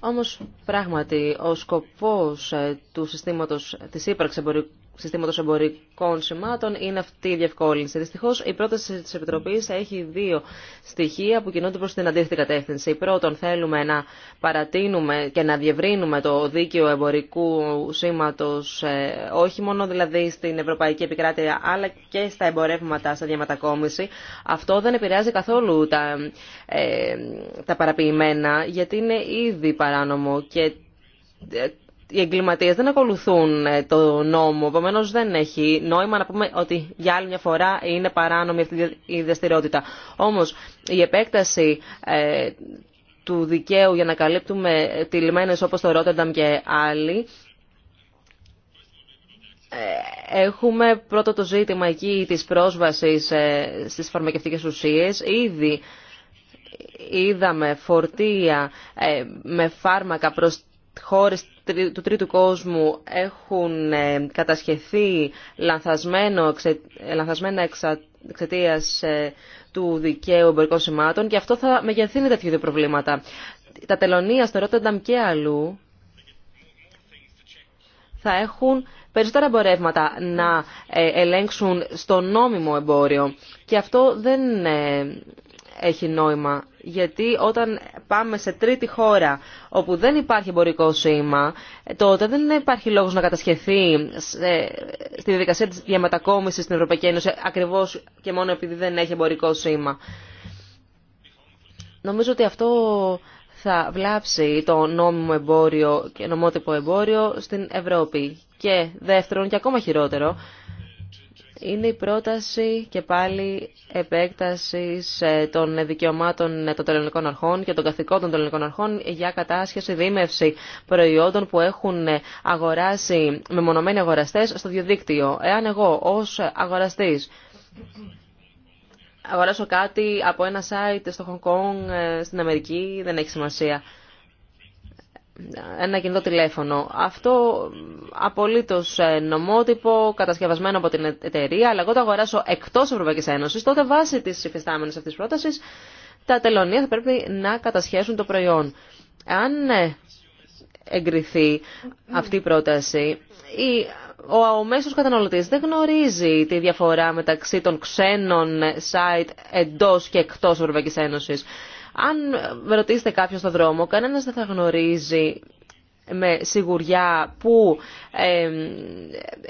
Όμως πράγματι ο σκοπός ε, του συστήματος της ύπαρξης εμπορικού συστήματο εμπορικών σημάτων είναι αυτή η διευκόλυνση. Δυστυχώ η πρόταση τη Επιτροπή έχει δύο στοιχεία που κινούνται προ την αντίθετη κατεύθυνση. Πρώτον, θέλουμε να παρατείνουμε και να διευρύνουμε το δίκαιο εμπορικού σήματος ε, όχι μόνο δηλαδή στην Ευρωπαϊκή Επικράτεια αλλά και στα εμπορεύματα, στα διαμετακόμιση. Αυτό δεν επηρεάζει καθόλου τα, ε, τα παραποιημένα γιατί είναι ήδη παράνομο και ε, οι εγκληματίε δεν ακολουθούν ε, το νόμο, επομένω δεν έχει νόημα να πούμε ότι για άλλη μια φορά είναι παράνομη αυτή η δραστηριότητα. Όμως η επέκταση ε, του δικαίου για να καλύπτουμε λιμένε όπω το Ρότερνταμ και άλλοι, ε, Έχουμε πρώτο το ζήτημα εκεί της πρόσβασης στις φαρμακευτικές ουσίες. Ήδη είδαμε φορτία με φάρμακα προς χώρες του τρίτου κόσμου έχουν ε, κατασχεθεί λανθασμένο, ε, λανθασμένα εξαιτία ε, του δικαίου εμπορικών σημάτων και αυτό θα μεγεθύνει τέτοιου είδου προβλήματα. Τα τελωνία στο Ρότερνταμ και αλλού θα έχουν περισσότερα εμπορεύματα να ελέγξουν στο νόμιμο εμπόριο και αυτό δεν έχει νόημα γιατί όταν πάμε σε τρίτη χώρα όπου δεν υπάρχει εμπορικό σήμα, τότε δεν υπάρχει λόγος να κατασχεθεί στη διαδικασία της διαμετακόμισης στην Ευρωπαϊκή Ένωση ακριβώς και μόνο επειδή δεν έχει εμπορικό σήμα. Νομίζω ότι αυτό θα βλάψει το νόμιμο εμπόριο και νομότυπο εμπόριο στην Ευρώπη. Και δεύτερον και ακόμα χειρότερο, είναι η πρόταση και πάλι επέκταση ε, των δικαιωμάτων ε, των τελωνικών αρχών και των καθηκόντων των τελωνικών αρχών για κατάσχεση δίμευση προϊόντων που έχουν ε, αγοράσει μεμονωμένοι αγοραστές στο διαδίκτυο. Εάν εγώ ως αγοραστής αγοράσω κάτι από ένα site στο Χονγκ Κονγκ στην Αμερική, δεν έχει σημασία ένα κινητό τηλέφωνο. Αυτό απολύτως ε, νομότυπο, κατασκευασμένο από την εταιρεία, αλλά εγώ το αγοράσω εκτό Ευρωπαϊκή Ένωση, τότε βάσει τη υφιστάμενη αυτής πρότασης, τα τελωνία θα πρέπει να κατασχέσουν το προϊόν. Αν ε, εγκριθεί αυτή η πρόταση, ο μέσος καταναλωτής δεν γνωρίζει τη διαφορά μεταξύ των ξένων site εντός και εκτός Ευρωπαϊκής Ένωσης. Αν ρωτήσετε κάποιο στον δρόμο, κανένας δεν θα γνωρίζει με σιγουριά που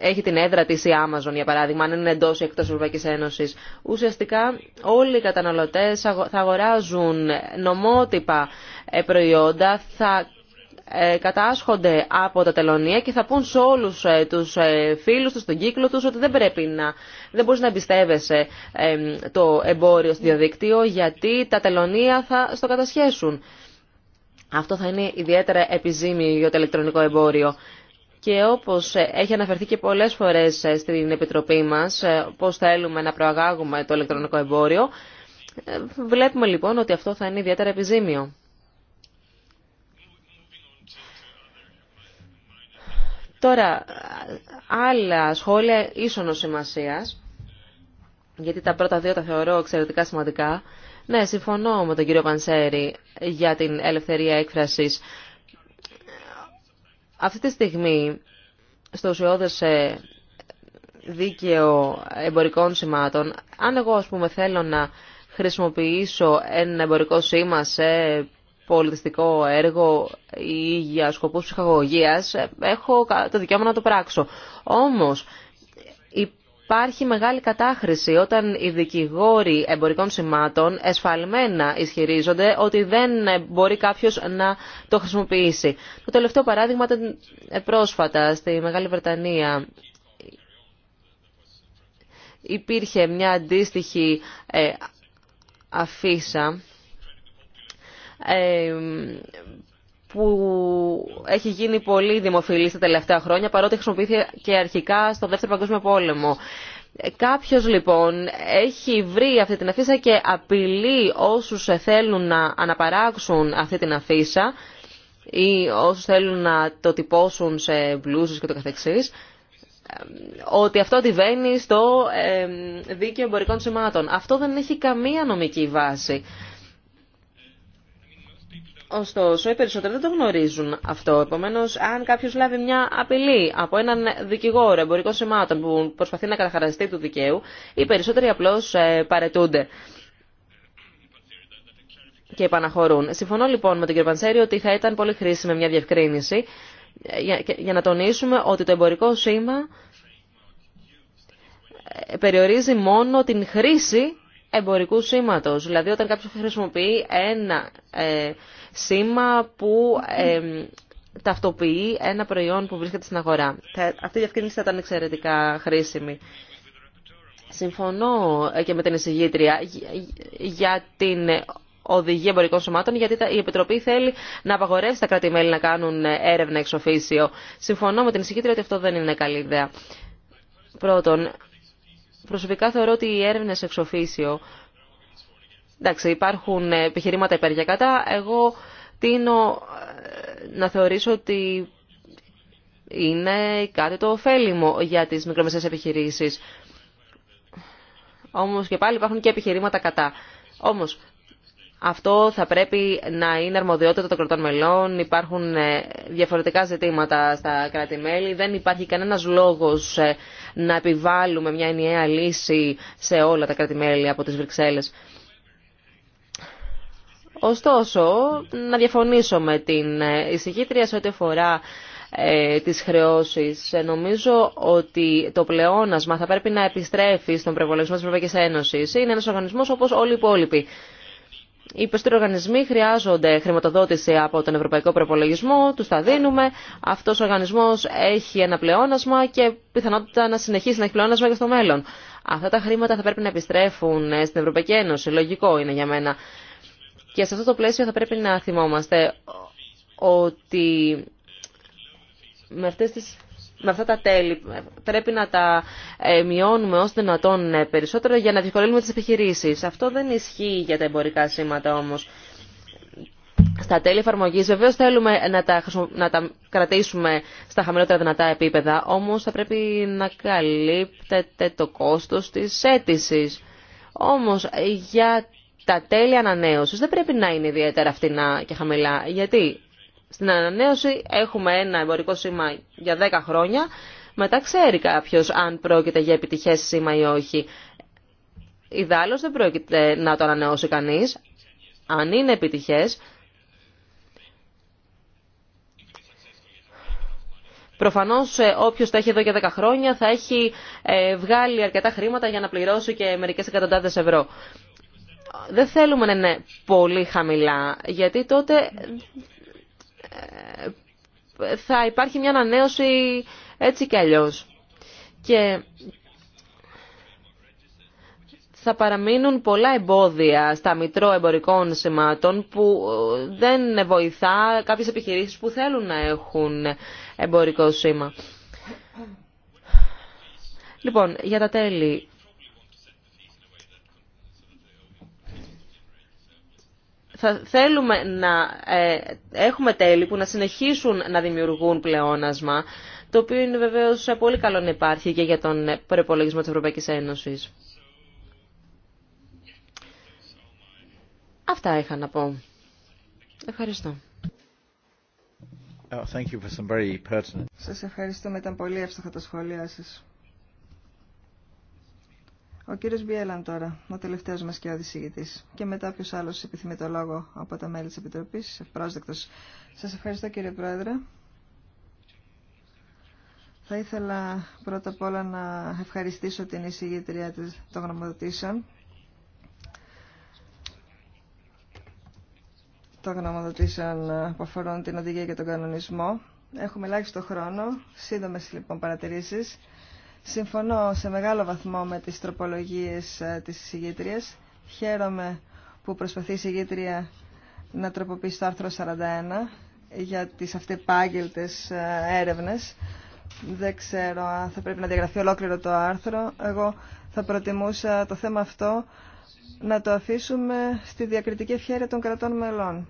έχει την έδρα της η Amazon, για παράδειγμα, αν είναι εντός ή εκτός Ευρωπαϊκής Ένωσης. Ουσιαστικά όλοι οι καταναλωτές θα αγοράζουν νομότυπα ε, προϊόντα, θα ε, κατάσχονται από τα τελωνία και θα πούν σε όλους ε, τους ε, φίλους τους, στον κύκλο τους, ότι δεν πρέπει να, δεν μπορεί να εμπιστεύεσαι το εμπόριο στο διαδίκτυο γιατί τα τελωνία θα στο κατασχέσουν. Αυτό θα είναι ιδιαίτερα επιζήμιο για το ηλεκτρονικό εμπόριο. Και όπως έχει αναφερθεί και πολλές φορές στην Επιτροπή μας, πώς θέλουμε να προαγάγουμε το ηλεκτρονικό εμπόριο, βλέπουμε λοιπόν ότι αυτό θα είναι ιδιαίτερα επιζήμιο. Τώρα, άλλα σχόλια ίσονος σημασίας, γιατί τα πρώτα δύο τα θεωρώ εξαιρετικά σημαντικά. Ναι, συμφωνώ με τον κύριο Πανσέρη για την ελευθερία έκφρασης. Αυτή τη στιγμή, στο ουσιώδες ε, δίκαιο εμπορικών σημάτων, αν εγώ, ας πούμε, θέλω να χρησιμοποιήσω ένα εμπορικό σήμα σε πολιτιστικό έργο ή για σκοπούς ψυχαγωγίας, έχω το δικαίωμα να το πράξω. Όμως, υπάρχει μεγάλη κατάχρηση όταν οι δικηγόροι εμπορικών σημάτων εσφαλμένα ισχυρίζονται ότι δεν μπορεί κάποιος να το χρησιμοποιήσει. Το τελευταίο παράδειγμα ήταν πρόσφατα στη Μεγάλη Βρετανία. Υπήρχε μια αντίστοιχη ε, αφίσα που έχει γίνει πολύ δημοφιλής τα τελευταία χρόνια, παρότι χρησιμοποιήθηκε και αρχικά στο Δεύτερο Παγκόσμιο Πόλεμο. Ε, κάποιος λοιπόν έχει βρει αυτή την αφίσα και απειλεί όσους θέλουν να αναπαράξουν αυτή την αφίσα ή όσους θέλουν να το τυπώσουν σε μπλούζες και το καθεξής ότι αυτό αντιβαίνει στο δίκαιο εμπορικών σημάτων. Αυτό δεν έχει καμία νομική βάση. Ωστόσο, οι περισσότεροι δεν το γνωρίζουν αυτό. Επομένω, αν κάποιο λάβει μια απειλή από έναν δικηγόρο εμπορικών σημάτων που προσπαθεί να καταχαραστεί του δικαίου, οι περισσότεροι απλώ ε, παρετούνται και επαναχωρούν. Συμφωνώ λοιπόν με τον κ. Πανσέρη ότι θα ήταν πολύ χρήσιμη μια διευκρίνηση ε, για να τονίσουμε ότι το εμπορικό σήμα ε, περιορίζει μόνο την χρήση εμπορικού σήματος. Δηλαδή όταν κάποιος χρησιμοποιεί ένα σήμα που ταυτοποιεί ένα προϊόν που βρίσκεται στην αγορά. Αυτή η διευκρίνηση θα ήταν εξαιρετικά χρήσιμη. Συμφωνώ ε, και με την εισηγήτρια για την οδηγία εμπορικών σωμάτων, γιατί η Επιτροπή θέλει να απαγορεύσει τα κράτη-μέλη να κάνουν ε, έρευνα εξ Συμφωνώ με την εισηγήτρια ότι αυτό δεν είναι καλή ιδέα. Πρώτον, προσωπικά θεωρώ ότι οι έρευνε εξ εντάξει, υπάρχουν ε, επιχειρήματα υπέρ και κατά. Εγώ τίνω ε, να θεωρήσω ότι είναι κάτι το ωφέλιμο για τις μικρομεσαίες επιχειρήσεις. Όμως και πάλι υπάρχουν και επιχειρήματα κατά. Όμως αυτό θα πρέπει να είναι αρμοδιότητα των κρατών μελών. Υπάρχουν ε, διαφορετικά ζητήματα στα κράτη-μέλη. Δεν υπάρχει κανένας λόγος να επιβάλλουμε μια ενιαία λύση σε όλα τα κράτη-μέλη από τις Βρυξέλλες. Ωστόσο, να διαφωνήσω με την ε, εισηγήτρια σε ό,τι αφορά ε, τις χρεώσεις. Ε, νομίζω ότι το πλεόνασμα θα πρέπει να επιστρέφει στον προϋπολογισμό της Ευρωπαϊκής Ένωσης. Είναι ένας οργανισμός όπως όλοι οι υπόλοιποι. Οι υπεστήριοι οργανισμοί χρειάζονται χρηματοδότηση από τον Ευρωπαϊκό Προπολογισμό, του τα δίνουμε. Αυτό ο οργανισμό έχει ένα πλεόνασμα και πιθανότητα να συνεχίσει να έχει πλεόνασμα και στο μέλλον. Αυτά τα χρήματα θα πρέπει να επιστρέφουν στην Ευρωπαϊκή Ένωση. Λογικό είναι για μένα. Και σε αυτό το πλαίσιο θα πρέπει να θυμόμαστε ότι με, αυτές τις, με αυτά τα τέλη πρέπει να τα ε, μειώνουμε να δυνατόν ε, περισσότερο για να διευκολύνουμε τις επιχειρήσεις. Αυτό δεν ισχύει για τα εμπορικά σήματα όμως. Στα τέλη εφαρμογή βεβαίω θέλουμε να τα, να τα κρατήσουμε στα χαμηλότερα δυνατά επίπεδα, όμως θα πρέπει να καλύπτεται το κόστος της αίτηση. Όμως για τα τέλη ανανέωση δεν πρέπει να είναι ιδιαίτερα φτηνά και χαμηλά. Γιατί στην ανανέωση έχουμε ένα εμπορικό σήμα για 10 χρόνια, μετά ξέρει κάποιο αν πρόκειται για επιτυχέ σήμα ή όχι. Ιδάλω δεν πρόκειται να το ανανεώσει κανεί. Αν είναι επιτυχέ. Προφανώ ε, όποιο τα έχει εδώ για 10 χρόνια θα έχει ε, βγάλει αρκετά χρήματα για να πληρώσει και μερικέ εκατοντάδε ευρώ δεν θέλουμε να είναι πολύ χαμηλά, γιατί τότε ε, θα υπάρχει μια ανανέωση έτσι κι αλλιώς. Και θα παραμείνουν πολλά εμπόδια στα μητρό εμπορικών σημάτων που ε, δεν βοηθά κάποιες επιχειρήσεις που θέλουν να έχουν εμπορικό σήμα. Λοιπόν, για τα τέλη. θα θέλουμε να ε, έχουμε τέλη που να συνεχίσουν να δημιουργούν πλεόνασμα, το οποίο είναι βεβαίω πολύ καλό να υπάρχει και για τον προπολογισμό τη Ευρωπαϊκή Ένωση. Αυτά είχα να πω. Ευχαριστώ. Oh, thank you for some very pertinent... Σας ευχαριστούμε. Ήταν πολύ εύστοχα τα σχόλιά σας. Ο κύριο Μπιέλαν τώρα, ο τελευταίο μα και ο Και μετά ποιος άλλο επιθυμεί το λόγο από τα μέλη τη επιτροπή ευπρόσδεκτο. Σα ευχαριστώ κύριε Πρόεδρε. Θα ήθελα πρώτα απ' όλα να ευχαριστήσω την εισηγήτρια των γνωμοδοτήσεων. Των γνωμοδοτήσεων που αφορούν την οδηγία και τον κανονισμό. Έχουμε ελάχιστο χρόνο, σύντομε λοιπόν παρατηρήσει. Συμφωνώ σε μεγάλο βαθμό με τις τροπολογίες ε, της συγγήτριας. Χαίρομαι που προσπαθεί η συγγήτρια να τροποποιήσει το άρθρο 41 για τις αυτεπάγγελτες ε, έρευνες. Δεν ξέρω αν θα πρέπει να διαγραφεί ολόκληρο το άρθρο. Εγώ θα προτιμούσα το θέμα αυτό να το αφήσουμε στη διακριτική ευχαίρεια των κρατών μελών.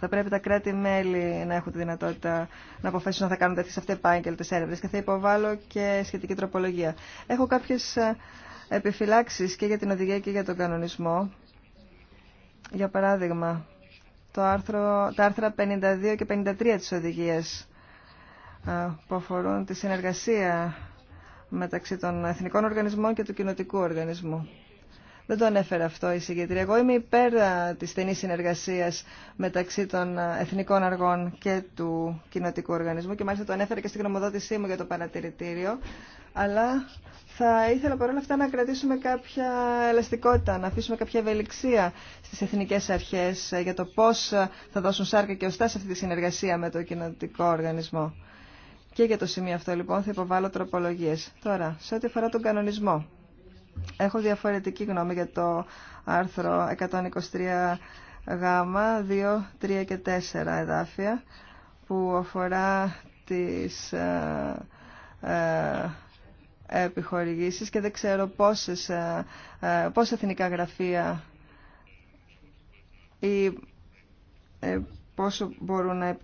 Θα πρέπει τα κράτη-μέλη να έχουν τη δυνατότητα να αποφασίσουν να θα κάνουν τέτοιε αυτεπάγγελτε έρευνε και θα υποβάλω και σχετική τροπολογία. Έχω κάποιε επιφυλάξει και για την οδηγία και για τον κανονισμό. Για παράδειγμα, το άρθρο, τα άρθρα 52 και 53 της οδηγίας ε, που αφορούν τη συνεργασία μεταξύ των εθνικών οργανισμών και του κοινοτικού οργανισμού. Δεν το ανέφερε αυτό η συγκεντρία. Εγώ είμαι υπέρ τη στενή συνεργασία μεταξύ των εθνικών αργών και του κοινοτικού οργανισμού και μάλιστα το ανέφερε και στην γνωμοδότησή μου για το παρατηρητήριο. Αλλά θα ήθελα παρόλα αυτά να κρατήσουμε κάποια ελαστικότητα, να αφήσουμε κάποια ευελιξία στι εθνικέ αρχέ για το πώ θα δώσουν σάρκα και οστά σε αυτή τη συνεργασία με το κοινοτικό οργανισμό. Και για το σημείο αυτό λοιπόν θα υποβάλω τροπολογίε. Τώρα, σε ό,τι αφορά τον κανονισμό. Έχω διαφορετική γνώμη για το άρθρο 123 γάμα, 2, 3 και 4 εδάφια που αφορά τις ε, ε, επιχορηγήσεις και δεν ξέρω πόσες, ε, ε εθνικά γραφεία ή ε, πόσο μπορούν να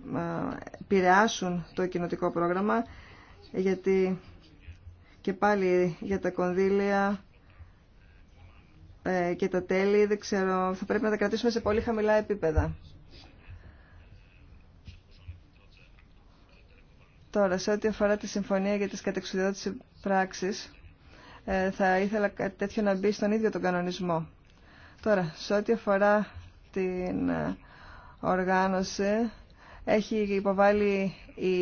επηρεάσουν το κοινοτικό πρόγραμμα γιατί και πάλι για τα κονδύλια ε, και τα τέλη, δεν ξέρω, θα πρέπει να τα κρατήσουμε σε πολύ χαμηλά επίπεδα. Τώρα, σε ό,τι αφορά τη συμφωνία για τις κατεξουδιώτες πράξεις, ε, θα ήθελα κάτι τέτοιο να μπει στον ίδιο τον κανονισμό. Τώρα, σε ό,τι αφορά την ε, οργάνωση, έχει υποβάλει η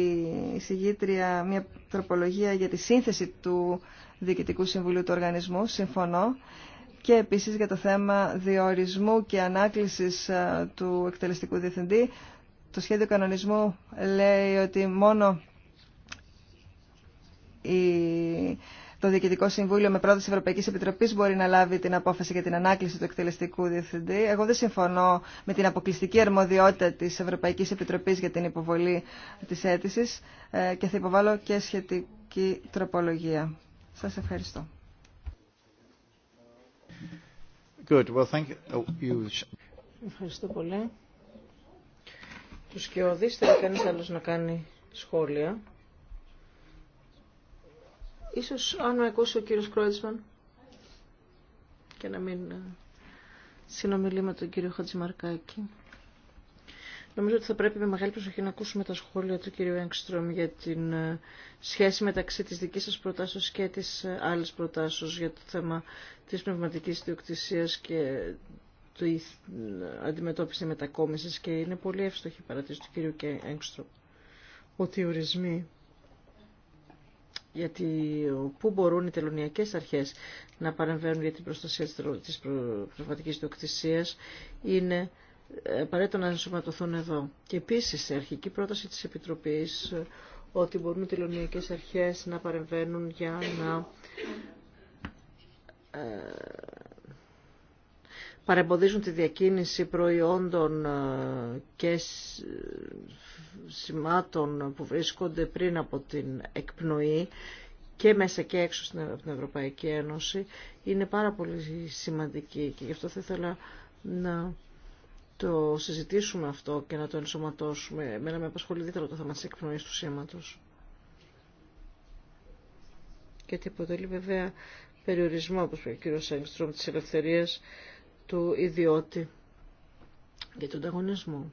συγγήτρια μια τροπολογία για τη σύνθεση του Διοικητικού Συμβουλίου του Οργανισμού, συμφωνώ και επίσης για το θέμα διορισμού και ανάκλησης ε, του εκτελεστικού διευθυντή. Το σχέδιο κανονισμού λέει ότι μόνο το Διοικητικό Συμβούλιο με πρόταση Ευρωπαϊκής Επιτροπής μπορεί να λάβει την απόφαση για την ανάκληση του εκτελεστικού διευθυντή. Εγώ δεν συμφωνώ με την αποκλειστική αρμοδιότητα της Ευρωπαϊκής Επιτροπής για την υποβολή της αίτησης ε, και θα υποβάλω και σχετική τροπολογία. Σας ευχαριστώ. Oh, Ευχαριστώ πολύ. Τους ο θέλει κανείς άλλος να κάνει σχόλια. Ίσως αν με ακούσει ο κύριος Κρόιτσμαν και να μην ε, συνομιλεί με τον κύριο Χατζημαρκάκη. Νομίζω ότι θα πρέπει με μεγάλη προσοχή να ακούσουμε τα σχόλια του κυρίου Έγκστρομ για την ε, σχέση μεταξύ της δικής σας προτάσεως και της ε, άλλης προτάσεως για το θέμα της πνευματικής διοκτησία και του ε, αντιμετώπιση μετακόμισης και είναι πολύ εύστοχη η παρατήρηση του κυρίου Έγκστρομ ότι οι ορισμοί γιατί πού μπορούν οι τελωνιακές αρχές να παρεμβαίνουν για την προστασία της πνευματικής διοκτησία είναι ε, απαραίτητο να ενσωματωθούν εδώ. Και επίση η αρχική πρόταση της Επιτροπής ε, ότι μπορούν οι τελωνιακές αρχέ να παρεμβαίνουν για να ε, παρεμποδίζουν τη διακίνηση προϊόντων και σημάτων που βρίσκονται πριν από την εκπνοή και μέσα και έξω στην Ευρωπαϊκή Ένωση είναι πάρα πολύ σημαντική και γι' αυτό θα ήθελα να το συζητήσουμε αυτό και να το ενσωματώσουμε. Εμένα με απασχολεί ιδιαίτερα το θέμα τη εκπνοή του σήματος. Γιατί αποτελεί βέβαια περιορισμό, όπω είπε ο κ. Σέγγστρομ, τη ελευθερία του ιδιώτη για τον ανταγωνισμό.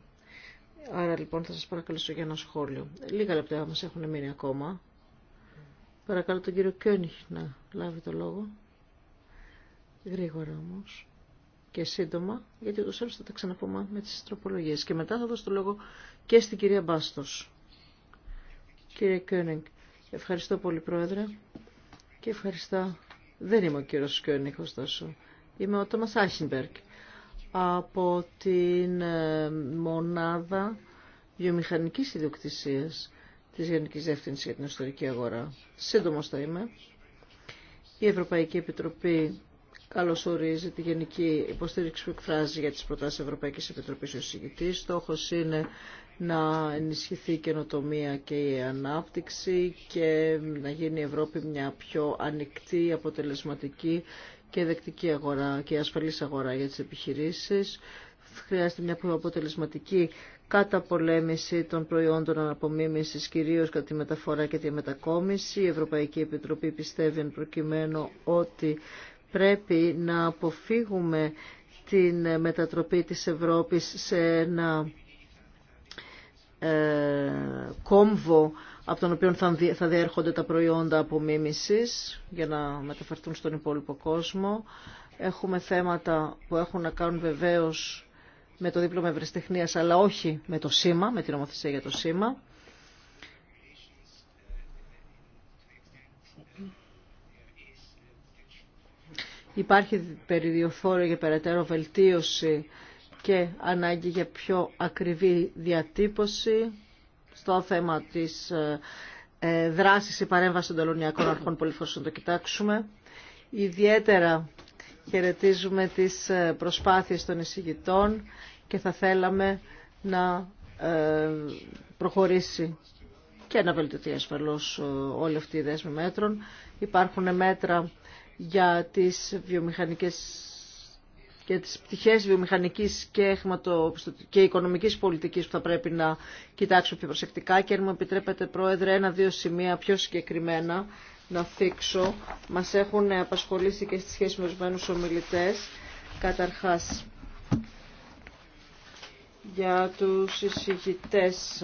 Άρα λοιπόν θα σας παρακαλέσω για ένα σχόλιο. Λίγα λεπτά μας έχουν μείνει ακόμα. Παρακαλώ τον κύριο Κιόνιχ να λάβει το λόγο. Γρήγορα όμως και σύντομα, γιατί το άλλως θα τα ξαναπούμε με τις τροπολογίες. Και μετά θα δώσω το λόγο και στην κυρία Μπάστος. Κύριε Κιόνιγκ, ευχαριστώ πολύ Πρόεδρε και ευχαριστώ. Δεν είμαι ο κύριος Κιόνιγκ ωστόσο. Είμαι ο Τόμας Άχινμπεργκ από την ε, μονάδα βιομηχανικής ιδιοκτησίας της Γενικής Δεύθυνσης για την Ιστορική Αγορά. Σύντομος θα είμαι. Η Ευρωπαϊκή Επιτροπή καλωσορίζει τη γενική υποστήριξη που εκφράζει για τις προτάσεις Ευρωπαϊκής Επιτροπής ο συγκητής. Στόχος είναι να ενισχυθεί η καινοτομία και η ανάπτυξη και να γίνει η Ευρώπη μια πιο ανοιχτή, αποτελεσματική και δεκτική αγορά και ασφαλής αγορά για τις επιχειρήσεις. Χρειάζεται μια πιο αποτελεσματική καταπολέμηση των προϊόντων αναπομίμησης, κυρίως κατά τη μεταφορά και τη μετακόμιση. Η Ευρωπαϊκή Επιτροπή πιστεύει εν προκειμένου ότι πρέπει να αποφύγουμε την μετατροπή της Ευρώπης σε ένα ε, κόμβο από τον οποίο θα διέρχονται τα προϊόντα απομίμησης για να μεταφερθούν στον υπόλοιπο κόσμο. Έχουμε θέματα που έχουν να κάνουν βεβαίως με το δίπλωμα ευρεσιτεχνίας αλλά όχι με το σήμα, με την ομοθεσία για το σήμα. Υπάρχει περιδιοφόρο για περαιτέρω βελτίωση και ανάγκη για πιο ακριβή διατύπωση στο θέμα της ε, δράσης ή παρέμβαση των τελωνιακών αρχών, πολύ φορές να το κοιτάξουμε. Ιδιαίτερα χαιρετίζουμε τις ε, προσπάθειες των εισηγητών και θα θέλαμε να ε, προχωρήσει και να βελτιωθεί ασφαλώς όλη αυτή η δέσμη μέτρων. Υπάρχουν μέτρα για τις βιομηχανικές για τις πτυχές βιομηχανικής και, και οικονομικής πολιτικής που θα πρέπει να κοιτάξουμε πιο προσεκτικά και αν μου επιτρέπετε Πρόεδρε ένα-δύο σημεία πιο συγκεκριμένα να θίξω. Μας έχουν απασχολήσει και στη σχέση με ορισμένους ομιλητές. Καταρχάς, για τους εισηγητές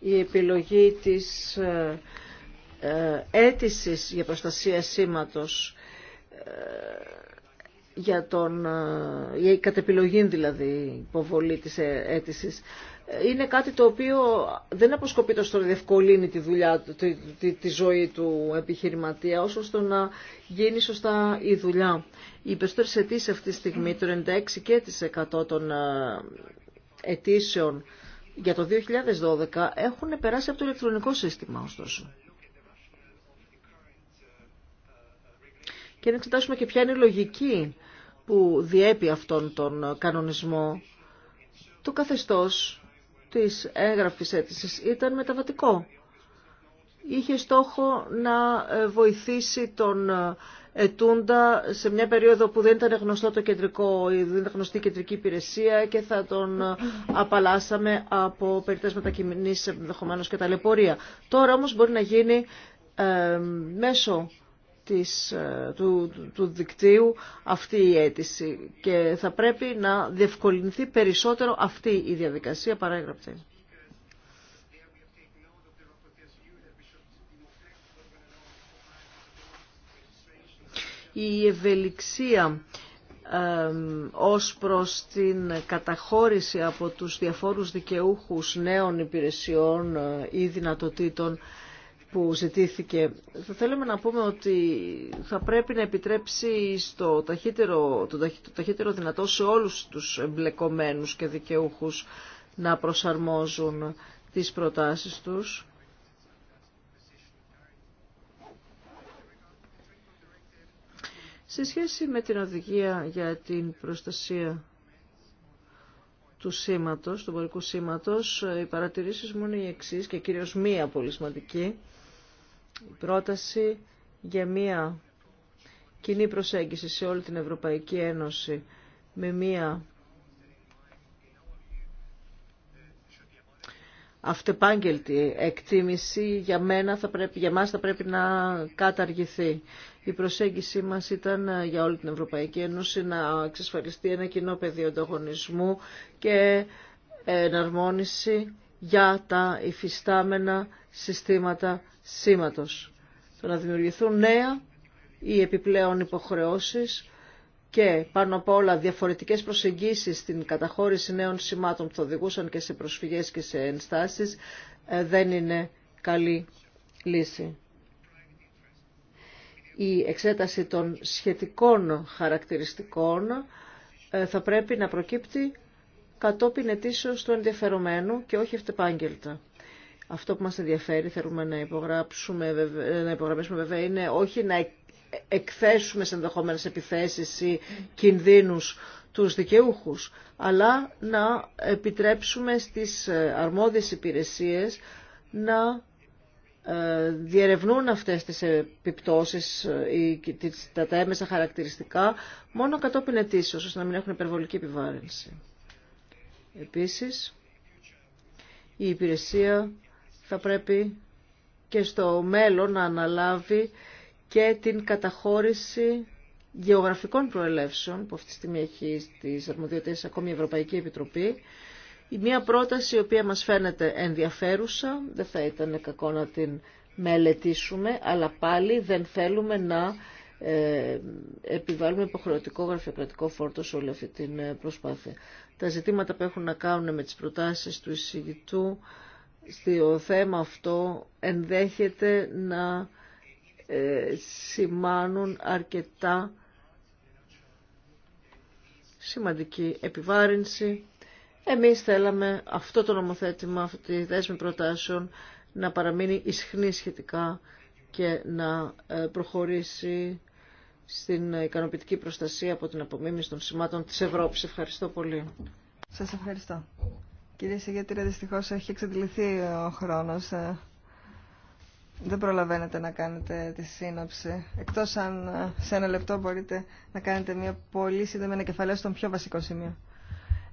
η επιλογή της ε, ε, αίτηση για προστασία σήματος ε, για, τον, ε, η κατεπιλογή δηλαδή υποβολή της αίτησης είναι κάτι το οποίο δεν αποσκοπεί τόσο να διευκολύνει τη δουλειά, τη, τη, ζωή του επιχειρηματία, όσο στο να γίνει σωστά η δουλειά. Οι περισσότερε αιτήσει αυτή τη στιγμή, το 96% και 100 των αιτήσεων για το 2012, έχουν περάσει από το ηλεκτρονικό σύστημα, ωστόσο. και να εξετάσουμε και ποια είναι η λογική που διέπει αυτόν τον κανονισμό. Το καθεστώς της έγγραφης αίτησης ήταν μεταβατικό. Είχε στόχο να ε, βοηθήσει τον ε, ετούντα σε μια περίοδο που δεν ήταν γνωστό το κεντρικό, δεν ήταν γνωστή η κεντρική υπηρεσία και θα τον ε, απαλλάσαμε από περιττές μετακινήσεις ενδεχομένω και ταλαιπωρία. Τώρα όμως μπορεί να γίνει μέσω της, ε, του, δικτύου αυτή η αίτηση και θα πρέπει να διευκολυνθεί περισσότερο αυτή η διαδικασία παράγραπτη. η ευελιξία ως προς την καταχώρηση από τους διαφόρους δικαιούχους νέων υπηρεσιών ε, ή δυνατοτήτων που ζητήθηκε. Θα θέλαμε να πούμε ότι θα πρέπει να επιτρέψει στο ταχύτερο, το, ταχύτερο δυνατό σε όλους τους εμπλεκομένους και δικαιούχους να προσαρμόζουν τις προτάσεις τους. Σε σχέση με την οδηγία για την προστασία του σήματος, του εμπορικού σήματος, οι παρατηρήσεις μου είναι οι εξής και κυρίως μία πολύ σημαντική πρόταση για μία κοινή προσέγγιση σε όλη την Ευρωπαϊκή Ένωση με μία αυτεπάγγελτη εκτίμηση για, μένα θα πρέπει, για μας θα πρέπει να καταργηθεί. Η προσέγγιση μας ήταν ε, για όλη την Ευρωπαϊκή Ένωση να εξασφαλιστεί ένα κοινό πεδίο ανταγωνισμού και εναρμόνιση για τα υφιστάμενα συστήματα σήματος. Το να δημιουργηθούν νέα ή επιπλέον υποχρεώσεις και πάνω απ' όλα διαφορετικές προσεγγίσεις στην καταχώρηση νέων σημάτων που θα οδηγούσαν και σε προσφυγές και σε ενστάσεις ε, δεν είναι καλή λύση. Η εξέταση των σχετικών χαρακτηριστικών ε, θα πρέπει να προκύπτει κατόπιν ετήσεω του ενδιαφερομένου και όχι αυτεπάγγελτα. Αυτό που μας ενδιαφέρει, θέλουμε να, υπογράψουμε, να υπογραμμίσουμε βέβαια, είναι όχι να εκθέσουμε σε ενδεχόμενες επιθέσεις ή κινδύνους του δικαιούχου, αλλά να επιτρέψουμε στις ε, αρμόδιες υπηρεσίες να ε, διερευνούν αυτές τις επιπτώσεις ε, ή τα έμεσα χαρακτηριστικά μόνο κατόπιν ετήσεω, ώστε να μην έχουν υπερβολική επιβάρυνση. Επίσης, η υπηρεσία θα πρέπει και στο μέλλον να αναλάβει και την καταχώρηση γεωγραφικών προελεύσεων που αυτή τη στιγμή έχει στις αρμοδιότητες ακόμη η Ευρωπαϊκή Επιτροπή. Μία πρόταση η οποία μας φαίνεται ενδιαφέρουσα, δεν θα ήταν κακό να την μελετήσουμε, αλλά πάλι δεν θέλουμε να ε, επιβάλλουμε υποχρεωτικό γραφειοκρατικό φόρτο σε όλη αυτή την ε, προσπάθεια. Τα ζητήματα που έχουν να κάνουν με τις προτάσεις του εισηγητού στο θέμα αυτό ενδέχεται να ε, σημάνουν αρκετά σημαντική επιβάρυνση. Εμείς θέλαμε αυτό το νομοθέτημα, αυτή τη δέσμη προτάσεων να παραμείνει ισχνή σχετικά και να προχωρήσει στην ικανοποιητική προστασία από την απομίμηση των σημάτων της Ευρώπης. Ευχαριστώ πολύ. Σας ευχαριστώ. Κυρία Σεγέτηρα, δυστυχώς έχει εξαντληθεί ο χρόνος. Ε, δεν προλαβαίνετε να κάνετε τη σύνοψη. Εκτός αν ε, σε ένα λεπτό μπορείτε να κάνετε μια πολύ σύντομη ανακεφαλαίωση στον πιο βασικό σημείο.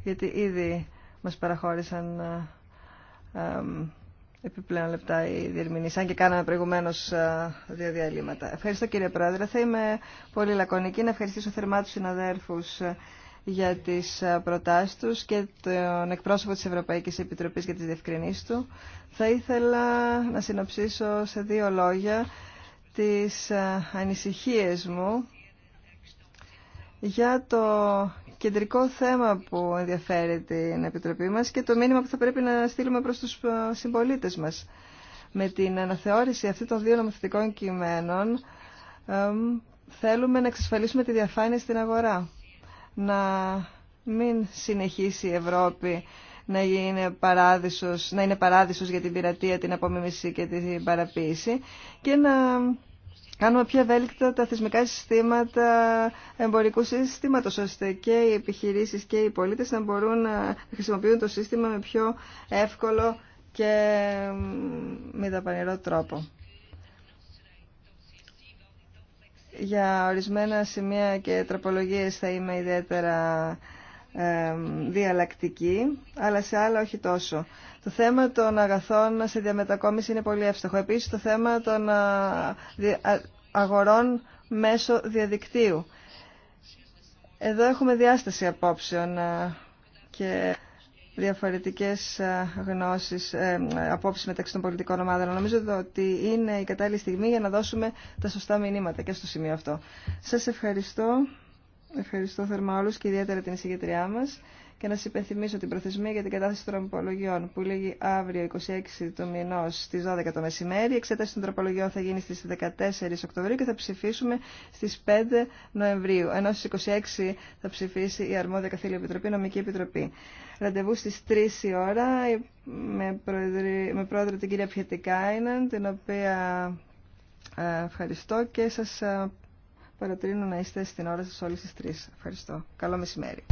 Γιατί ήδη μας παραχώρησαν ε, επιπλέον λεπτά οι διερμηνείς, αν και κάναμε προηγουμένω ε, δύο διαλύματα. Ευχαριστώ κύριε Πρόεδρε. Θα είμαι πολύ λακωνική να ευχαριστήσω θερμά του συναδέρφους ε, για τις ε, προτάσεις του και τον εκπρόσωπο τη Ευρωπαϊκής Επιτροπής για τι διευκρινήσει του. Θα ήθελα να συνοψίσω σε δύο λόγια τις ανησυχίε μου για το κεντρικό θέμα που ενδιαφέρει την Επιτροπή μας και το μήνυμα που θα πρέπει να στείλουμε προς τους ε, συμπολίτες μας. Με την αναθεώρηση αυτή των δύο νομοθετικών κειμένων θέλουμε να εξασφαλίσουμε τη διαφάνεια στην αγορά. Να μην συνεχίσει η Ευρώπη να είναι παράδεισος, να είναι παράδεισος για την πειρατεία, την απομίμηση και την παραποίηση και να κάνουμε πιο ευέλικτα τα θεσμικά συστήματα εμπορικού συστήματος, ώστε και οι επιχειρήσεις και οι πολίτες να μπορούν να χρησιμοποιούν το σύστημα με πιο εύκολο και μη δαπανηρό τρόπο. Για ορισμένα σημεία και τροπολογίε θα είμαι ιδιαίτερα ε, διαλλακτική, αλλά σε άλλα όχι τόσο. Το θέμα των αγαθών σε διαμετακόμιση είναι πολύ εύστοχο. Επίσης το θέμα των ε, αγορών μέσω διαδικτύου. Εδώ έχουμε διάσταση απόψεων ε, και διαφορετικές ε, γνώσεις, ε, απόψεις μεταξύ των πολιτικών ομάδων. Νομίζω ότι είναι η κατάλληλη στιγμή για να δώσουμε τα σωστά μηνύματα και στο σημείο αυτό. Σας ευχαριστώ. Ευχαριστώ θερμά όλους και ιδιαίτερα την εισηγητριά μας για να σα υπενθυμίσω την προθεσμία για την κατάθεση των τροπολογιών που λέγει αύριο 26 του μηνό στι 12 το μεσημέρι. Η εξέταση των τροπολογιών θα γίνει στι 14 Οκτωβρίου και θα ψηφίσουμε στι 5 Νοεμβρίου. Ενώ στι 26 θα ψηφίσει η αρμόδια καθήλια επιτροπή, νομική επιτροπή. Ραντεβού στι 3 η ώρα με, πρόεδρο την κυρία Πιετικάινεν, την οποία ε, ευχαριστώ και σας ε, παρατρύνω να είστε στην ώρα σα όλε τι 3. Ευχαριστώ. Καλό μεσημέρι.